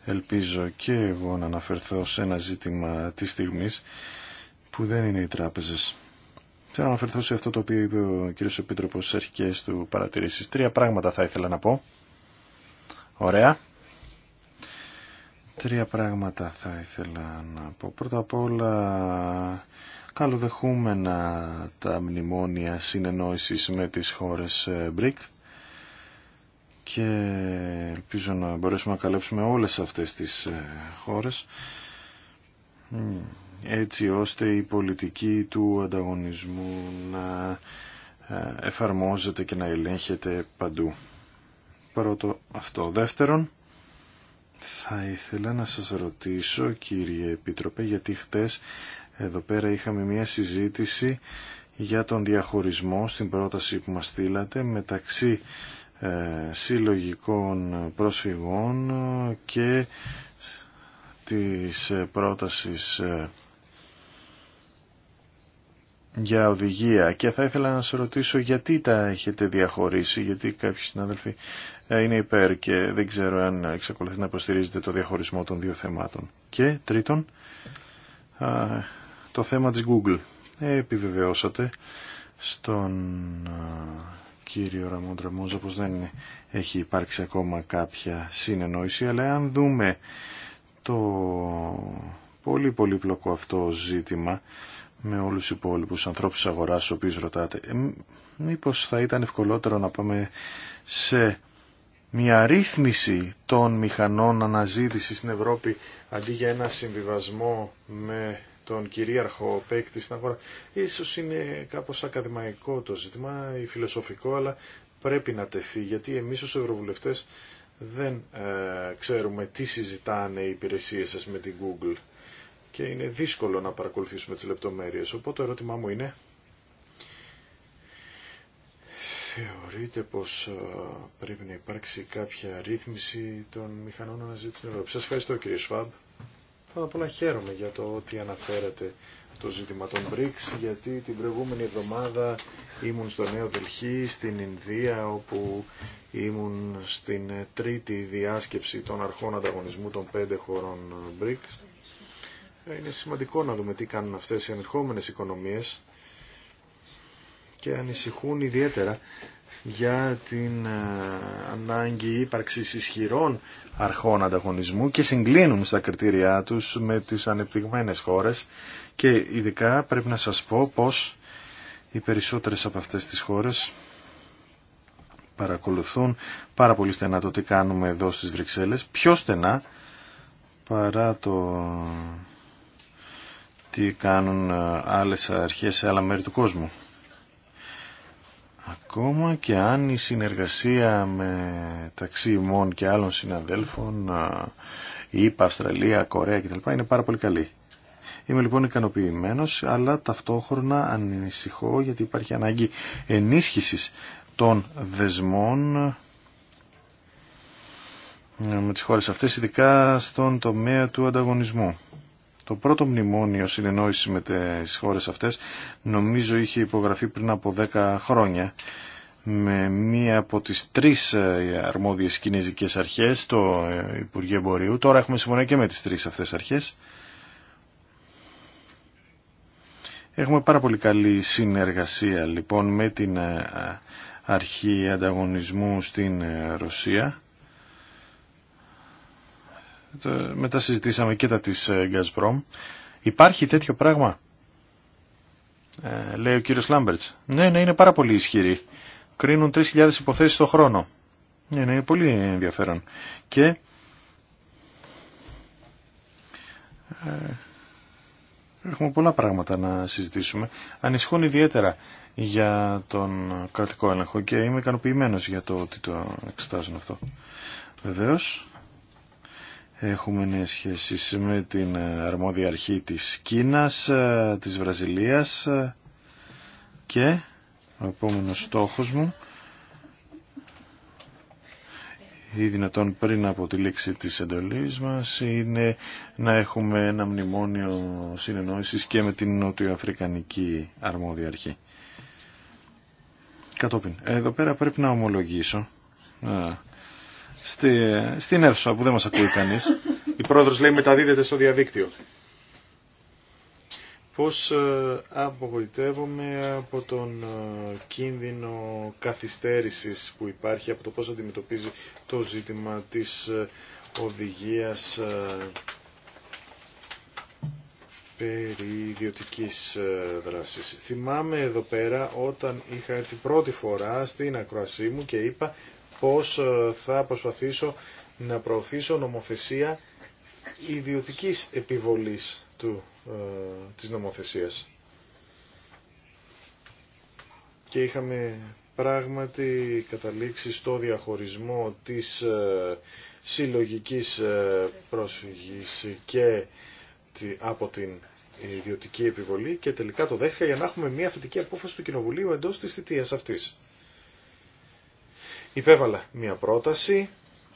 Ελπίζω και εγώ να αναφερθώ σε ένα ζήτημα της στιγμής που δεν είναι οι τράπεζες. Θέλω να αναφερθώ σε αυτό το οποίο είπε ο κύριος Επίτροπος στις αρχικέ του παρατηρήσεις. Τρία πράγματα θα ήθελα να πω. Ωραία. Τρία πράγματα θα ήθελα να πω. Πρώτα απ' όλα καλοδεχούμενα τα μνημόνια συνεννόησης με τις χώρες ε, BRIC και ελπίζω να μπορέσουμε να καλέψουμε όλες αυτές τις ε, χώρες έτσι ώστε η πολιτική του ανταγωνισμού να ε, εφαρμόζεται και να ελέγχεται παντού. Πρώτο αυτό. Δεύτερον, θα ήθελα να σας ρωτήσω κύριε Επίτροπε γιατί χτες εδώ πέρα είχαμε μια συζήτηση για τον διαχωρισμό στην πρόταση που μας στείλατε μεταξύ ε, συλλογικών προσφυγών και της ε, πρότασης ε, για οδηγία και θα ήθελα να σας ρωτήσω γιατί τα έχετε διαχωρίσει, γιατί κάποιοι συνάδελφοι είναι υπέρ και δεν ξέρω αν εξακολουθεί να υποστηρίζετε το διαχωρισμό των δύο θεμάτων. Και τρίτον, το θέμα της Google. Ε, επιβεβαιώσατε στον κύριο Ραμόν Τρεμόζα πως δεν έχει υπάρξει ακόμα κάποια συνεννόηση, αλλά αν δούμε το πολύ πολύπλοκο αυτό ζήτημα με όλους τους υπόλοιπους ανθρώπους της αγοράς, ο ρωτάτε, ε, μήπως θα ήταν ευκολότερο να πάμε σε μια ρύθμιση των μηχανών αναζήτησης στην Ευρώπη αντί για ένα συμβιβασμό με τον κυρίαρχο παίκτη στην αγορά. Ίσως είναι κάπως ακαδημαϊκό το ζήτημα ή φιλοσοφικό, αλλά πρέπει να τεθεί, γιατί εμείς ως ευρωβουλευτές δεν ε, ξέρουμε τι συζητάνε οι υπηρεσίες σας με την Google και είναι δύσκολο να παρακολουθήσουμε τις λεπτομέρειες. Οπότε το ερώτημά μου είναι, θεωρείτε πως ε, πρέπει να υπάρξει κάποια ρύθμιση των μηχανών αναζήτησης στην Ευρώπη. Σας ευχαριστώ κύριε Σφάμπ. Πρώτα όλα χαίρομαι για το ότι αναφέρεται το ζήτημα των BRICS, γιατί την προηγούμενη εβδομάδα ήμουν στο Νέο Δελχή, στην Ινδία, όπου ήμουν στην τρίτη διάσκεψη των αρχών ανταγωνισμού των πέντε χωρών BRICS. Είναι σημαντικό να δούμε τι κάνουν αυτές οι ανερχόμενες οικονομίες και ανησυχούν ιδιαίτερα για την ε, ανάγκη ύπαρξης ισχυρών αρχών ανταγωνισμού και συγκλίνουν στα κριτήριά τους με τις ανεπτυγμένες χώρες και ειδικά πρέπει να σας πω πως οι περισσότερες από αυτές τις χώρες παρακολουθούν πάρα πολύ στενά το τι κάνουμε εδώ στις Βρυξέλλες, πιο στενά παρά το τι κάνουν ε, άλλες αρχές σε άλλα μέρη του κόσμου. Ακόμα και αν η συνεργασία ταξί ημών και άλλων συναδέλφων, ΙΠΑ, Αυστραλία, Κορέα κτλ. είναι πάρα πολύ καλή. Είμαι λοιπόν ικανοποιημένος, αλλά ταυτόχρονα ανησυχώ γιατί υπάρχει ανάγκη ενίσχυσης των δεσμών ε, με τις χώρες αυτές, ειδικά στον τομέα του ανταγωνισμού. Το πρώτο μνημόνιο συνεννόηση με τις χώρες αυτές νομίζω είχε υπογραφεί πριν από 10 χρόνια με μία από τις τρεις ε, αρμόδιες κινέζικες αρχές, το ε, Υπουργείο Εμπορίου. Τώρα έχουμε συμφωνία και με τις τρεις αυτές αρχές. Έχουμε πάρα πολύ καλή συνεργασία λοιπόν με την ε, αρχή ανταγωνισμού στην Ρωσία μετά συζητήσαμε και τα της ε, Gazprom. Υπάρχει τέτοιο πράγμα, ε, λέει ο κύριος Λάμπερτς. Ναι, ναι, είναι πάρα πολύ ισχυρή. Κρίνουν 3.000 υποθέσεις το χρόνο. Ναι, ναι, είναι πολύ ενδιαφέρον. Και ε, έχουμε πολλά πράγματα να συζητήσουμε. Ανησυχούν ιδιαίτερα για τον κρατικό έλεγχο και είμαι ικανοποιημένο για το ότι το εξετάζουν αυτό. Βεβαίως, Έχουμε νέες σχέσεις με την αρμόδια αρχή της Κίνας, ε, της Βραζιλίας ε, και ο επόμενος στόχος μου ή δυνατόν πριν από τη λήξη της εντολής μας είναι να έχουμε ένα μνημόνιο συνεννόησης και με την νοτιοαφρικανική αρμόδια αρχή. Κατόπιν, εδώ πέρα πρέπει να ομολογήσω ε, στη, στην αίθουσα που δεν μας ακούει κανείς. [laughs] Η πρόεδρος λέει μεταδίδεται στο διαδίκτυο. Πώς ε, απογοητεύομαι από τον ε, κίνδυνο καθυστέρησης που υπάρχει, από το πώς αντιμετωπίζει το ζήτημα της ε, οδηγίας περί ιδιωτικής δράσης. Θυμάμαι εδώ πέρα όταν είχα την πρώτη φορά στην ακροασή μου και είπα πώς ε, θα προσπαθήσω να προωθήσω νομοθεσία ιδιωτικής επιβολής του, ε, της νομοθεσίας. Και είχαμε πράγματι καταλήξει στο διαχωρισμό της ε, συλλογικής ε, πρόσφυγης και τη, από την ιδιωτική επιβολή και τελικά το δέχτηκα για να έχουμε μια θετική απόφαση του Κοινοβουλίου εντός της θητείας αυτής υπέβαλα μία πρόταση,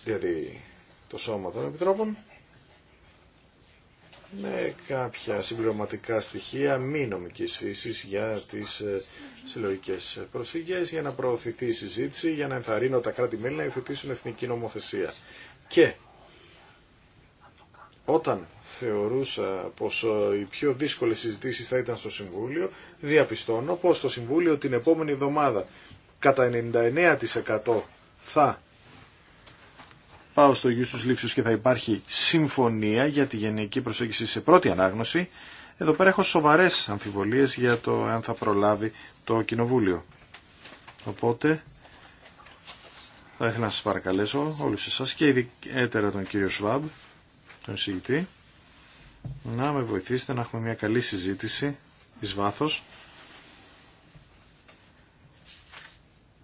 δηλαδή το Σώμα των Επιτρόπων, με κάποια συμπληρωματικά στοιχεία μη νομικής φύσης για τις ε, συλλογικές προσφυγές, για να προωθηθεί η συζήτηση, για να ενθαρρύνω τα κράτη-μέλη να υιοθετήσουν εθνική νομοθεσία. Και όταν θεωρούσα πως ε, οι πιο δύσκολες συζητήσεις θα ήταν στο Συμβούλιο, διαπιστώνω πως το Συμβούλιο την επόμενη εβδομάδα κατά 99% θα πάω στο γιους τους λήψους και θα υπάρχει συμφωνία για τη γενική προσέγγιση σε πρώτη ανάγνωση, εδώ πέρα έχω σοβαρές αμφιβολίες για το αν θα προλάβει το Κοινοβούλιο. Οπότε θα ήθελα να σας παρακαλέσω όλους εσάς και ιδιαίτερα τον κύριο Σβάμπ, τον εισηγητή, να με βοηθήσετε να έχουμε μια καλή συζήτηση εις βάθος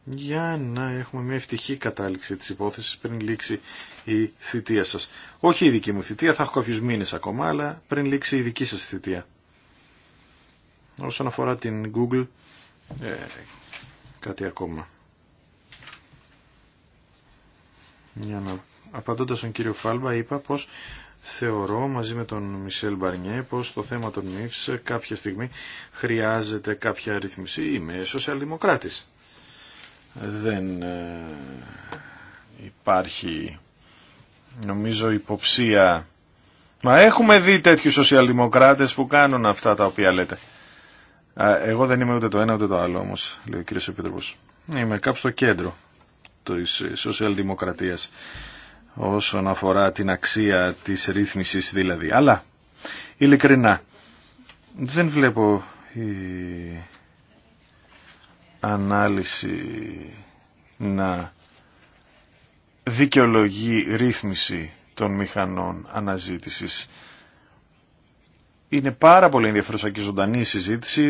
για να έχουμε μια ευτυχή κατάληξη της υπόθεσης πριν λήξει η θητεία σας. Όχι η δική μου θητεία, θα έχω κάποιους μήνες ακόμα, αλλά πριν λήξει η δική σας θητεία. Όσον αφορά την Google, ε, κάτι ακόμα. Για να... Απαντώντας τον κύριο Φάλμπα είπα πως θεωρώ μαζί με τον Μισελ Μπαρνιέ πως το θέμα των ΜΥΦΣ κάποια στιγμή χρειάζεται κάποια ρυθμισή. Είμαι σοσιαλδημοκράτης δεν ε, υπάρχει νομίζω υποψία. Μα έχουμε δει τέτοιους σοσιαλδημοκράτες που κάνουν αυτά τα οποία λέτε. Εγώ δεν είμαι ούτε το ένα ούτε το άλλο όμως, λέει ο κύριος Επίτροπος. Είμαι κάπου στο κέντρο της σοσιαλδημοκρατίας όσον αφορά την αξία της ρύθμισης δηλαδή. Αλλά, ειλικρινά, δεν βλέπω ανάλυση να δικαιολογεί ρύθμιση των μηχανών αναζήτησης. Είναι πάρα πολύ ενδιαφέρουσα και ζωντανή συζήτηση,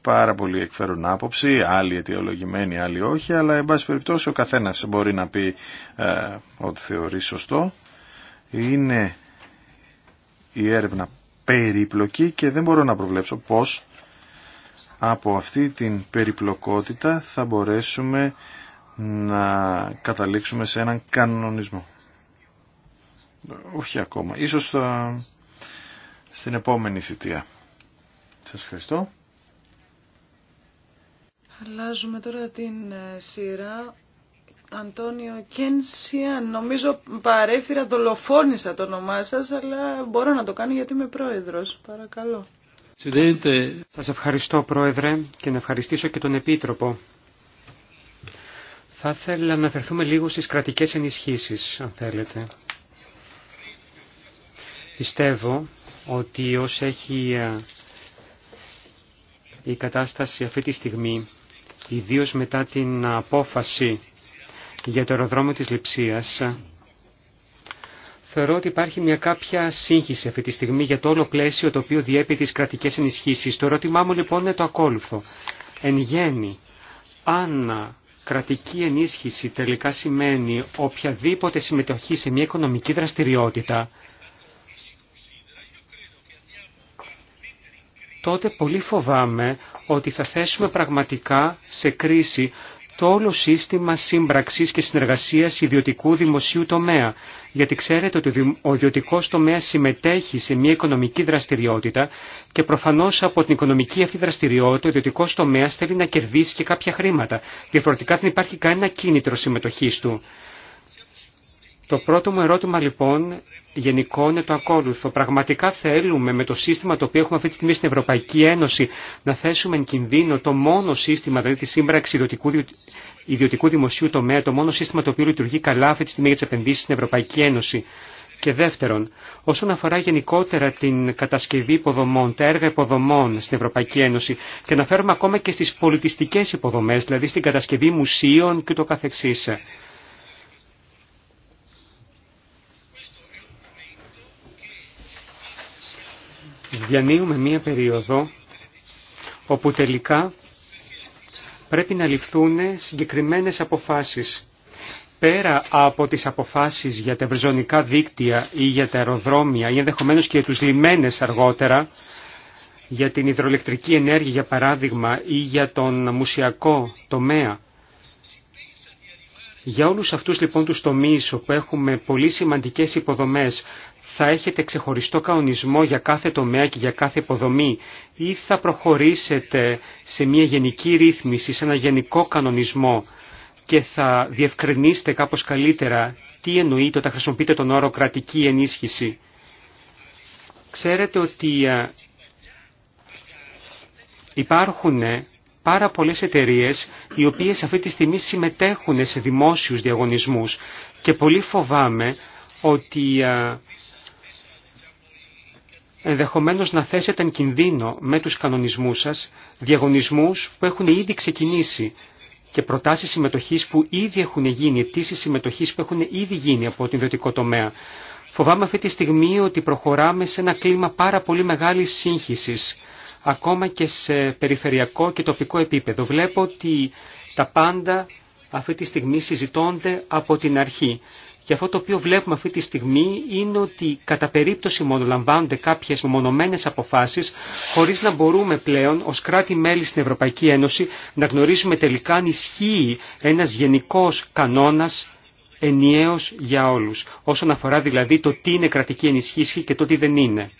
πάρα πολύ εκφέρουν άποψη, άλλοι αιτιολογημένοι, άλλοι όχι, αλλά εν πάση περιπτώσει ο καθένας μπορεί να πει ε, ότι θεωρεί σωστό. Είναι η έρευνα περίπλοκη και δεν μπορώ να προβλέψω πώς από αυτή την περιπλοκότητα θα μπορέσουμε να καταλήξουμε σε έναν κανονισμό. Όχι ακόμα. Ίσως στην επόμενη θητεία. Σας ευχαριστώ. Αλλάζουμε τώρα την ε, σειρά. Αντώνιο Κένσια, νομίζω παρέφθηρα δολοφόνησα το όνομά σας, αλλά μπορώ να το κάνω γιατί είμαι πρόεδρος. Παρακαλώ. Σας ευχαριστώ Πρόεδρε και να ευχαριστήσω και τον Επίτροπο. Θα ήθελα να αναφερθούμε λίγο στις κρατικές ενισχύσεις, αν θέλετε. Πιστεύω ότι όσο έχει ε, η κατάσταση αυτή τη στιγμή, ιδίως μετά την απόφαση για το αεροδρόμιο της Λιψίας, Θεωρώ ότι υπάρχει μια κάποια σύγχυση αυτή τη στιγμή για το όλο πλαίσιο το οποίο διέπει τις κρατικές ενισχύσεις. Το ερώτημά μου λοιπόν είναι το ακόλουθο. Εν γέννη, αν κρατική ενίσχυση τελικά σημαίνει οποιαδήποτε συμμετοχή σε μια οικονομική δραστηριότητα, τότε πολύ φοβάμαι ότι θα θέσουμε πραγματικά σε κρίση το όλο σύστημα σύμπραξης και συνεργασίας ιδιωτικού δημοσίου τομέα, γιατί ξέρετε ότι ο ιδιωτικό τομέα συμμετέχει σε μια οικονομική δραστηριότητα και προφανώς από την οικονομική αυτή δραστηριότητα ο ιδιωτικό τομέα θέλει να κερδίσει και κάποια χρήματα. Διαφορετικά δεν υπάρχει κανένα κίνητρο συμμετοχή του. Το πρώτο μου ερώτημα λοιπόν γενικό είναι το ακόλουθο. Πραγματικά θέλουμε με το σύστημα το οποίο έχουμε αυτή τη στιγμή στην Ευρωπαϊκή Ένωση να θέσουμε εν κινδύνο το μόνο σύστημα, δηλαδή τη σύμπραξη ιδιωτικού, ιδιωτικού δημοσίου τομέα, το μόνο σύστημα το οποίο λειτουργεί καλά αυτή τη στιγμή για τι επενδύσει στην Ευρωπαϊκή Ένωση. Και δεύτερον, όσον αφορά γενικότερα την κατασκευή υποδομών, τα έργα υποδομών στην Ευρωπαϊκή Ένωση και αναφέρομαι ακόμα και στις πολιτιστικές υποδομές, δηλαδή στην κατασκευή μουσείων και το διανύουμε μία περίοδο όπου τελικά πρέπει να ληφθούν συγκεκριμένες αποφάσεις. Πέρα από τις αποφάσεις για τα ευρυζωνικά δίκτυα ή για τα αεροδρόμια ή ενδεχομένως και για τους λιμένες αργότερα, για την υδρολεκτρική ενέργεια για παράδειγμα ή για τον μουσιακό τομέα. Για όλους αυτούς λοιπόν τους τομείς όπου έχουμε πολύ σημαντικές υποδομές θα έχετε ξεχωριστό καονισμό για κάθε τομέα και για κάθε υποδομή ή θα προχωρήσετε σε μια γενική ρύθμιση, σε ένα γενικό κανονισμό και θα διευκρινίσετε κάπως καλύτερα τι εννοείται όταν χρησιμοποιείτε τον όρο κρατική ενίσχυση. Ξέρετε ότι ε, υπάρχουν ε, πάρα πολλές εταιρείες οι οποίες αυτή τη στιγμή συμμετέχουν σε δημόσιους διαγωνισμούς και πολύ φοβάμαι ότι ε, ενδεχομένως να θέσετε εν κινδύνο με τους κανονισμούς σας διαγωνισμούς που έχουν ήδη ξεκινήσει και προτάσεις συμμετοχής που ήδη έχουν γίνει, αιτήσει συμμετοχής που έχουν ήδη γίνει από την ιδιωτικό τομέα. Φοβάμαι αυτή τη στιγμή ότι προχωράμε σε ένα κλίμα πάρα πολύ μεγάλης σύγχυσης, ακόμα και σε περιφερειακό και τοπικό επίπεδο. Βλέπω ότι τα πάντα αυτή τη στιγμή συζητώνται από την αρχή. Και αυτό το οποίο βλέπουμε αυτή τη στιγμή είναι ότι κατά περίπτωση μόνο λαμβάνονται κάποιες μονομένες αποφάσεις χωρίς να μπορούμε πλέον ως κράτη-μέλη στην Ευρωπαϊκή Ένωση να γνωρίζουμε τελικά αν ισχύει ένας γενικός κανόνας ενιαίος για όλους, όσον αφορά δηλαδή το τι είναι κρατική ενισχύση και το τι δεν είναι.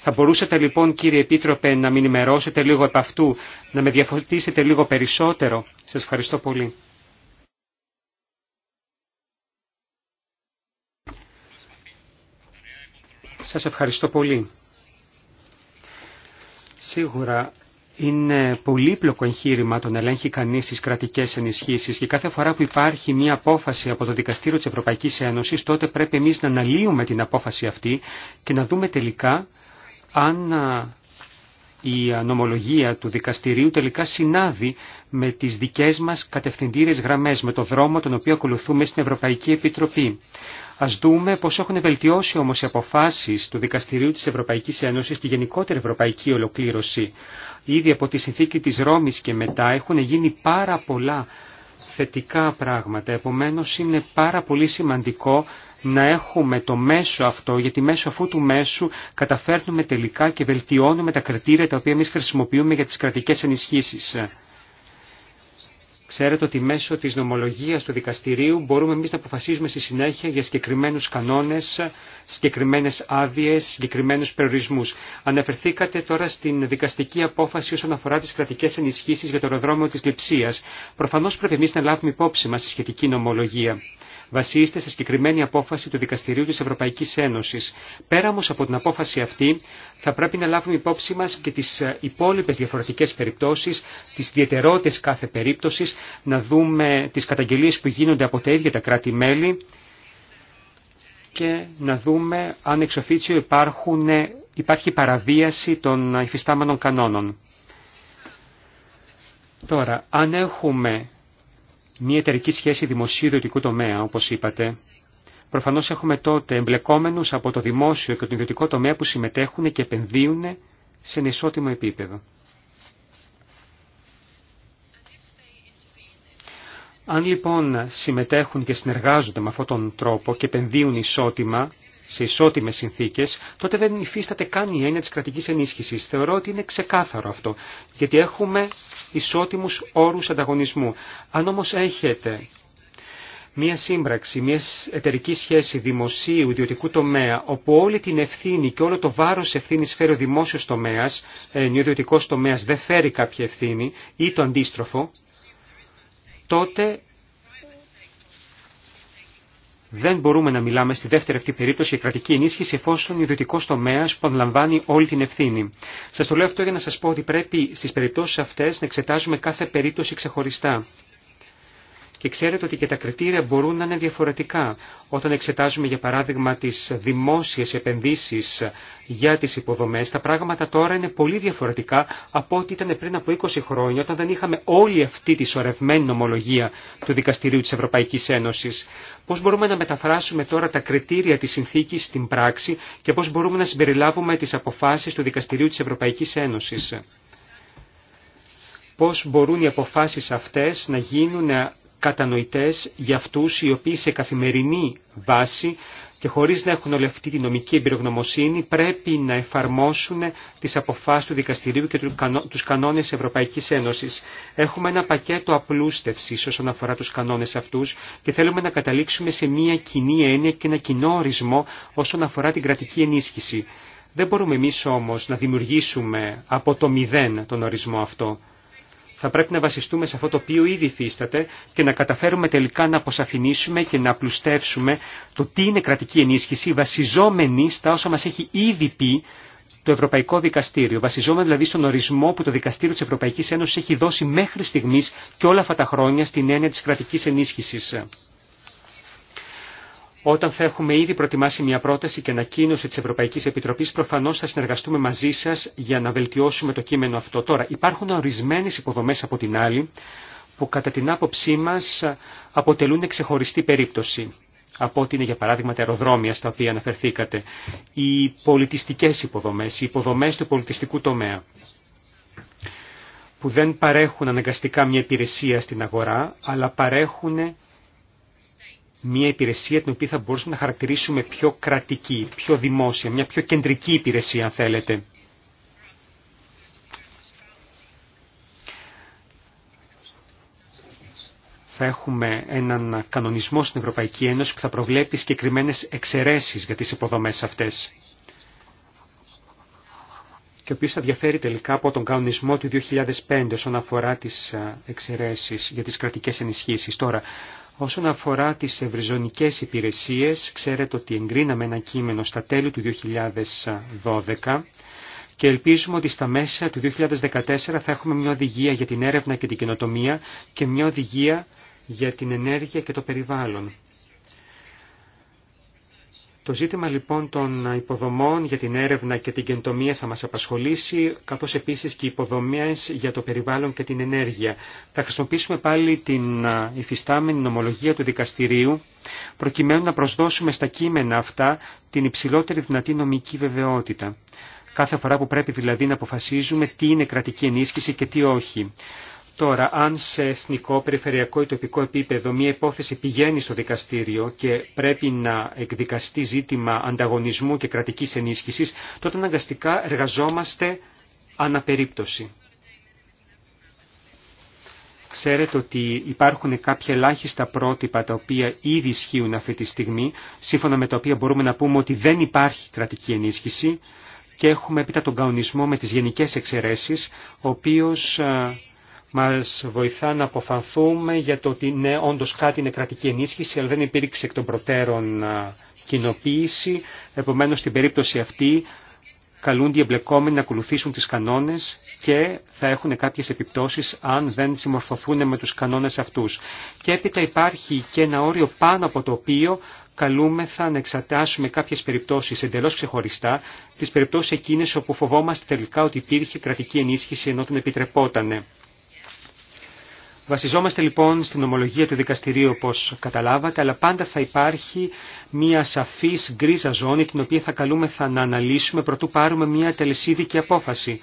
Θα μπορούσατε λοιπόν κύριε Επίτροπε να μην ενημερώσετε λίγο επ' αυτού, να με διαφωτίσετε λίγο περισσότερο. Σας ευχαριστώ πολύ. Σας ευχαριστώ πολύ. Σίγουρα είναι πολύπλοκο εγχείρημα το να ελέγχει κανεί τι κρατικέ ενισχύσει και κάθε φορά που υπάρχει μια απόφαση από το Δικαστήριο τη Ευρωπαϊκή Ένωση, τότε πρέπει εμεί να αναλύουμε την απόφαση αυτή και να δούμε τελικά αν η νομολογία του δικαστηρίου τελικά συνάδει με τις δικές μας κατευθυντήριες γραμμέ, με το δρόμο τον οποίο ακολουθούμε στην Ευρωπαϊκή Επιτροπή. Ας δούμε πως έχουν βελτιώσει όμως οι αποφάσεις του Δικαστηρίου της Ευρωπαϊκής Ένωσης στη γενικότερη ευρωπαϊκή ολοκλήρωση. Ήδη από τη συνθήκη της Ρώμης και μετά έχουν γίνει πάρα πολλά θετικά πράγματα. Επομένως είναι πάρα πολύ σημαντικό να έχουμε το μέσο αυτό, γιατί μέσω αφού του μέσου καταφέρνουμε τελικά και βελτιώνουμε τα κριτήρια τα οποία εμείς χρησιμοποιούμε για τις κρατικές ενισχύσεις. Ξέρετε ότι μέσω της νομολογίας του δικαστηρίου μπορούμε εμείς να αποφασίζουμε στη συνέχεια για συγκεκριμένους κανόνες, συγκεκριμένες άδειες, συγκεκριμένους περιορισμούς. Αναφερθήκατε τώρα στην δικαστική απόφαση όσον αφορά τις κρατικές ενισχύσεις για το αεροδρόμιο της Λειψίας. Προφανώς πρέπει εμείς να λάβουμε υπόψη μας στη σχετική νομολογία βασίζεται σε συγκεκριμένη απόφαση του Δικαστηρίου της Ευρωπαϊκής Ένωσης. Πέρα όμως από την απόφαση αυτή θα πρέπει να λάβουμε υπόψη μας και τις ε, υπόλοιπες διαφορετικές περιπτώσεις, τις ιδιαιτερότητες κάθε περίπτωσης, να δούμε τις καταγγελίες που γίνονται από τα ίδια τα κράτη-μέλη και να δούμε αν εξ ε, υπάρχει παραβίαση των υφιστάμενων κανόνων. Τώρα, αν έχουμε μια εταιρική σχέση δημοσίου ιδιωτικού τομέα, όπως είπατε, προφανώς έχουμε τότε εμπλεκόμενους από το δημόσιο και τον ιδιωτικό τομέα που συμμετέχουν και επενδύουν σε ένα επίπεδο. Αν λοιπόν συμμετέχουν και συνεργάζονται με αυτόν τον τρόπο και επενδύουν ισότιμα, σε ισότιμε συνθήκε, τότε δεν υφίσταται καν η έννοια τη κρατική ενίσχυση. Θεωρώ ότι είναι ξεκάθαρο αυτό, γιατί έχουμε ισότιμου όρου ανταγωνισμού. Αν όμω έχετε μία σύμπραξη, μία εταιρική σχέση δημοσίου, ιδιωτικού τομέα, όπου όλη την ευθύνη και όλο το βάρο ευθύνη φέρει ο δημόσιο τομέα, ε, ενώ ο ιδιωτικό τομέα δεν φέρει κάποια ευθύνη, ή το αντίστροφο, τότε δεν μπορούμε να μιλάμε στη δεύτερη αυτή περίπτωση για κρατική ενίσχυση εφόσον ο ιδιωτικό τομέα που αναλαμβάνει όλη την ευθύνη. Σα το λέω αυτό για να σα πω ότι πρέπει στι περιπτώσει αυτέ να εξετάζουμε κάθε περίπτωση ξεχωριστά και ξέρετε ότι και τα κριτήρια μπορούν να είναι διαφορετικά. Όταν εξετάζουμε για παράδειγμα τις δημόσιες επενδύσεις για τις υποδομές, τα πράγματα τώρα είναι πολύ διαφορετικά από ό,τι ήταν πριν από 20 χρόνια, όταν δεν είχαμε όλη αυτή τη σορευμένη νομολογία του Δικαστηρίου της Ευρωπαϊκής Ένωσης. Πώς μπορούμε να μεταφράσουμε τώρα τα κριτήρια της συνθήκης στην πράξη και πώς μπορούμε να συμπεριλάβουμε τις αποφάσεις του Δικαστηρίου της Ευρωπαϊκής Ένωσης πώς μπορούν οι αποφάσεις αυτές να γίνουν κατανοητές για αυτούς οι οποίοι σε καθημερινή βάση και χωρίς να έχουν όλη τη νομική εμπειρογνωμοσύνη πρέπει να εφαρμόσουν τις αποφάσεις του Δικαστηρίου και τους κανόνες Ευρωπαϊκής Ένωσης. Έχουμε ένα πακέτο απλούστευσης όσον αφορά τους κανόνες αυτούς και θέλουμε να καταλήξουμε σε μια κοινή έννοια και ένα κοινό ορισμό όσον αφορά την κρατική ενίσχυση. Δεν μπορούμε εμείς όμως να δημιουργήσουμε από το μηδέν τον ορισμό αυτό θα πρέπει να βασιστούμε σε αυτό το οποίο ήδη υφίσταται και να καταφέρουμε τελικά να αποσαφηνίσουμε και να απλουστεύσουμε το τι είναι κρατική ενίσχυση βασιζόμενη στα όσα μας έχει ήδη πει το Ευρωπαϊκό Δικαστήριο, βασιζόμενο δηλαδή στον ορισμό που το Δικαστήριο τη Ευρωπαϊκής Ένωσης έχει δώσει μέχρι στιγμής και όλα αυτά τα χρόνια στην έννοια τη κρατική ενίσχυση. Όταν θα έχουμε ήδη προετοιμάσει μια πρόταση και ανακοίνωση τη Ευρωπαϊκή Επιτροπή, προφανώ θα συνεργαστούμε μαζί σα για να βελτιώσουμε το κείμενο αυτό. Τώρα, υπάρχουν ορισμένε υποδομέ από την άλλη, που κατά την άποψή μα αποτελούν ξεχωριστή περίπτωση από ό,τι είναι για παράδειγμα τα αεροδρόμια στα οποία αναφερθήκατε, οι πολιτιστικές υποδομές, οι υποδομές του πολιτιστικού τομέα που δεν παρέχουν αναγκαστικά μια υπηρεσία στην αγορά, αλλά παρέχουν μια υπηρεσία την οποία θα μπορούσαμε να χαρακτηρίσουμε πιο κρατική, πιο δημόσια, μια πιο κεντρική υπηρεσία αν θέλετε. θα έχουμε έναν κανονισμό στην Ευρωπαϊκή Ένωση που θα προβλέπει συγκεκριμένε εξαιρέσει για τις υποδομές αυτές και ο οποίος θα διαφέρει τελικά από τον κανονισμό του 2005 όσον αφορά τις εξαιρέσει για τις κρατικές ενισχύσεις. Τώρα, Όσον αφορά τις ευρυζωνικές υπηρεσίες, ξέρετε ότι εγκρίναμε ένα κείμενο στα τέλη του 2012 και ελπίζουμε ότι στα μέσα του 2014 θα έχουμε μια οδηγία για την έρευνα και την καινοτομία και μια οδηγία για την ενέργεια και το περιβάλλον. Το ζήτημα λοιπόν των υποδομών για την έρευνα και την κεντομία θα μας απασχολήσει, καθώς επίσης και οι υποδομές για το περιβάλλον και την ενέργεια. Θα χρησιμοποιήσουμε πάλι την υφιστάμενη νομολογία του δικαστηρίου, προκειμένου να προσδώσουμε στα κείμενα αυτά την υψηλότερη δυνατή νομική βεβαιότητα. Κάθε φορά που πρέπει δηλαδή να αποφασίζουμε τι είναι κρατική ενίσχυση και τι όχι. Τώρα, αν σε εθνικό, περιφερειακό ή τοπικό επίπεδο μία υπόθεση πηγαίνει στο δικαστήριο και πρέπει να εκδικαστεί ζήτημα ανταγωνισμού και κρατικής ενίσχυσης, τότε αναγκαστικά εργαζόμαστε αναπερίπτωση. Ξέρετε ότι υπάρχουν κάποια ελάχιστα πρότυπα τα οποία ήδη ισχύουν αυτή τη στιγμή, σύμφωνα με τα οποία μπορούμε να πούμε ότι δεν υπάρχει κρατική ενίσχυση και έχουμε έπειτα τον καονισμό με τις γενικές εξαιρέσεις, ο οποίος ε, μας βοηθά να αποφανθούμε για το ότι ναι, όντως κάτι είναι κρατική ενίσχυση, αλλά δεν υπήρξε εκ των προτέρων κοινοποίηση. Επομένως, στην περίπτωση αυτή, καλούνται οι εμπλεκόμενοι να ακολουθήσουν τις κανόνες και θα έχουν κάποιες επιπτώσεις αν δεν συμμορφωθούν με τους κανόνες αυτούς. Και έπειτα υπάρχει και ένα όριο πάνω από το οποίο καλούμεθα να εξατάσουμε κάποιες περιπτώσεις εντελώς ξεχωριστά, τις περιπτώσεις εκείνες όπου φοβόμαστε τελικά ότι υπήρχε κρατική ενίσχυση ενώ την επιτρεπότανε. Βασιζόμαστε λοιπόν στην ομολογία του δικαστηρίου όπως καταλάβατε, αλλά πάντα θα υπάρχει μια σαφής γκρίζα ζώνη την οποία θα καλούμε θα να αναλύσουμε προτού πάρουμε μια τελεσίδικη απόφαση.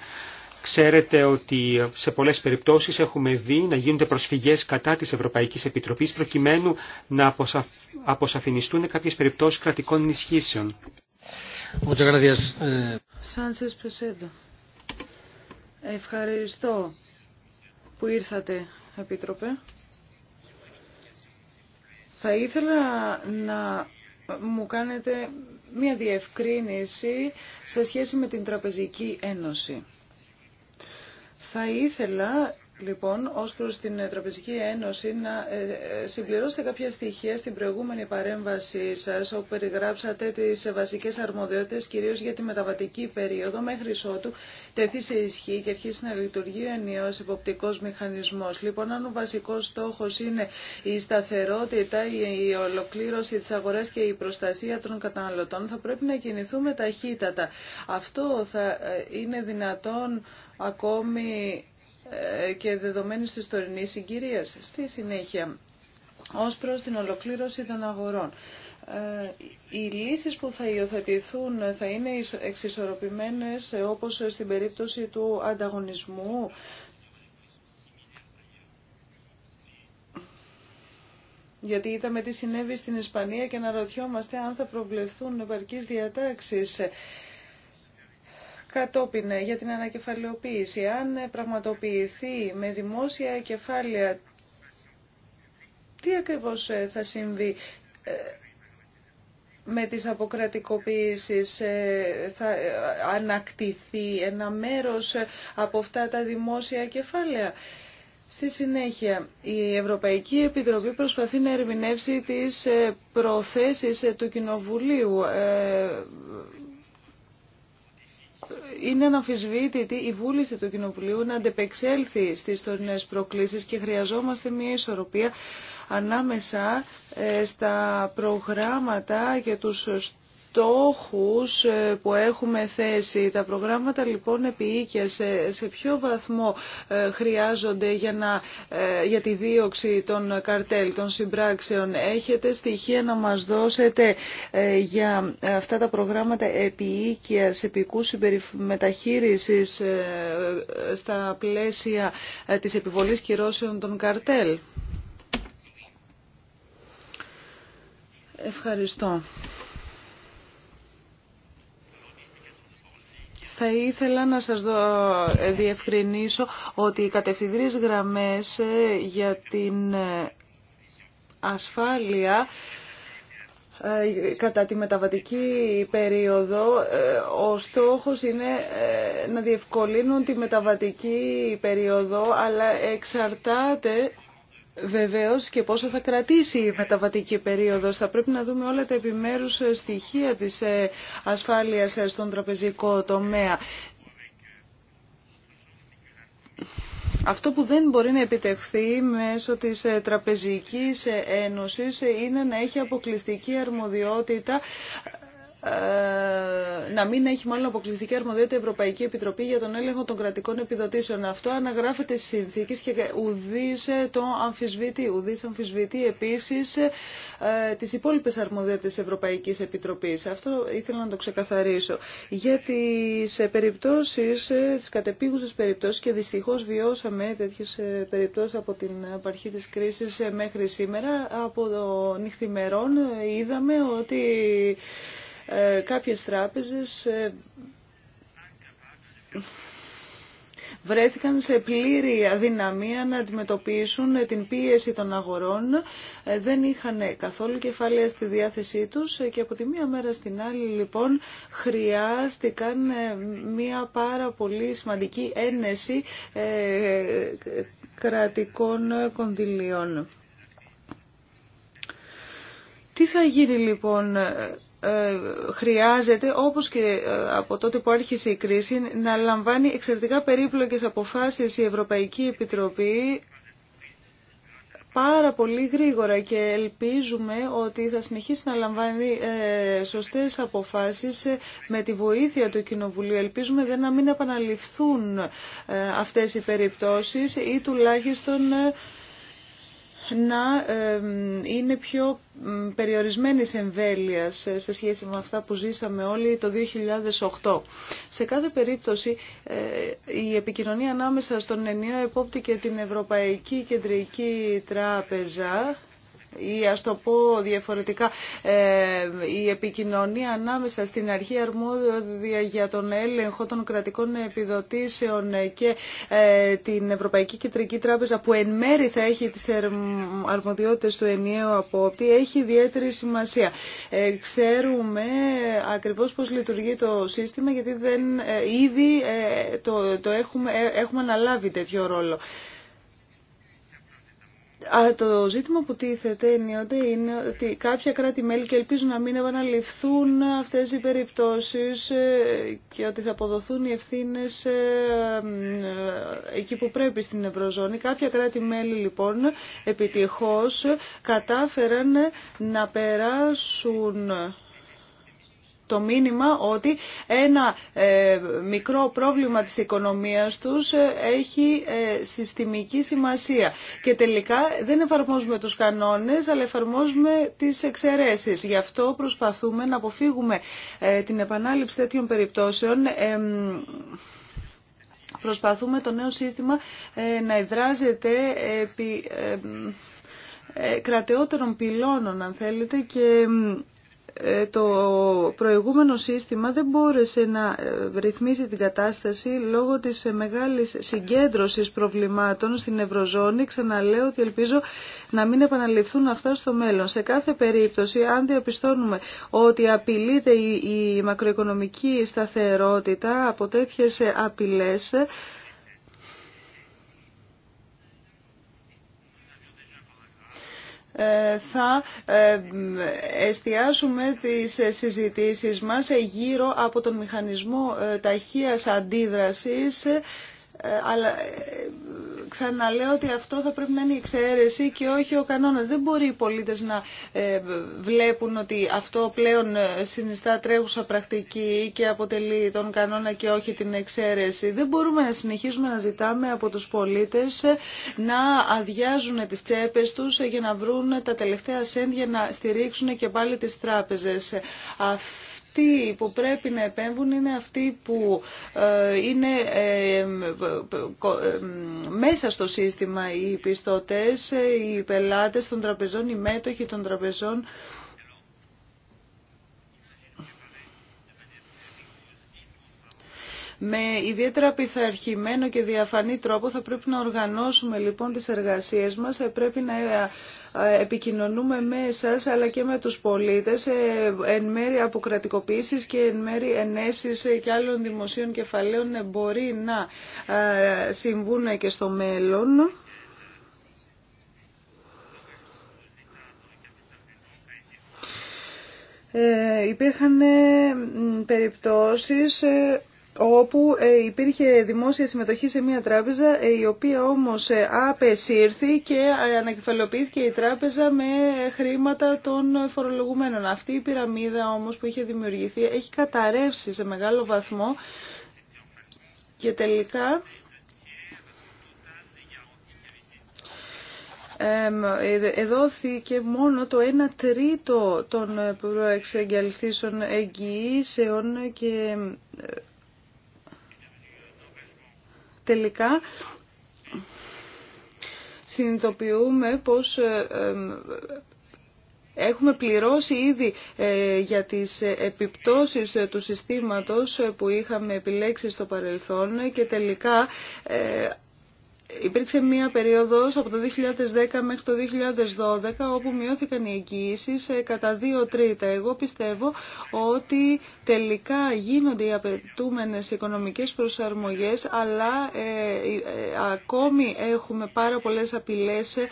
Ξέρετε ότι σε πολλές περιπτώσεις έχουμε δει να γίνονται προσφυγές κατά της Ευρωπαϊκής Επιτροπής προκειμένου να αποσαφινιστούν κάποιες περιπτώσεις κρατικών ενισχύσεων. Eh. Ευχαριστώ που ήρθατε Επίτροπε. Θα ήθελα να μου κάνετε μία διευκρίνηση σε σχέση με την Τραπεζική Ένωση. Θα ήθελα Λοιπόν, ω προ την ε, Τραπεζική Ένωση, να ε, ε, συμπληρώσετε κάποια στοιχεία στην προηγούμενη παρέμβασή σα, όπου περιγράψατε τι βασικέ αρμοδιότητε κυρίω για τη μεταβατική περίοδο, μέχρι ότου τεθεί σε ισχύ και αρχίσει να λειτουργεί ο ενιαίο υποπτικό μηχανισμό. Λοιπόν, αν ο βασικό στόχο είναι η σταθερότητα, η ολοκλήρωση τη αγορά και η προστασία των καταναλωτών, θα πρέπει να κινηθούμε ταχύτατα. Αυτό θα είναι δυνατόν ακόμη ε, και δεδομένης της τωρινής συγκυρίας. Στη συνέχεια, ως προς την ολοκλήρωση των αγορών. Ε, οι λύσεις που θα υιοθετηθούν θα είναι εξισορροπημένες ε, όπως στην περίπτωση του ανταγωνισμού. Γιατί είδαμε τι συνέβη στην Ισπανία και αναρωτιόμαστε αν θα προβλεφθούν επαρκείς διατάξεις. Κατόπιν, για την ανακεφαλαιοποίηση, αν πραγματοποιηθεί με δημόσια κεφάλαια, τι ακριβώς ε, θα συμβεί ε, με τις αποκρατικοποίησεις ε, θα ανακτηθεί ένα μέρος από αυτά τα δημόσια κεφάλαια. Στη συνέχεια, η Ευρωπαϊκή Επιτροπή προσπαθεί να ερμηνεύσει τις προθέσεις του Κοινοβουλίου είναι αναμφισβήτητη η βούληση του Κοινοβουλίου να αντεπεξέλθει στις τωρινέ προκλήσεις και χρειαζόμαστε μια ισορροπία ανάμεσα ε, στα προγράμματα και τους στόχους ε, που έχουμε θέσει. Τα προγράμματα λοιπόν επί σε, σε ποιο βαθμό ε, χρειάζονται για, να, ε, για τη δίωξη των καρτέλ, των συμπράξεων. Έχετε στοιχεία να μας δώσετε για αυτά τα προγράμματα επί οίκιας, επικού μεταχείρισης στα πλαίσια της επιβολής κυρώσεων των καρτέλ. Ευχαριστώ. Θα ήθελα να σας δω, ε, διευκρινίσω ότι οι κατευθυντήριες γραμμές ε, για την ε, ασφάλεια κατά τη μεταβατική περίοδο ο στόχος είναι να διευκολύνουν τη μεταβατική περίοδο αλλά εξαρτάται Βεβαίω και πόσο θα κρατήσει η μεταβατική περίοδο. Θα πρέπει να δούμε όλα τα επιμέρους στοιχεία της ε, ασφάλειας ε, στον τραπεζικό τομέα. Αυτό που δεν μπορεί να επιτευχθεί μέσω της ε, Τραπεζικής Ένωσης είναι να έχει αποκλειστική αρμοδιότητα ε, να μην έχει μάλλον αποκλειστική αρμοδιότητα η Ευρωπαϊκή Επιτροπή για τον έλεγχο των κρατικών επιδοτήσεων. Αυτό αναγράφεται στι συνθήκε και ουδή ε, το αμφισβητεί. Ουδή αμφισβητεί επίση ε, τι υπόλοιπε αρμοδιότητε τη Ευρωπαϊκή Επιτροπή. Αυτό ήθελα να το ξεκαθαρίσω. Γιατί σε περιπτώσει, ε, τι κατεπίγουσε περιπτώσει και δυστυχώ βιώσαμε τέτοιε περιπτώσει από την απαρχή τη κρίση μέχρι σήμερα, από νυχθημερών είδαμε ότι ε, κάποιες τράπεζες ε, βρέθηκαν σε πλήρη αδυναμία να αντιμετωπίσουν την πίεση των αγορών. Ε, δεν είχαν καθόλου κεφάλαια στη διάθεσή τους και από τη μία μέρα στην άλλη λοιπόν χρειάστηκαν μία πάρα πολύ σημαντική ένεση κρατικών κονδυλίων. Τι θα γίνει λοιπόν ε, χρειάζεται, όπως και ε, από τότε που άρχισε η κρίση, να λαμβάνει εξαιρετικά περίπλοκες αποφάσεις η Ευρωπαϊκή Επιτροπή πάρα πολύ γρήγορα και ελπίζουμε ότι θα συνεχίσει να λαμβάνει ε, σωστές αποφάσεις με τη βοήθεια του Κοινοβουλίου. Ελπίζουμε δεν να μην επαναληφθούν αυτές οι περιπτώσεις ή τουλάχιστον να είναι πιο περιορισμένης εμβέλειας ε, σε σχέση με αυτά που ζήσαμε όλοι το 2008. Σε κάθε περίπτωση ε, η επικοινωνία ανάμεσα στον ενιαίο επόπτη και την Ευρωπαϊκή Κεντρική Τράπεζα ή ας το πω διαφορετικά ε, η επικοινωνία ανάμεσα στην αρχή αρμόδια για τον έλεγχο των κρατικών επιδοτήσεων και ε, την Ευρωπαϊκή Κεντρική Τράπεζα που εν μέρη θα έχει τις αρμοδιότητες του ενιαίου απόπτη έχει ιδιαίτερη σημασία. Ε, ξέρουμε ακριβώς πώς λειτουργεί το σύστημα γιατί δεν, ήδη το, έχουμε, έχουμε αναλάβει τέτοιο ρόλο το ζήτημα που τίθεται είναι ότι κάποια κράτη-μέλη και ελπίζουν να μην επαναληφθούν αυτές οι περιπτώσεις ε, και ότι θα αποδοθούν οι ευθύνες ε, ε, εκεί που πρέπει στην Ευρωζώνη. Κάποια κράτη-μέλη λοιπόν επιτυχώς κατάφεραν να περάσουν το μήνυμα ότι ένα ε, μικρό πρόβλημα της οικονομίας τους ε, έχει ε, συστημική σημασία. Και τελικά δεν εφαρμόζουμε τους κανόνες, αλλά εφαρμόζουμε τις εξαιρέσεις. Γι' αυτό προσπαθούμε να αποφύγουμε την επανάληψη τέτοιων περιπτώσεων προσπαθούμε το νέο σύστημα να εδράζεται επί κρατεότερων πυλώνων αν θέλετε και ε, το προηγούμενο σύστημα δεν μπόρεσε να ε, ρυθμίσει την κατάσταση λόγω της ε, μεγάλης συγκέντρωσης προβλημάτων στην Ευρωζώνη. Ξαναλέω ότι ελπίζω να μην επαναληφθούν αυτά στο μέλλον. Σε κάθε περίπτωση, αν διαπιστώνουμε ότι απειλείται η μακροοικονομική σταθερότητα από τέτοιες απειλές, Ε, θα ε, εστιάσουμε τις συζητήσεις μας γύρω από τον μηχανισμό ε, ταχείας αντίδρασης ε, αλλά ε, ξαναλέω ότι αυτό θα πρέπει να είναι η εξαίρεση και όχι ο κανόνας. Δεν μπορεί οι πολίτες να ε, βλέπουν ότι αυτό πλέον συνιστά τρέχουσα πρακτική και αποτελεί τον κανόνα και όχι την εξαίρεση. Δεν μπορούμε να συνεχίσουμε να ζητάμε από τους πολίτες να αδειάζουν τις τσέπες τους για να βρουν τα τελευταία σέντια να στηρίξουν και πάλι τις τράπεζες αυτοί που πρέπει να επέμβουν είναι αυτοί που ε, είναι ε, ε, μέσα στο σύστημα οι πιστωτές, οι πελάτες των τραπεζών, οι μέτοχοι των τραπεζών. Με ιδιαίτερα πειθαρχημένο και διαφανή τρόπο θα πρέπει να οργανώσουμε λοιπόν τις εργασίες μας, θα πρέπει να ε, επικοινωνούμε με εσάς αλλά και με τους πολίτες ε, εν μέρη αποκρατικοποίησης και εν μέρη ενέσεις και άλλων δημοσίων κεφαλαίων ε, μπορεί να συμβούν και στο μέλλον. Ε, υπήρχαν περιπτώσεις όπου ε, υπήρχε δημόσια συμμετοχή σε μια τράπεζα ε, η οποία όμως ε, απεσύρθη και ανακεφαλοποιήθηκε η τράπεζα με χρήματα των φορολογουμένων. Αυτή η πυραμίδα όμως που είχε δημιουργηθεί έχει καταρρεύσει σε μεγάλο βαθμό και τελικά εδόθηκε μόνο το 1 τρίτο των προεξεγγελθήσεων εγγυήσεων και τελικά συνειδητοποιούμε πως ε, έχουμε πληρώσει ήδη ε, για τις επιπτώσεις ε, του συστήματος που είχαμε επιλέξει στο παρελθόν και τελικά Υπήρξε μία περίοδος από το 2010 μέχρι το 2012 όπου μειώθηκαν οι εγγύησεις κατά δύο τρίτα. Εγώ πιστεύω ότι τελικά γίνονται οι απαιτούμενες οικονομικές προσαρμογές αλλά ε, ε, ακόμη έχουμε πάρα πολλές απειλές ε,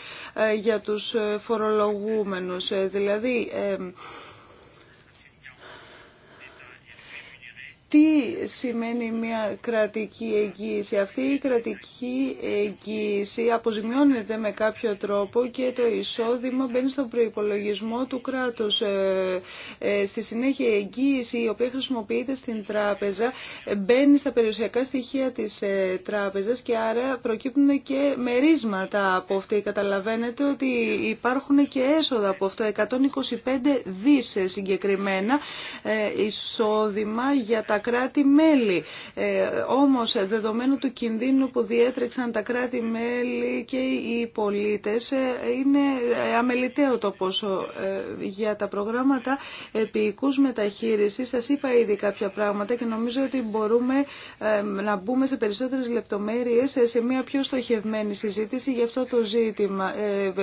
για τους φορολογούμενους. Δηλαδή τι σημαίνει μια κρατική εγγύηση. Αυτή η κρατική εγγύηση αποζημιώνεται με κάποιο τρόπο και το εισόδημα μπαίνει στον προϋπολογισμό του κράτους. Ε, ε, στη συνέχεια η εγγύηση η οποία χρησιμοποιείται στην τράπεζα μπαίνει στα περιουσιακά στοιχεία της ε, τράπεζας και άρα προκύπτουν και μερίσματα από αυτή. Καταλαβαίνετε ότι υπάρχουν και έσοδα από αυτό, 125 συγκεκριμένα εισόδημα για τα τα κράτη-μέλη. Ε, όμως, δεδομένου του κινδύνου που διέτρεξαν τα κράτη-μέλη και οι πολίτες, ε, είναι αμεληταίο το πόσο ε, για τα προγράμματα επίοικους μεταχείρισης. Σας είπα ήδη κάποια πράγματα και νομίζω ότι μπορούμε να μπούμε σε περισσότερες λεπτομέρειες σε μια πιο στοχευμένη συζήτηση για αυτό το ζήτημα.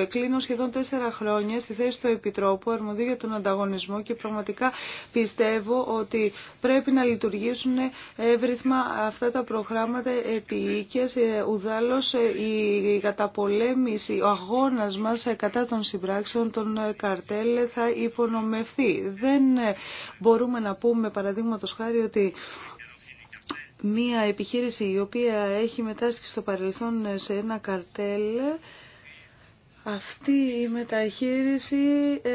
Κλείνω σχεδόν τέσσερα χρόνια στη θέση του Επιτρόπου Αρμοδίου για τον Ανταγωνισμό και πραγματικά πιστεύω ότι πρέπει να λειτουργήσουμε λειτουργήσουν ε, εύρυθμα αυτά τα προγράμματα επί οίκες. Ε, ουδάλλως ε, η καταπολέμηση, ο αγώνας μας κατά των συμπράξεων των καρτέλ θα υπονομευθεί. Δεν μπορούμε να πούμε παραδείγματος χάρη ότι μία επιχείρηση η οποία έχει μετάσχει στο παρελθόν σε ένα καρτέλ αυτή η μεταχείριση ε,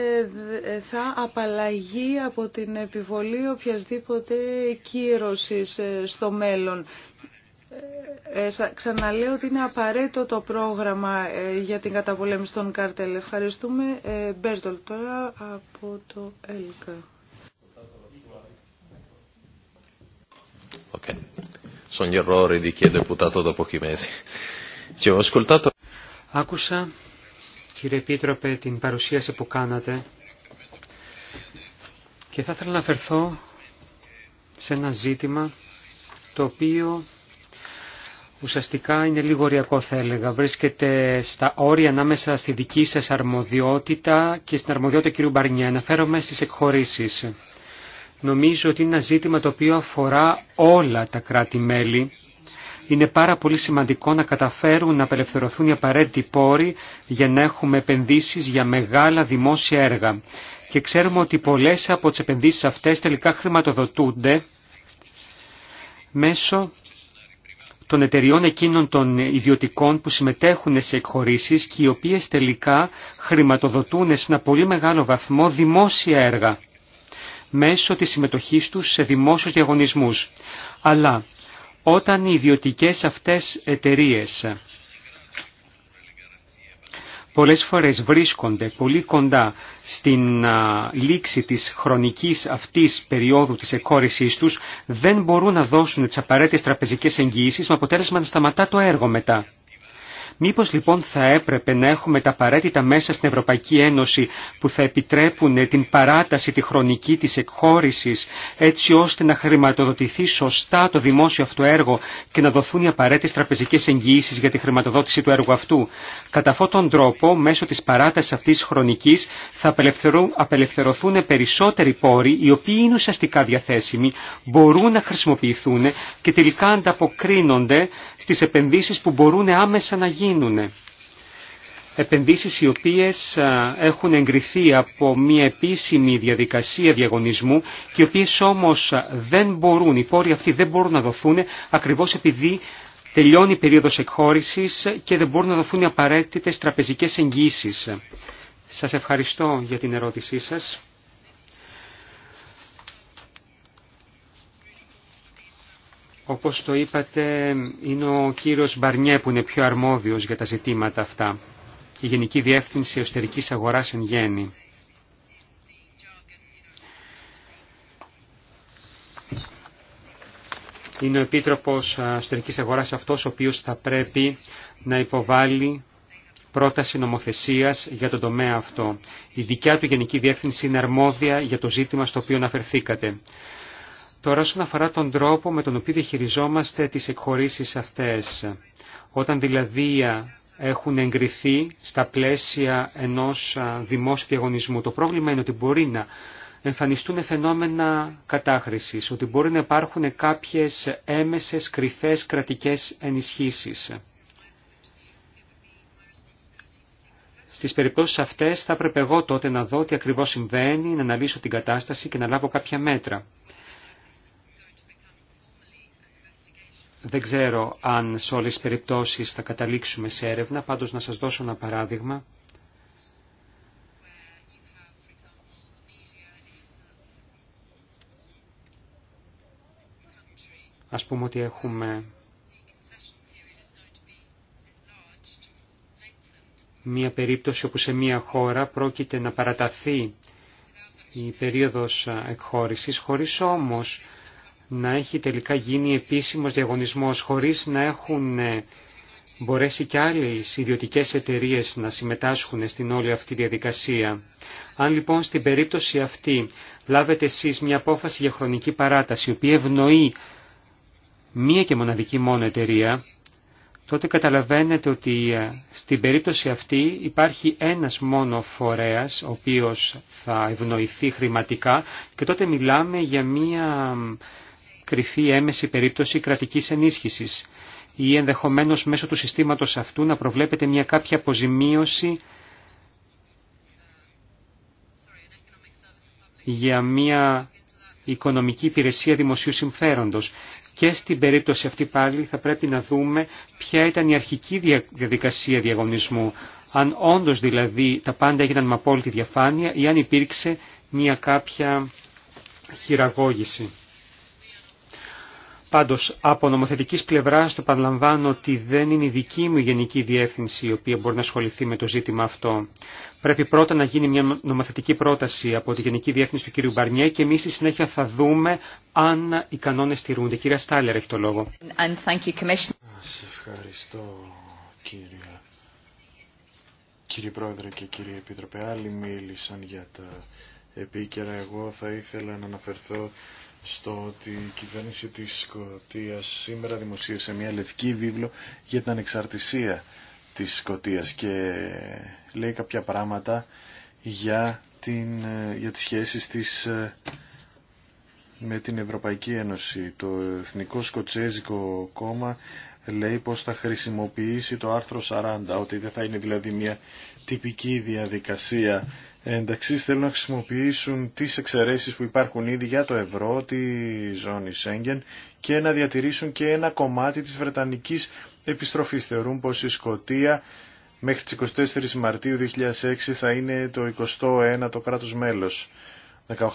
ε, θα απαλλαγεί από την επιβολή οποιασδήποτε κύρωσης ε, στο μέλλον. Ξαναλέω ότι είναι απαραίτητο το πρόγραμμα για την καταπολέμηση των καρτέλ. Ευχαριστούμε. Μπέρτολ τώρα από το ΕΛΚΑ. Okay. errori di Άκουσα κύριε Επίτροπε, την παρουσίαση που κάνατε και θα ήθελα να αφαιρθώ σε ένα ζήτημα το οποίο ουσιαστικά είναι λίγο ωριακό θα έλεγα. Βρίσκεται στα όρια ανάμεσα στη δική σας αρμοδιότητα και στην αρμοδιότητα κύριου Μπαρνιέ. Αναφέρομαι στις εκχωρήσεις. Νομίζω ότι είναι ένα ζήτημα το οποίο αφορά όλα τα κράτη-μέλη είναι πάρα πολύ σημαντικό να καταφέρουν να απελευθερωθούν οι απαραίτητοι πόροι για να έχουμε επενδύσεις για μεγάλα δημόσια έργα. Και ξέρουμε ότι πολλές από τις επενδύσεις αυτές τελικά χρηματοδοτούνται μέσω των εταιριών εκείνων των ιδιωτικών που συμμετέχουν σε εκχωρήσεις και οι οποίες τελικά χρηματοδοτούν σε ένα πολύ μεγάλο βαθμό δημόσια έργα μέσω της συμμετοχής τους σε δημόσιους διαγωνισμούς. Αλλά όταν οι ιδιωτικές αυτές εταιρείες πολλές φορές βρίσκονται πολύ κοντά στην λήξη της χρονικής αυτής περίοδου της εκόρησής τους, δεν μπορούν να δώσουν τις απαραίτητες τραπεζικές εγγυήσεις με αποτέλεσμα να σταματά το έργο μετά. Μήπως λοιπόν θα έπρεπε να έχουμε τα απαραίτητα μέσα στην Ευρωπαϊκή Ένωση που θα επιτρέπουν ε, την παράταση τη χρονική της εκχώρησης έτσι ώστε να χρηματοδοτηθεί σωστά το δημόσιο αυτό έργο και να δοθούν οι απαραίτητες τραπεζικές εγγυήσεις για τη χρηματοδότηση του έργου αυτού. Κατά αυτόν τον τρόπο, μέσω της παράτασης αυτής της χρονικής θα απελευθερωθούν περισσότεροι πόροι οι οποίοι είναι ουσιαστικά διαθέσιμοι, μπορούν να χρησιμοποιηθούν και τελικά ανταποκρίνονται στις επενδύσεις που μπορούν άμεσα να γίνουν γίνουν επενδύσεις οι οποίες έχουν εγκριθεί από μια επίσημη διαδικασία διαγωνισμού και οι οποίες όμως δεν μπορούν, οι πόροι αυτοί δεν μπορούν να δοθούν ακριβώς επειδή τελειώνει η περίοδος εκχώρησης και δεν μπορούν να δοθούν οι απαραίτητες τραπεζικές εγγύσεις. Σας ευχαριστώ για την ερώτησή σας. Όπως το είπατε, είναι ο κύριος Μπαρνιέ που είναι πιο αρμόδιος για τα ζητήματα αυτά. Η Γενική Διεύθυνση Εσωτερικής Αγοράς εν γέννη. Είναι ο Επίτροπος Εσωτερικής Αγοράς αυτός ο οποίος θα πρέπει να υποβάλει πρόταση νομοθεσίας για τον τομέα αυτό. Η δικιά του Γενική Διεύθυνση είναι αρμόδια για το ζήτημα στο οποίο αναφερθήκατε. Τώρα όσον αφορά τον τρόπο με τον οποίο διαχειριζόμαστε τις εκχωρήσεις αυτές, όταν δηλαδή έχουν εγκριθεί στα πλαίσια ενός δημόσιου διαγωνισμού, το πρόβλημα είναι ότι μπορεί να εμφανιστούν φαινόμενα κατάχρησης, ότι μπορεί να υπάρχουν κάποιες έμεσες κρυφές κρατικές ενισχύσεις. Στις περιπτώσεις αυτές θα έπρεπε εγώ τότε να δω τι ακριβώς συμβαίνει, να αναλύσω την κατάσταση και να λάβω κάποια μέτρα. Δεν ξέρω αν σε όλες τις περιπτώσεις θα καταλήξουμε σε έρευνα, πάντως να σας δώσω ένα παράδειγμα. Ας πούμε ότι έχουμε μία περίπτωση όπου σε μία χώρα πρόκειται να παραταθεί η περίοδος εκχώρησης, χωρίς όμως να έχει τελικά γίνει επίσημος διαγωνισμός χωρίς να έχουν ε, μπορέσει και άλλες ιδιωτικές εταιρείες να συμμετάσχουν στην όλη αυτή διαδικασία. Αν λοιπόν στην περίπτωση αυτή λάβετε εσείς μια απόφαση για χρονική παράταση, η οποία ευνοεί μία και μοναδική μόνο εταιρεία, τότε καταλαβαίνετε ότι ε, στην περίπτωση αυτή υπάρχει ένας μόνο φορέας, ο οποίος θα ευνοηθεί χρηματικά και τότε μιλάμε για μία κρυφή έμεση περίπτωση κρατικής ενίσχυσης ή ενδεχομένως μέσω του συστήματος αυτού να προβλέπεται μια κάποια αποζημίωση για μια οικονομική υπηρεσία δημοσίου συμφέροντος. Και στην περίπτωση αυτή πάλι θα πρέπει να δούμε ποια ήταν η αρχική διαδικασία διαγωνισμού, αν όντως δηλαδή τα πάντα έγιναν με απόλυτη διαφάνεια ή αν υπήρξε μια κάποια χειραγώγηση. Πάντως, από νομοθετικής πλευράς το παραλαμβάνω ότι δεν είναι η δική μου γενική διεύθυνση η οποία μπορεί να ασχοληθεί με το ζήτημα αυτό. Πρέπει πρώτα να γίνει μια νομοθετική πρόταση από τη Γενική Διεύθυνση του κ. Μπαρνιέ και εμείς στη συνέχεια θα δούμε αν οι κανόνες στηρούνται. Κυρία Στάλερ έχει το λόγο. Σας ευχαριστώ κύριε. Κύριε Πρόεδρε και κύριε Επίτροπε, άλλοι μίλησαν για τα επίκαιρα. Εγώ θα ήθελα να αναφερθώ στο ότι η κυβέρνηση της Σκωτίας σήμερα δημοσίευσε μια λευκή βίβλο για την ανεξαρτησία της Σκοτίας και λέει κάποια πράγματα για, την, για τις σχέσεις της ε, με την Ευρωπαϊκή Ένωση. Το Εθνικό Σκοτσέζικο Κόμμα λέει πως θα χρησιμοποιήσει το άρθρο 40, ότι δεν θα είναι δηλαδή μια τυπική διαδικασία Ενταξύ θέλουν να χρησιμοποιήσουν τις εξαιρέσεις που υπάρχουν ήδη για το ευρώ, τη ζώνη Σέγγεν και να διατηρήσουν και ένα κομμάτι της Βρετανικής επιστροφής. Θεωρούν πως η Σκοτία μέχρι τις 24 Μαρτίου 2006 θα είναι το 21ο κράτος μέλος.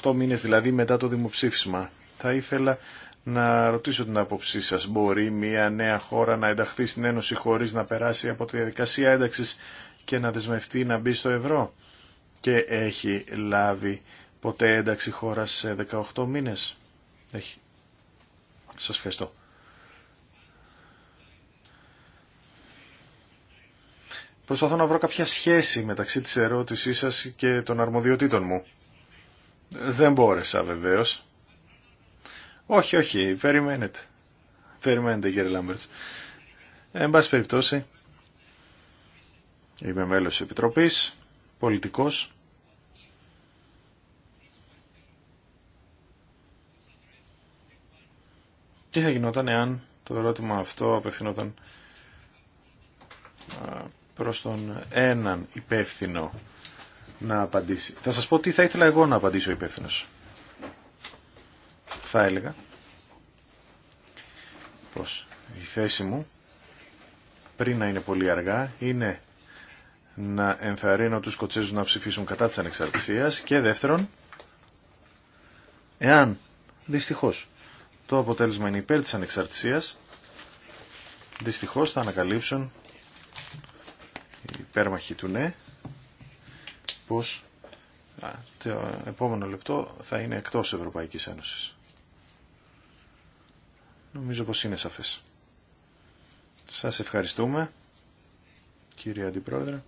18 μήνες δηλαδή μετά το δημοψήφισμα. Θα ήθελα να ρωτήσω την άποψή σας. Μπορεί μια νέα χώρα να ενταχθεί στην Ένωση χωρίς να περάσει από τη διαδικασία ένταξης και να δεσμευτεί να μπει στο ευρώ και έχει λάβει ποτέ ένταξη χώρα σε 18 μήνες. Έχει. Σας ευχαριστώ. Προσπαθώ να βρω κάποια σχέση μεταξύ της ερώτησής σας και των αρμοδιοτήτων μου. Δεν μπόρεσα βεβαίως. Όχι, όχι, περιμένετε. Περιμένετε κύριε Λάμπερτς. Εν πάση περιπτώσει, είμαι μέλος της Επιτροπής, πολιτικός Τι θα γινόταν εάν το ερώτημα αυτό απευθυνόταν προς τον έναν υπεύθυνο να απαντήσει. Θα σας πω τι θα ήθελα εγώ να απαντήσω υπεύθυνο. Θα έλεγα πως η θέση μου πριν να είναι πολύ αργά είναι να ενθαρρύνω τους Σκοτσέζους να ψηφίσουν κατά της ανεξαρτησίας και δεύτερον εάν δυστυχώς το αποτέλεσμα είναι υπέρ της ανεξαρτησίας. Δυστυχώς θα ανακαλύψουν οι υπέρμαχοι του ναι πως α, το επόμενο λεπτό θα είναι εκτός Ευρωπαϊκής Ένωσης. Νομίζω πως είναι σαφές. Σας ευχαριστούμε κύριε Αντιπρόεδρε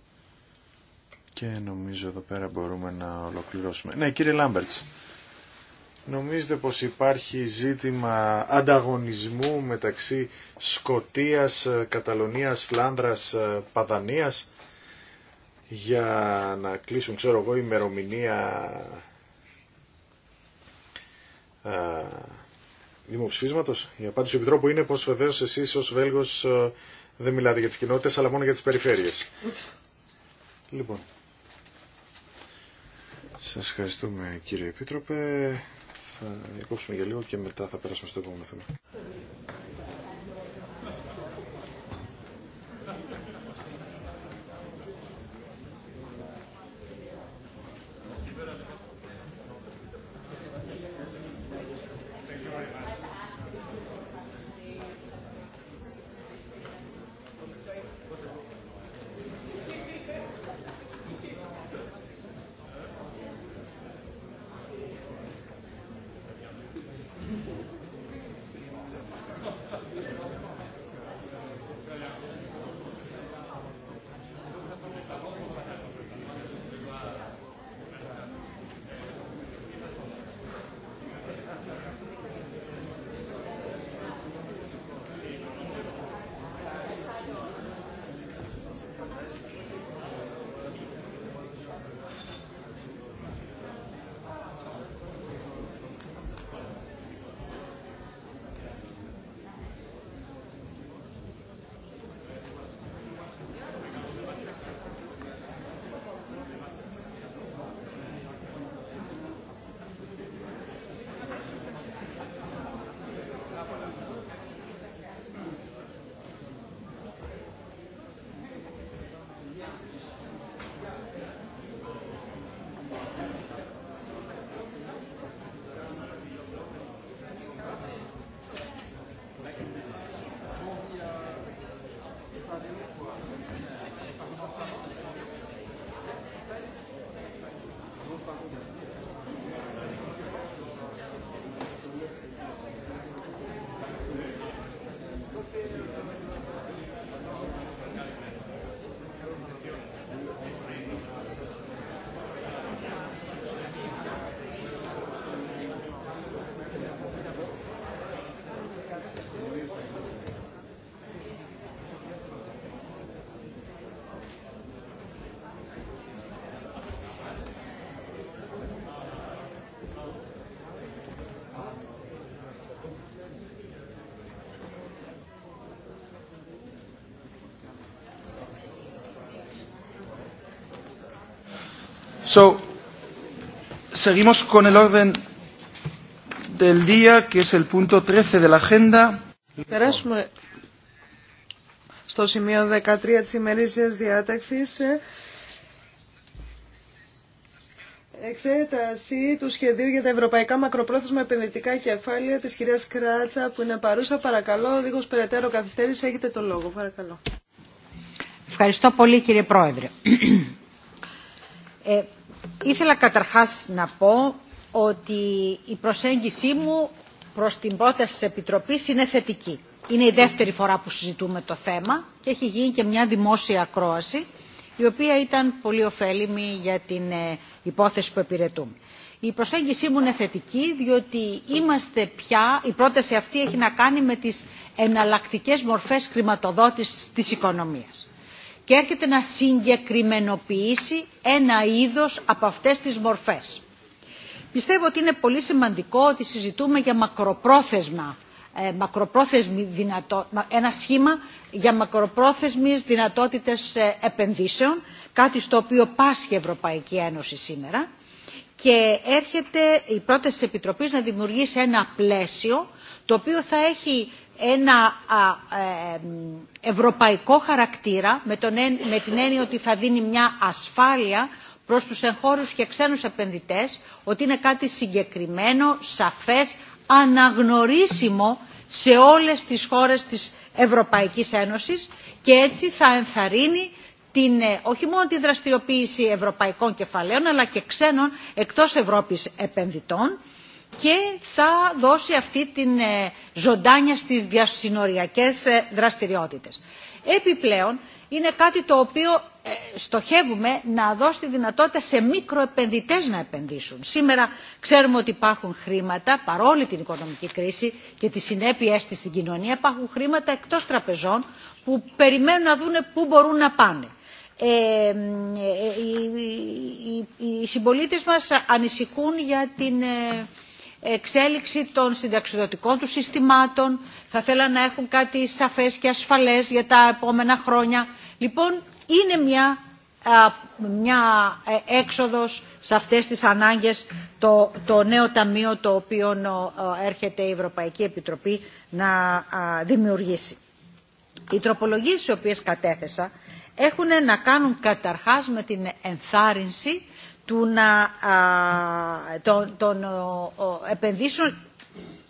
και νομίζω εδώ πέρα μπορούμε να ολοκληρώσουμε. Ναι κύριε Λάμπερτς. Νομίζετε πως υπάρχει ζήτημα ανταγωνισμού μεταξύ Σκοτίας, Καταλωνίας, Φλάνδρας, Παδανίας για να κλείσουν, ξέρω εγώ, ημερομηνία δημοψηφίσματος. Η απάντηση του Επιτρόπου είναι πως βεβαίως εσείς ως Βέλγος δεν μιλάτε για τις κοινότητες αλλά μόνο για τις περιφέρειες. Λοιπόν, σας ευχαριστούμε κύριε Επίτροπε. Θα διακόψουμε για λίγο και μετά θα περάσουμε στο επόμενο θέμα. So, seguimos con el orden del día, que es el punto 13 de la agenda. Περάσουμε στο σημείο 13 της ημερήσιας διάταξης. Εξέταση του σχεδίου για τα ευρωπαϊκά μακροπρόθεσμα επενδυτικά κεφάλαια της κυρίας Κράτσα που είναι παρούσα. Παρακαλώ, δίχως περαιτέρω καθυστέρηση, έχετε το λόγο. Παρακαλώ. Ευχαριστώ πολύ κύριε Πρόεδρε. Ε, Ήθελα καταρχάς να πω ότι η προσέγγιση μου προς την πρόταση της Επιτροπής είναι θετική. Είναι η δεύτερη φορά που συζητούμε το θέμα και έχει γίνει και μια δημόσια ακρόαση η οποία ήταν πολύ ωφέλιμη για την ε, υπόθεση που επιρετούμε. Η προσέγγιση μου είναι θετική διότι είμαστε πια, η πρόταση αυτή έχει να κάνει με τις εναλλακτικές μορφές χρηματοδότησης της οικονομίας και έρχεται να συγκεκριμενοποιήσει ένα είδος από αυτές τις μορφές. Πιστεύω ότι είναι πολύ σημαντικό ότι συζητούμε για μακροπρόθεσμα, ε, μακροπρόθεσμη δυνατό, ένα σχήμα για μακροπρόθεσμες δυνατότητες ε, επενδύσεων, κάτι στο οποίο πάσχει η Ευρωπαϊκή Ένωση σήμερα και έρχεται η πρόταση της Επιτροπής να δημιουργήσει ένα πλαίσιο το οποίο θα έχει ένα ευρωπαϊκό χαρακτήρα με, τον, με την έννοια ότι θα δίνει μια ασφάλεια προς τους εγχώρους και ξένους επενδυτές ότι είναι κάτι συγκεκριμένο, σαφές, αναγνωρίσιμο σε όλες τις χώρες της Ευρωπαϊκής Ένωσης και έτσι θα ενθαρρύνει την, ε, όχι μόνο τη δραστηριοποίηση ευρωπαϊκών κεφαλαίων αλλά και ξένων εκτός Ευρώπης επενδυτών και θα δώσει αυτή την ε, ζωντάνια στις διασυνοριακές ε, δραστηριότητες. Επιπλέον, είναι κάτι το οποίο ε, στοχεύουμε να δώσει τη δυνατότητα σε μικροεπενδυτές να επενδύσουν. Σήμερα ξέρουμε ότι υπάρχουν χρήματα, παρόλη την οικονομική κρίση και τις συνέπειές της στην κοινωνία, υπάρχουν χρήματα εκτός τραπεζών που περιμένουν να δούνε πού μπορούν να πάνε. Ε, οι, οι, οι συμπολίτες μας ανησυχούν για την εξέλιξη των συνταξιδοτικών του συστημάτων, θα θέλαν να έχουν κάτι σαφές και ασφαλές για τα επόμενα χρόνια. Λοιπόν, είναι μια, μια ε, έξοδος σε αυτές τις ανάγκες το, το νέο ταμείο το οποίο έρχεται η Ευρωπαϊκή Επιτροπή να δημιουργήσει. Οι τροπολογίες οι οποίες κατέθεσα έχουν να κάνουν καταρχάς με την ενθάρρυνση του να, των, ο, επενδύσεων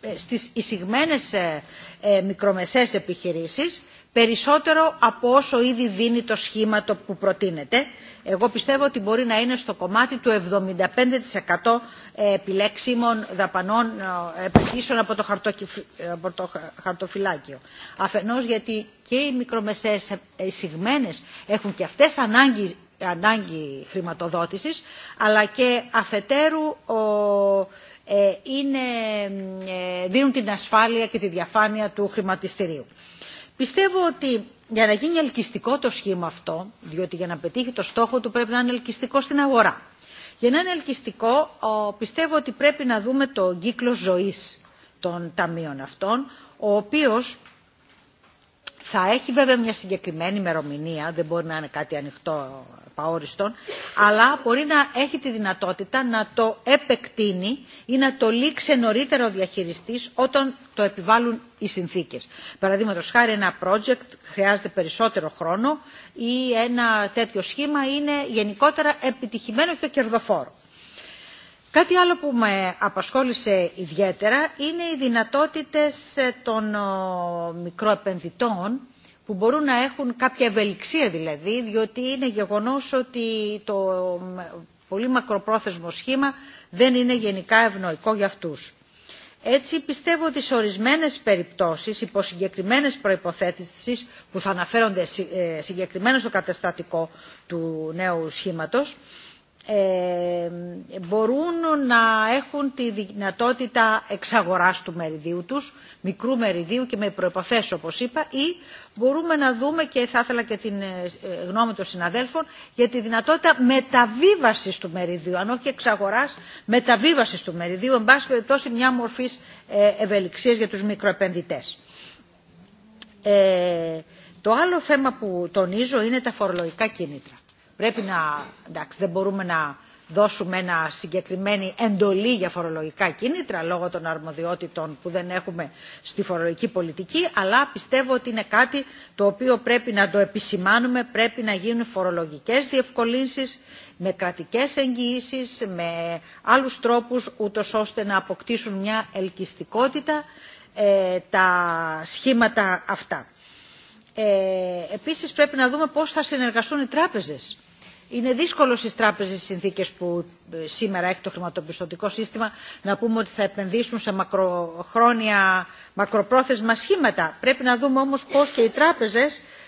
ε, στις εισηγμένες ε, ε, μικρομεσαίες επιχειρήσεις περισσότερο από όσο ήδη δίνει το σχήμα το που προτείνεται. Εγώ πιστεύω ότι μπορεί να είναι στο κομμάτι του 75% επιλέξιμων δαπανών επενδύσεων από το, χαρτοφυλάκιο. Αφενός γιατί και οι μικρομεσαίες εισηγμένες έχουν και αυτές ανάγκη ανάγκη χρηματοδότησης, αλλά και αφετέρου ο, ε, είναι, ε, δίνουν την ασφάλεια και τη διαφάνεια του χρηματιστηρίου. Πιστεύω ότι για να γίνει ελκυστικό το σχήμα αυτό, διότι για να πετύχει το στόχο του πρέπει να είναι ελκυστικό στην αγορά. Για να είναι ελκυστικό, πιστεύω ότι πρέπει να δούμε τον κύκλο ζωής των ταμείων αυτών, ο οποίος θα έχει βέβαια μια συγκεκριμένη ημερομηνία, δεν μπορεί να είναι κάτι ανοιχτό παόριστον, αλλά μπορεί να έχει τη δυνατότητα να το επεκτείνει ή να το λήξει νωρίτερα ο διαχειριστής όταν το επιβάλλουν οι συνθήκες. Παραδείγματο χάρη ένα project χρειάζεται περισσότερο χρόνο ή ένα τέτοιο σχήμα είναι γενικότερα επιτυχημένο και κερδοφόρο. Κάτι άλλο που με απασχόλησε ιδιαίτερα είναι οι δυνατότητες ε, των μικροεπενδυτών που μπορούν να έχουν κάποια ευελιξία δηλαδή, διότι είναι γεγονός ότι το πολύ μακροπρόθεσμο σχήμα δεν είναι γενικά ευνοϊκό για αυτούς. Έτσι πιστεύω ότι σε ορισμένες περιπτώσεις, υπό συγκεκριμένες προϋποθέσεις που θα αναφέρονται ε, συγκεκριμένα στο καταστατικό του νέου σχήματος, ε, μπορούν να έχουν τη δυνατότητα εξαγοράς του μεριδίου τους, μικρού μεριδίου και με προϋποθέσεις όπως είπα, ή μπορούμε να δούμε και θα ήθελα και την ε, γνώμη των συναδέλφων για τη δυνατότητα μεταβίβασης του μεριδίου, αν όχι εξαγοράς, μεταβίβασης του μεριδίου, εν πάση περιπτώσει μια μορφή ε, ευελιξίας για τους μικροεπενδυτές. Ε, το άλλο θέμα που τονίζω είναι τα φορολογικά κίνητρα πρέπει να, δεν μπορούμε να δώσουμε ένα συγκεκριμένη εντολή για φορολογικά κίνητρα λόγω των αρμοδιότητων που δεν έχουμε στη φορολογική πολιτική, αλλά πιστεύω ότι είναι κάτι το οποίο πρέπει να το επισημάνουμε, πρέπει να γίνουν φορολογικές διευκολύνσεις με κρατικές εγγυήσεις, με άλλους τρόπους, ούτως ώστε να αποκτήσουν μια ελκυστικότητα ε, τα σχήματα αυτά. Ε, επίσης πρέπει να δούμε πώς θα συνεργαστούν οι τράπεζες είναι δύσκολο στι τράπεζε στι συνθήκε που ε, σήμερα έχει το χρηματοπιστωτικό σύστημα να πούμε ότι θα επενδύσουν σε μακροχρόνια, μακροπρόθεσμα σχήματα. Πρέπει να δούμε όμω πώ και οι τράπεζε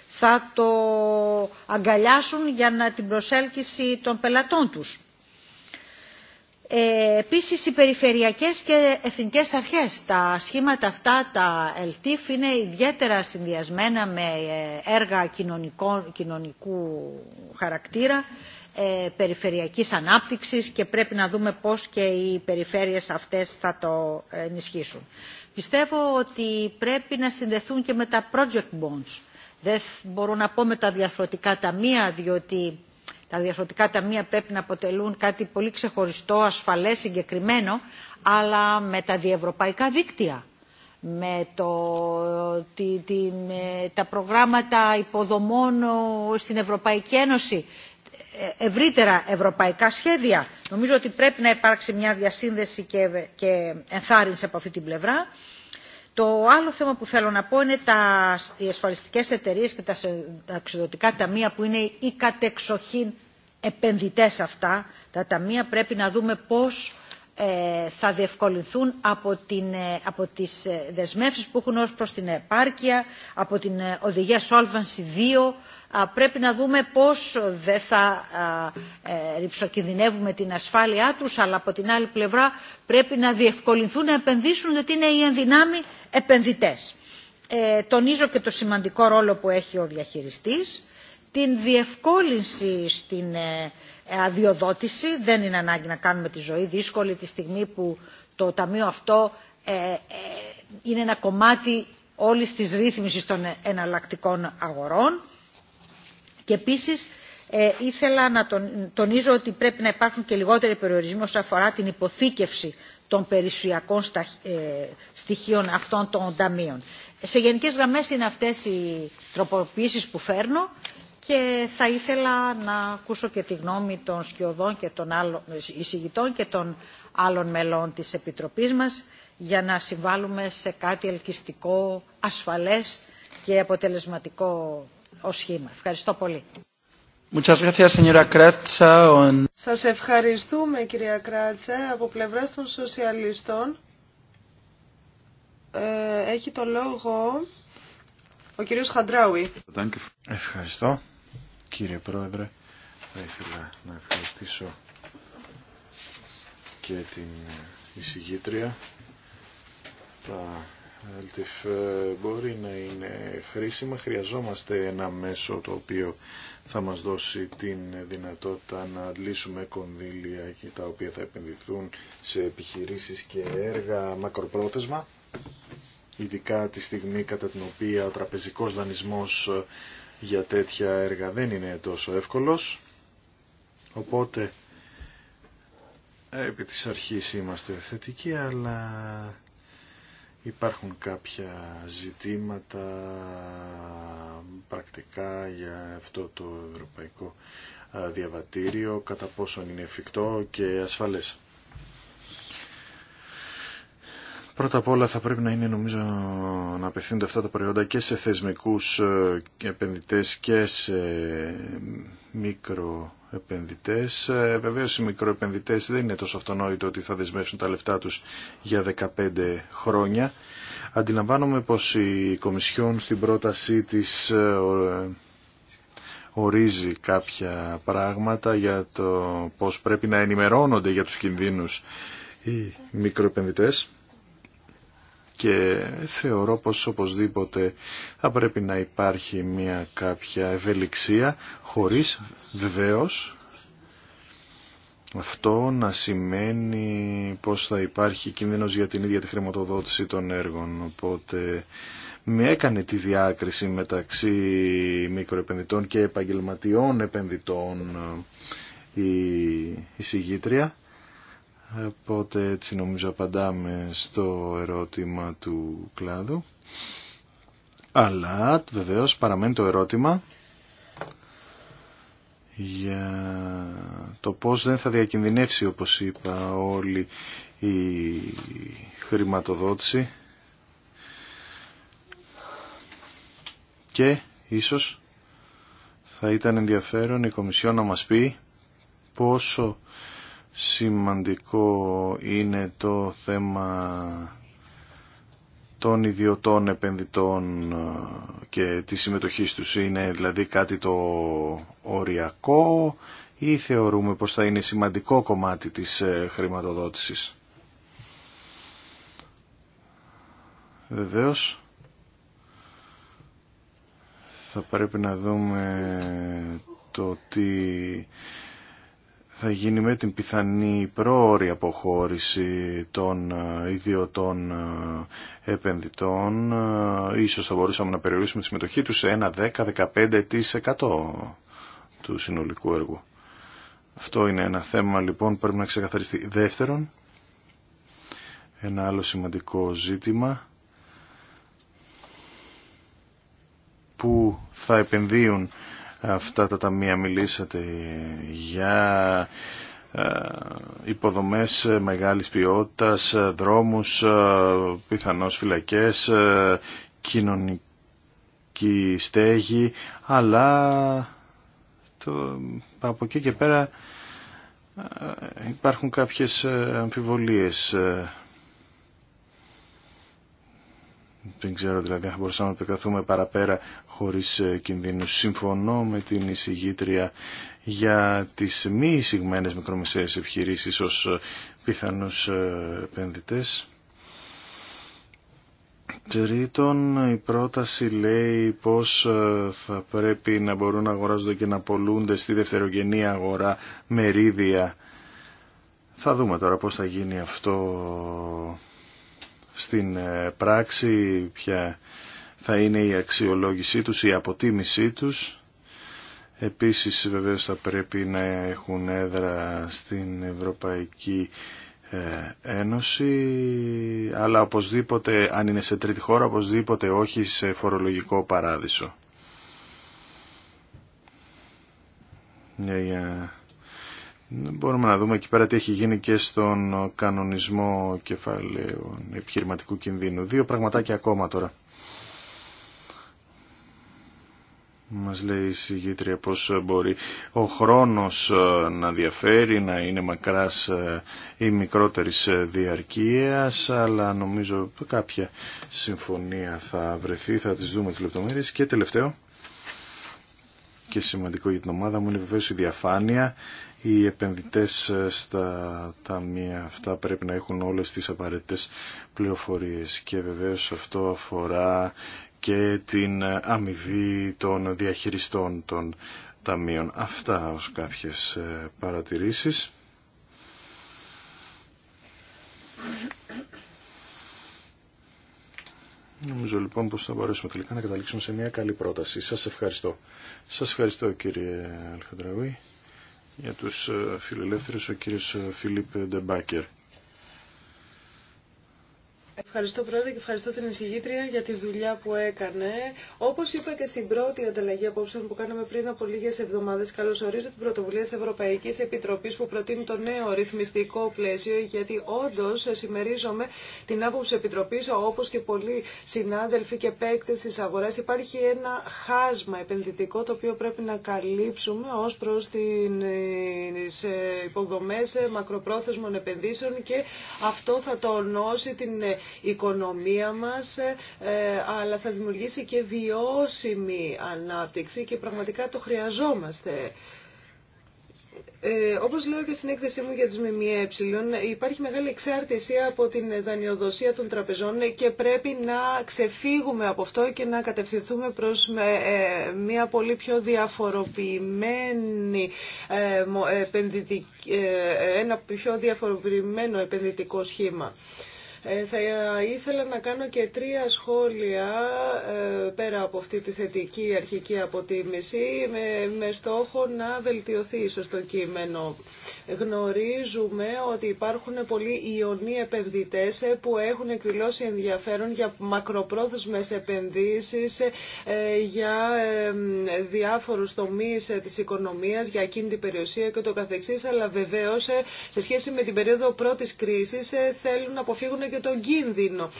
θα το αγκαλιάσουν για να την προσέλκυση των πελατών τους. Ε, επίσης οι περιφερειακές και εθνικές αρχές. Τα σχήματα αυτά, τα ΕΛΤΙΦ, είναι ιδιαίτερα συνδυασμένα με ε, έργα κοινωνικού χαρακτήρα, ε, περιφερειακής ανάπτυξης και πρέπει να δούμε πώς και οι περιφέρειες αυτές θα το ενισχύσουν. Πιστεύω ότι πρέπει να συνδεθούν και με τα project bonds. Δεν μπορώ να πω με τα διαφορετικά ταμεία, διότι τα διαφορετικά ταμεία πρέπει να αποτελούν κάτι πολύ ξεχωριστό, ασφαλές, συγκεκριμένο, αλλά με τα διευρωπαϊκά δίκτυα, με, το, με τα προγράμματα υποδομών στην Ευρωπαϊκή Ένωση, ε, ευρύτερα ευρωπαϊκά σχέδια. Νομίζω ότι πρέπει να υπάρξει μια διασύνδεση και ενθάρρυνση από αυτή την πλευρά. Το άλλο θέμα που θέλω να πω είναι τα, οι ασφαλιστικές εταιρείες και τα αξιδοτικά ταμεία που είναι οι κατεξοχήν επενδυτές αυτά. Τα ταμεία πρέπει να δούμε πώς ε, θα διευκολυνθούν από, την, ε, από τις ε, δεσμεύσεις που έχουν ως προς την επάρκεια, από την οδηγία Solvency 2. Πρέπει να δούμε πώς δεν θα ρηψοκινδυνεύουμε την ασφάλειά τους, αλλά από την άλλη πλευρά πρέπει να διευκολυνθούν να επενδύσουν, γιατί είναι οι ενδυνάμοι επενδυτές. τονίζω και το σημαντικό ρόλο που έχει ο διαχειριστής, την διευκόλυνση στην ε, αδειοδότηση. Δεν είναι ανάγκη να κάνουμε τη ζωή δύσκολη τη στιγμή που το Ταμείο αυτό ε, ε, είναι ένα κομμάτι όλης της ρύθμισης των εναλλακτικών αγορών. Και επίσης ήθελα να τονίζω ότι πρέπει να υπάρχουν και λιγότεροι περιορισμοί όσον αφορά την υποθήκευση των περιουσιακών στα, στοιχείων αυτών των ταμείων. Σε γενικές γραμμές είναι αυτές οι τροποποιήσεις που φέρνω και θα ήθελα να ακούσω και τη γνώμη των σκιωδών και των άλλων εισηγητών και των άλλων μελών της Επιτροπής μας για να συμβάλλουμε σε κάτι ελκυστικό, ασφαλές και αποτελεσματικό ως σχήμα. Ευχαριστώ πολύ. Σας ευχαριστούμε κυρία Κράτσα από πλευράς των σοσιαλιστών. Ε, έχει το λόγο ο κύριος Χαντράουι. Ευχαριστώ κύριε Πρόεδρε. Θα ήθελα να ευχαριστήσω και την εισηγήτρια. Τα LTF μπορεί να είναι χρήσιμα. Χρειαζόμαστε ένα μέσο το οποίο θα μας δώσει την δυνατότητα να λύσουμε κονδύλια και τα οποία θα επενδυθούν σε επιχειρήσεις και έργα μακροπρόθεσμα ειδικά τη στιγμή κατά την οποία ο τραπεζικός δανεισμός για τέτοια έργα δεν είναι τόσο εύκολος. Οπότε, επί της αρχής είμαστε θετικοί, αλλά υπάρχουν κάποια ζητήματα πρακτικά για αυτό το ευρωπαϊκό διαβατήριο, κατά πόσον είναι εφικτό και ασφαλές. Πρώτα απ' όλα θα πρέπει να είναι νομίζω να απευθύνονται αυτά τα προϊόντα και σε θεσμικούς ε, επενδυτές και σε μικροεπενδυτές. Ε, βεβαίως οι μικροεπενδυτές δεν είναι τόσο αυτονόητο ότι θα δεσμεύσουν τα λεφτά τους για 15 χρόνια. Αντιλαμβάνομαι πως η Κομισιόν στην πρότασή της ε, ορίζει κάποια πράγματα για το πώς πρέπει να ενημερώνονται για τους κινδύνους οι μικροεπενδυτές και θεωρώ πως οπωσδήποτε θα πρέπει να υπάρχει μια κάποια ευελιξία χωρίς βεβαίως αυτό να σημαίνει πως θα υπάρχει κίνδυνος για την ίδια τη χρηματοδότηση των έργων. Οπότε με έκανε τη διάκριση μεταξύ μικροεπενδυτών και επαγγελματιών επενδυτών η συγγήτρια. Οπότε έτσι νομίζω απαντάμε στο ερώτημα του κλάδου. Αλλά βεβαίως παραμένει το ερώτημα για το πώς δεν θα διακινδυνεύσει όπως είπα όλη η χρηματοδότηση και ίσως θα ήταν ενδιαφέρον η Κομισιό να μας πει πόσο σημαντικό είναι το θέμα των ιδιωτών επενδυτών ε, και τη συμμετοχή τους είναι δηλαδή κάτι το οριακό ή θεωρούμε πως θα είναι σημαντικό κομμάτι της ε, χρηματοδότησης. Βεβαίως θα πρέπει να δούμε το τι θα γίνει με την πιθανή πρόορη αποχώρηση των ε, ιδιωτών ε, επενδυτών. Ε, ίσως θα μπορούσαμε να περιορίσουμε τη συμμετοχή τους σε ένα 10-15% του συνολικού έργου. Αυτό είναι ένα θέμα λοιπόν που πρέπει να ξεκαθαριστεί. Δεύτερον, ένα άλλο σημαντικό ζήτημα που θα επενδύουν αυτά τα ταμεία. Μιλήσατε για ε, υποδομές μεγάλης ποιότητας, δρόμους, ε, πιθανώς φυλακές, ε, κοινωνική στέγη, αλλά το, από εκεί και πέρα υπάρχουν κάποιες αμφιβολίες δεν ξέρω δηλαδή αν μπορούσαμε να επεκταθούμε παραπέρα χωρίς ε, κινδύνους. Συμφωνώ με την εισηγήτρια για τις μη εισηγμένες μικρομεσαίες επιχειρήσεις ως ε, πιθανούς ε, επενδυτές. Τρίτον, η πρόταση λέει πως θα πρέπει να μπορούν να αγοράζονται και να πολλούνται στη δευτερογενή αγορά μερίδια. Θα δούμε τώρα πώς θα γίνει αυτό στην ε, πράξη, ποια θα είναι η αξιολόγησή τους, η αποτίμησή τους. Επίσης βεβαίως θα πρέπει να έχουν έδρα στην Ευρωπαϊκή ε, Ένωση, αλλά οπωσδήποτε, αν είναι σε τρίτη χώρα, οπωσδήποτε όχι σε φορολογικό παράδεισο. για Μπορούμε να δούμε εκεί πέρα τι έχει γίνει και στον κανονισμό κεφαλαίων επιχειρηματικού κινδύνου. Δύο πραγματάκια ακόμα τώρα. Μας λέει η συγγήτρια πώς μπορεί ο χρόνος ε, να διαφέρει, να είναι μακράς ε, ή μικρότερης ε, διαρκείας, αλλά νομίζω κάποια συμφωνία θα βρεθεί, θα τις δούμε τις λεπτομέρειες. Και τελευταίο, και σημαντικό για την ομάδα μου είναι βεβαίως η διαφάνεια. Οι επενδυτές ε, στα ταμεία αυτά πρέπει να έχουν όλες τις απαραίτητες πληροφορίες και βεβαίως αυτό αφορά και την αμοιβή των διαχειριστών των ταμείων. Αυτά ως κάποιες ε, παρατηρήσεις. Νομίζω λοιπόν πως θα μπορέσουμε τελικά να καταλήξουμε σε μια καλή πρόταση. Σας ευχαριστώ. Σας ευχαριστώ κύριε Αλχαντραουή. Για τους ε, φιλελεύθερους ο κύριος ε, Φιλίπ Ντεμπάκερ. Ευχαριστώ Πρόεδρε και ευχαριστώ την εισηγήτρια για τη δουλειά που έκανε. Όπω είπα και στην πρώτη ανταλλαγή απόψεων που κάναμε πριν από λίγε εβδομάδε, καλωσορίζω την πρωτοβουλία τη Ευρωπαϊκή Επιτροπή που προτείνει το νέο ρυθμιστικό πλαίσιο, γιατί όντω συμμερίζομαι την άποψη Επιτροπή, όπω και πολλοί συνάδελφοι και παίκτε τη αγορά. Υπάρχει ένα χάσμα επενδυτικό το οποίο πρέπει να καλύψουμε ω προ τι υποδομέ μακροπρόθεσμων επενδύσεων και αυτό θα τονώσει την οικονομία μας, ε, αλλά θα δημιουργήσει και βιώσιμη ανάπτυξη και πραγματικά το χρειαζόμαστε. Ε, όπως λέω και στην έκθεσή μου για τις ΜΜΕ, υπάρχει μεγάλη εξάρτηση από την δανειοδοσία των τραπεζών και πρέπει να ξεφύγουμε από αυτό και να κατευθυνθούμε προς ε, μια πολύ πιο διαφοροποιημένη ε, ένα πιο διαφοροποιημένο επενδυτικό σχήμα. Ε, θα ήθελα να κάνω και τρία σχόλια ε, πέρα από αυτή τη θετική αρχική αποτίμηση με, στόχο να βελτιωθεί ίσως το κείμενο. Γνωρίζουμε ότι υπάρχουν πολλοί ιονοί επενδυτές ε, που έχουν εκδηλώσει ενδιαφέρον για μακροπρόθεσμες επενδύσεις, για διάφορους τομείς της οικονομίας, για την περιουσία και το καθεξής, αλλά βεβαίως σε σχέση με την περίοδο πρώτης κρίσης θέλουν να αποφύγουν και τον κίνδυνο.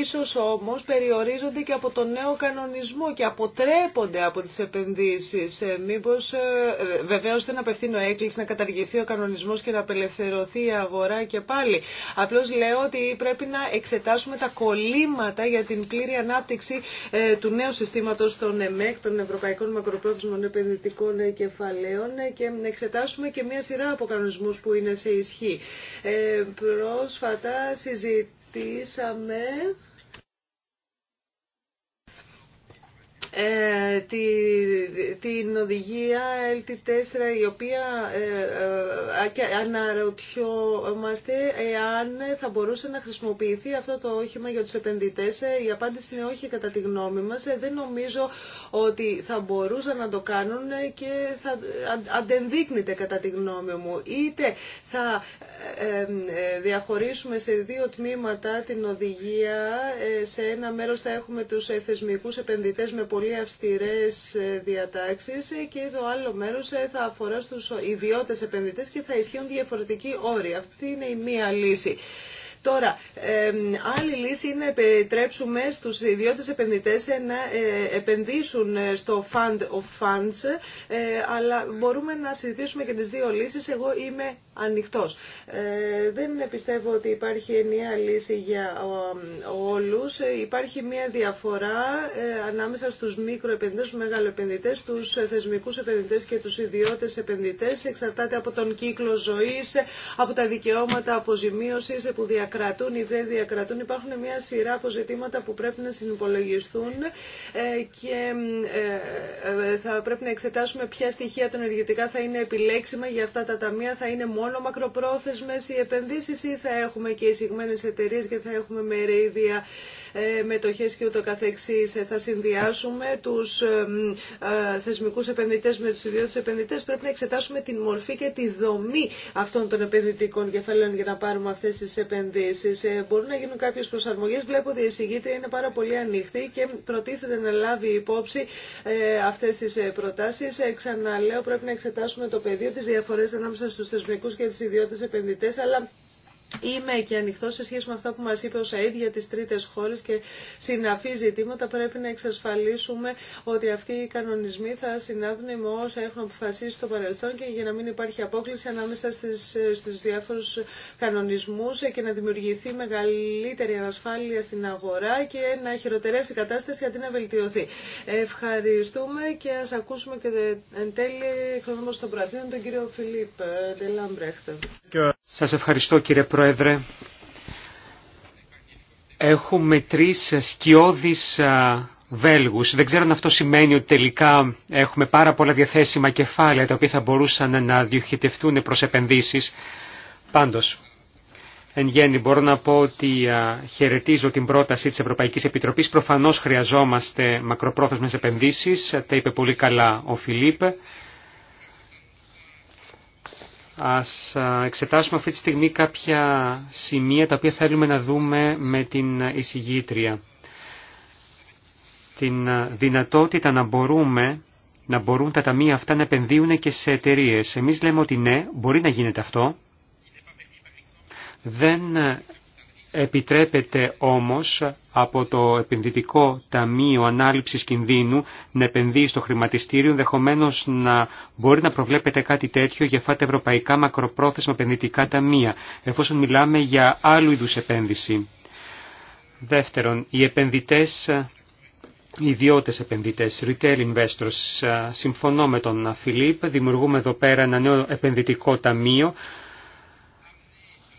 Ίσως όμως περιορίζονται και από τον νέο κανονισμό και αποτρέπονται από τις επενδύσεις. Ε, μήπως ε, βεβαίως δεν απευθύνω έκκληση να καταργηθεί ο κανονισμός και να απελευθερωθεί η αγορά και πάλι. Απλώς λέω ότι πρέπει να εξετάσουμε τα κολλήματα για την πλήρη ανάπτυξη ε, του νέου συστήματος των ΕΜΕΚ, των Ευρωπαϊκών Μακροπρόθεσμων Επενδυτικών Κεφαλαίων και να εξετάσουμε και μια σειρά από κανονισμούς που είναι σε ισχύ. Πρόσφατα συζητήσαμε ψηφίσαμε ε, τη, την οδηγία LT4 η οποία ε, ε αναρωτιόμαστε εάν θα μπορούσε να χρησιμοποιηθεί αυτό το όχημα για τους επενδυτές. Ε, η απάντηση είναι όχι κατά τη γνώμη μας. Ε, δεν νομίζω ότι θα μπορούσαν να το κάνουν και θα αντενδείκνεται κατά τη γνώμη μου. Είτε θα διαχωρίσουμε σε δύο τμήματα την οδηγία, σε ένα μέρος θα έχουμε τους θεσμικούς επενδυτές με πολύ πολύ αυστηρές ε, διατάξεις ε, και το άλλο μέρος ε, θα αφορά στους ιδιώτες επενδυτές και θα ισχύουν διαφορετικοί όροι. Αυτή είναι η μία λύση. Τώρα, άλλη λύση είναι να επιτρέψουμε στους ιδιώτες επενδυτές ε, να ε, επενδύσουν ε, στο fund of funds, αλλά μπορούμε να συζητήσουμε και τις δύο λύσεις. Εγώ είμαι ανοιχτός. Δεν πιστεύω ότι υπάρχει ενιαία λύση για όλους. Υπάρχει μια διαφορά ανάμεσα στους μικροεπενδυτές, στους μεγαλοεπενδυτές, στους θεσμικούς επενδυτές και τους ιδιώτες επενδυτές. Εξαρτάται από τον κύκλο ζωής, από τα δικαιώματα αποζημίωσης που διακρίνουν διακρατούν ή δεν διακρατούν. Υπάρχουν μια σειρά αποζητήματα που πρέπει να συνυπολογιστούν ε, και ε, ε, θα πρέπει να εξετάσουμε ποια στοιχεία των ενεργητικά θα είναι επιλέξιμα για αυτά τα ταμεία. Θα είναι μόνο μακροπρόθεσμες οι επενδύσεις ή θα έχουμε και εισηγμένες εταιρείε και θα έχουμε μερίδια ε, μετοχές και ούτω καθεξής. Ε, θα συνδυάσουμε τους ε, θεσμικούς επενδυτές με τους ιδιώτες επενδυτέ, Πρέπει να εξετάσουμε την μορφή και τη δομή αυτών των επενδυτικών κεφαλαίων για να πάρουμε αυτές τις επενδύσεις. Μπορούν να γίνουν κάποιες προσαρμογές. Βλέπω ότι η εισηγήτρια είναι πάρα πολύ ανοιχτή και προτίθεται να λάβει υπόψη αυτές τις προτάσεις. Ξαναλέω, πρέπει να εξετάσουμε το πεδίο, τις διαφορές ανάμεσα στους θεσμικούς και τις ιδιώτες επενδυτέ, αλλά Είμαι και ανοιχτό σε σχέση με αυτά που μας είπε ο Σαΐδ για τις τρίτες χώρες και συναφή ζητήματα. Πρέπει να εξασφαλίσουμε ότι αυτοί οι κανονισμοί θα συνάδουν με όσα έχουν αποφασίσει στο παρελθόν και για να μην υπάρχει απόκληση ανάμεσα στις, στις διάφορους κανονισμούς και να δημιουργηθεί μεγαλύτερη ανασφάλεια στην αγορά και να χειροτερεύσει η κατάσταση αντί να βελτιωθεί. Ευχαριστούμε και ας ακούσουμε και εν τέλει χρονόμος των Πρασίνων τον κύριο Φιλίπ Ντελάμπρεχτ. Σας ευχαριστώ κύριε Πρόεδρε. Πρόεδρε. Έχουμε τρεις σκιώδεις Βέλγους. Δεν ξέρω αν αυτό σημαίνει ότι τελικά έχουμε πάρα πολλά διαθέσιμα κεφάλαια τα οποία θα μπορούσαν να διοχετευτούν προς επενδύσεις. Πάντως, εν γέννη μπορώ να πω ότι χαιρετίζω την πρόταση της Ευρωπαϊκής Επιτροπής. Προφανώς χρειαζόμαστε μακροπρόθεσμες επενδύσεις. Τα είπε πολύ καλά ο Φιλίππ. Ας εξετάσουμε αυτή τη στιγμή κάποια σημεία τα οποία θέλουμε να δούμε με την εισηγήτρια. Την δυνατότητα να μπορούμε να μπορούν τα ταμεία αυτά να επενδύουν και σε εταιρείε. Εμείς λέμε ότι ναι, μπορεί να γίνεται αυτό. Δεν Επιτρέπεται όμως από το επενδυτικό ταμείο ανάληψης κινδύνου να επενδύει στο χρηματιστήριο, ενδεχομένω να μπορεί να προβλέπεται κάτι τέτοιο για φάτε ευρωπαϊκά μακροπρόθεσμα επενδυτικά ταμεία, εφόσον μιλάμε για άλλου είδους επένδυση. Δεύτερον, οι επενδυτές, οι ιδιώτες επενδυτές, retail investors, συμφωνώ με τον Φιλίπ, δημιουργούμε εδώ πέρα ένα νέο επενδυτικό ταμείο,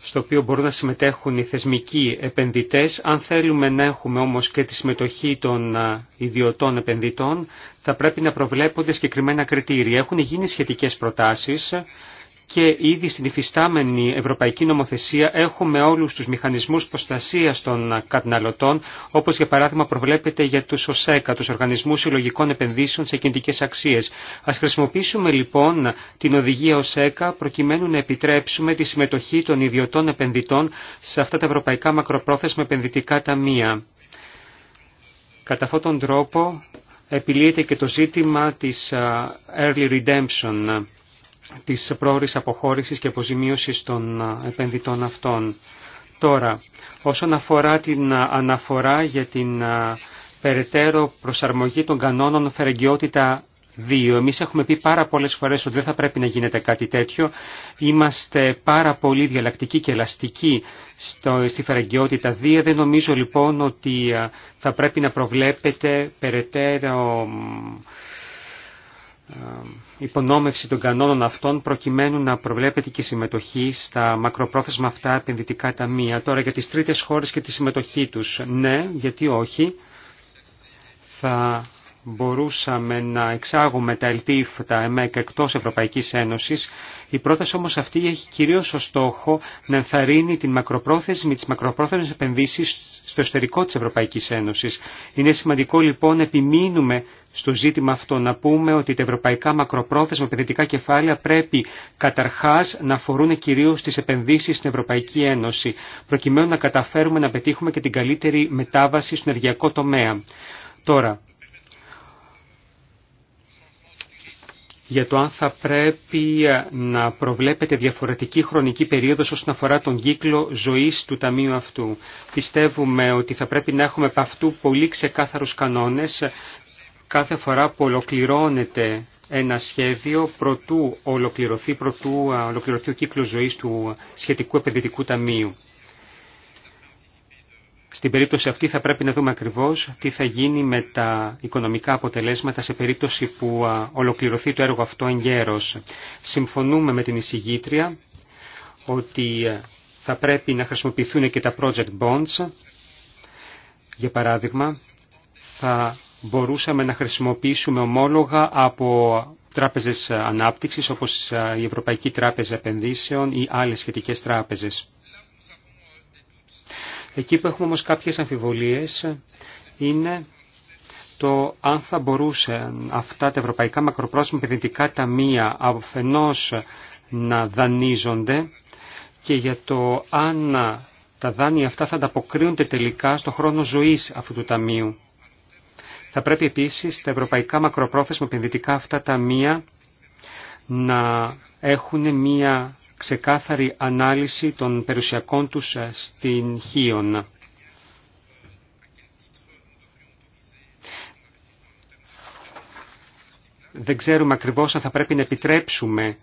στο οποίο μπορούν να συμμετέχουν οι θεσμικοί επενδυτές. Αν θέλουμε να έχουμε όμως και τη συμμετοχή των ιδιωτών επενδυτών, θα πρέπει να προβλέπονται συγκεκριμένα κριτήρια. Έχουν γίνει σχετικές προτάσεις και ήδη στην υφιστάμενη ευρωπαϊκή νομοθεσία έχουμε όλους τους μηχανισμούς προστασίας των καταναλωτών, όπως για παράδειγμα προβλέπεται για τους ΟΣΕΚΑ, τους Οργανισμούς Συλλογικών Επενδύσεων σε Κινητικές Αξίες. Ας χρησιμοποιήσουμε λοιπόν την οδηγία ΟΣΕΚΑ προκειμένου να επιτρέψουμε τη συμμετοχή των ιδιωτών επενδυτών σε αυτά τα ευρωπαϊκά μακροπρόθεσμα επενδυτικά ταμεία. Κατά αυτόν τον τρόπο επιλύεται και το ζήτημα της early redemption της πρόορης αποχώρησης και αποζημίωσης των ε, επενδυτών αυτών. Τώρα, όσον αφορά την ε, αναφορά για την ε, περαιτέρω προσαρμογή των κανόνων φερεγγιότητα 2. Εμείς έχουμε πει πάρα πολλές φορές ότι δεν θα πρέπει να γίνεται κάτι τέτοιο. Είμαστε πάρα πολύ διαλλακτικοί και ελαστικοί στη φερεγγιότητα 2. Δεν νομίζω λοιπόν ότι θα πρέπει να προβλέπετε περαιτέρω ε, υπονόμευση των κανόνων αυτών προκειμένου να προβλέπεται και συμμετοχή στα μακροπρόθεσμα αυτά επενδυτικά ταμεία. Τώρα για τις τρίτες χώρες και τη συμμετοχή τους. Ναι, γιατί όχι. Θα μπορούσαμε να εξάγουμε τα ΕΛΤΙΦ, τα ΕΜΕΚ εκτός Ευρωπαϊκής Ένωσης. Η πρόταση όμως αυτή έχει κυρίως ως στόχο να ενθαρρύνει την μακροπρόθεσμη, τις μακροπρόθεσμες επενδύσεις στο εσωτερικό της Ευρωπαϊκής Ένωσης. Είναι σημαντικό λοιπόν να επιμείνουμε στο ζήτημα αυτό να πούμε ότι τα ευρωπαϊκά μακροπρόθεσμα επενδυτικά κεφάλαια πρέπει καταρχάς να αφορούν κυρίως τις επενδύσεις στην Ευρωπαϊκή Ένωση, προκειμένου να καταφέρουμε να πετύχουμε και την καλύτερη μετάβαση στον ενεργειακό τομέα. Τώρα, για το αν θα πρέπει ε, να προβλέπετε διαφορετική χρονική περίοδος όσον αφορά τον κύκλο ζωής του Ταμείου αυτού. Πιστεύουμε ότι θα πρέπει να έχουμε από αυτού πολύ ξεκάθαρους κανόνες κάθε φορά που ολοκληρώνεται ένα σχέδιο προτού ολοκληρωθεί, προτού ε, ολοκληρωθεί ο κύκλος ζωής του σχετικού επενδυτικού ταμείου. Στην περίπτωση αυτή θα πρέπει να δούμε ακριβώς τι θα γίνει με τα οικονομικά αποτελέσματα σε περίπτωση που ολοκληρωθεί το έργο αυτό εν γέρος. Συμφωνούμε με την εισηγήτρια ότι ε, θα πρέπει να χρησιμοποιηθούν και τα project bonds. Για παράδειγμα, θα μπορούσαμε να χρησιμοποιήσουμε ομόλογα από τράπεζες ανάπτυξης όπως ε, η Ευρωπαϊκή Τράπεζα Επενδύσεων ή άλλες σχετικές τράπεζες. Εκεί που έχουμε όμως κάποιες αμφιβολίες είναι το αν θα μπορούσαν αυτά τα ευρωπαϊκά μακροπρόθεσμα επενδυτικά ταμεία αφενός να δανείζονται και για το αν τα δάνεια αυτά θα ανταποκρίνονται τελικά στο χρόνο ζωής αυτού του ταμείου. Θα πρέπει επίσης τα ευρωπαϊκά μακροπρόθεσμα επενδυτικά αυτά ταμεία να έχουν μία ξεκάθαρη ανάλυση των περιουσιακών τους ε, στην Χίον. Δεν ξέρουμε ακριβώς αν θα πρέπει να επιτρέψουμε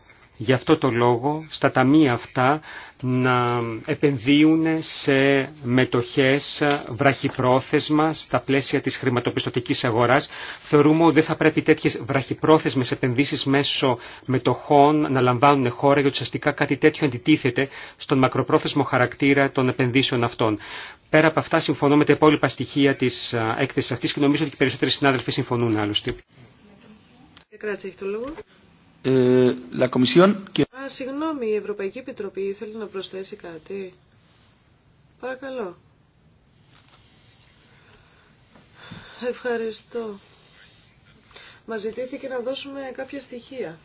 Γι' αυτό το λόγο στα ταμεία αυτά να επενδύουν σε μετοχές βραχυπρόθεσμα στα πλαίσια της χρηματοπιστωτικής αγοράς. Θεωρούμε ότι δεν θα πρέπει τέτοιες βραχυπρόθεσμες επενδύσεις μέσω μετοχών να λαμβάνουν χώρα γιατί ουσιαστικά κάτι τέτοιο αντιτίθεται στον μακροπρόθεσμο χαρακτήρα των επενδύσεων αυτών. Πέρα από αυτά συμφωνώ με τα υπόλοιπα στοιχεία της ε, έκθεσης αυτής και νομίζω ότι οι περισσότεροι συνάδελφοι συμφωνούν άλλωστε. Ε, la Comisión... συγγνώμη, η Ευρωπαϊκή Επιτροπή ήθελε να προσθέσει κάτι. Παρακαλώ. Ευχαριστώ. Μα ζητήθηκε να δώσουμε κάποια στοιχεία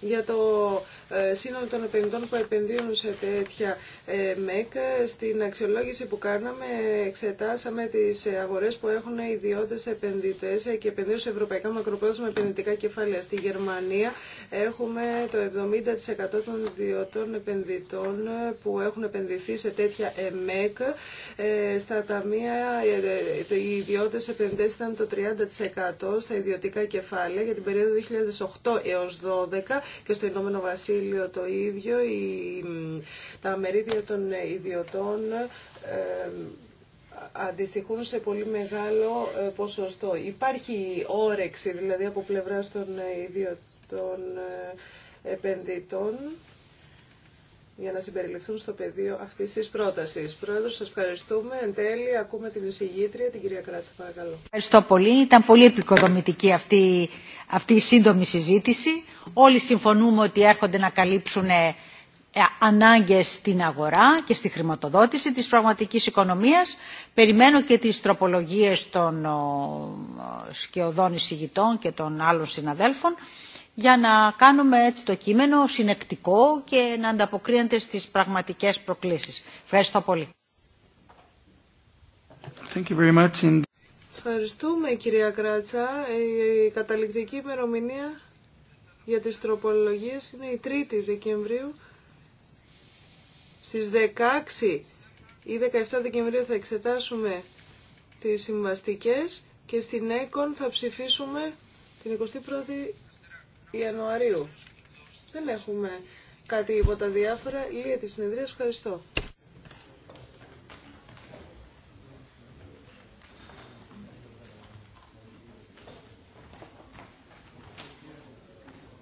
για το ε, σύνολο των επενδυτών που επενδύουν σε τέτοια ε, ΜΕΚ. Στην αξιολόγηση που κάναμε εξετάσαμε τις αγορές που έχουν ιδιώτες επενδυτές και επενδύσει σε ευρωπαϊκά μακροπρόθεσμα επενδυτικά κεφάλαια. Στη Γερμανία έχουμε το 70% των ιδιωτών επενδυτών που έχουν επενδυθεί σε τέτοια ΕΜΕΚ. Ε, στα ταμεία ε, οι ιδιώτες επενδυτές ήταν το 30% στα ιδιωτικά κεφάλαια για την περίοδο 2008 έως 2012 και στο Ηνωμένο Βασίλειο το ίδιο. Τα μερίδια των ιδιωτών αντιστοιχούν σε πολύ μεγάλο ε, ποσοστό. Υπάρχει όρεξη δηλαδή από πλευρά των ιδιωτών ε, επενδυτών για να συμπεριληφθούν στο πεδίο αυτής της πρότασης. Πρόεδρος, σας ευχαριστούμε. Εν τέλει, ακούμε την εισηγήτρια, την κυρία Κράτσα, παρακαλώ. Ευχαριστώ πολύ. Ήταν πολύ επικοδομητική αυτή, αυτή η σύντομη συζήτηση. Όλοι συμφωνούμε ότι έρχονται να καλύψουν ε, ανάγκες στην αγορά και στη χρηματοδότηση της πραγματικής οικονομίας. Περιμένω και τις τροπολογίες των σκεωδών εισηγητών και των άλλων συναδέλφων για να κάνουμε έτσι το κείμενο συνεκτικό και να ανταποκρίνεται στις πραγματικές προκλήσεις. Ευχαριστώ πολύ. Thank Ευχαριστούμε κυρία Κράτσα. Η καταληκτική ημερομηνία για τις τροπολογίες είναι η 3η Δεκεμβρίου στις 16 ή 17 Δεκεμβρίου θα εξετάσουμε τις συμβαστικές και στην ΕΚΟΝ θα ψηφίσουμε την 21η Ιανουαρίου. Δεν έχουμε κάτι υπό τα διάφορα. Λία τη συνεδρία. Ευχαριστώ.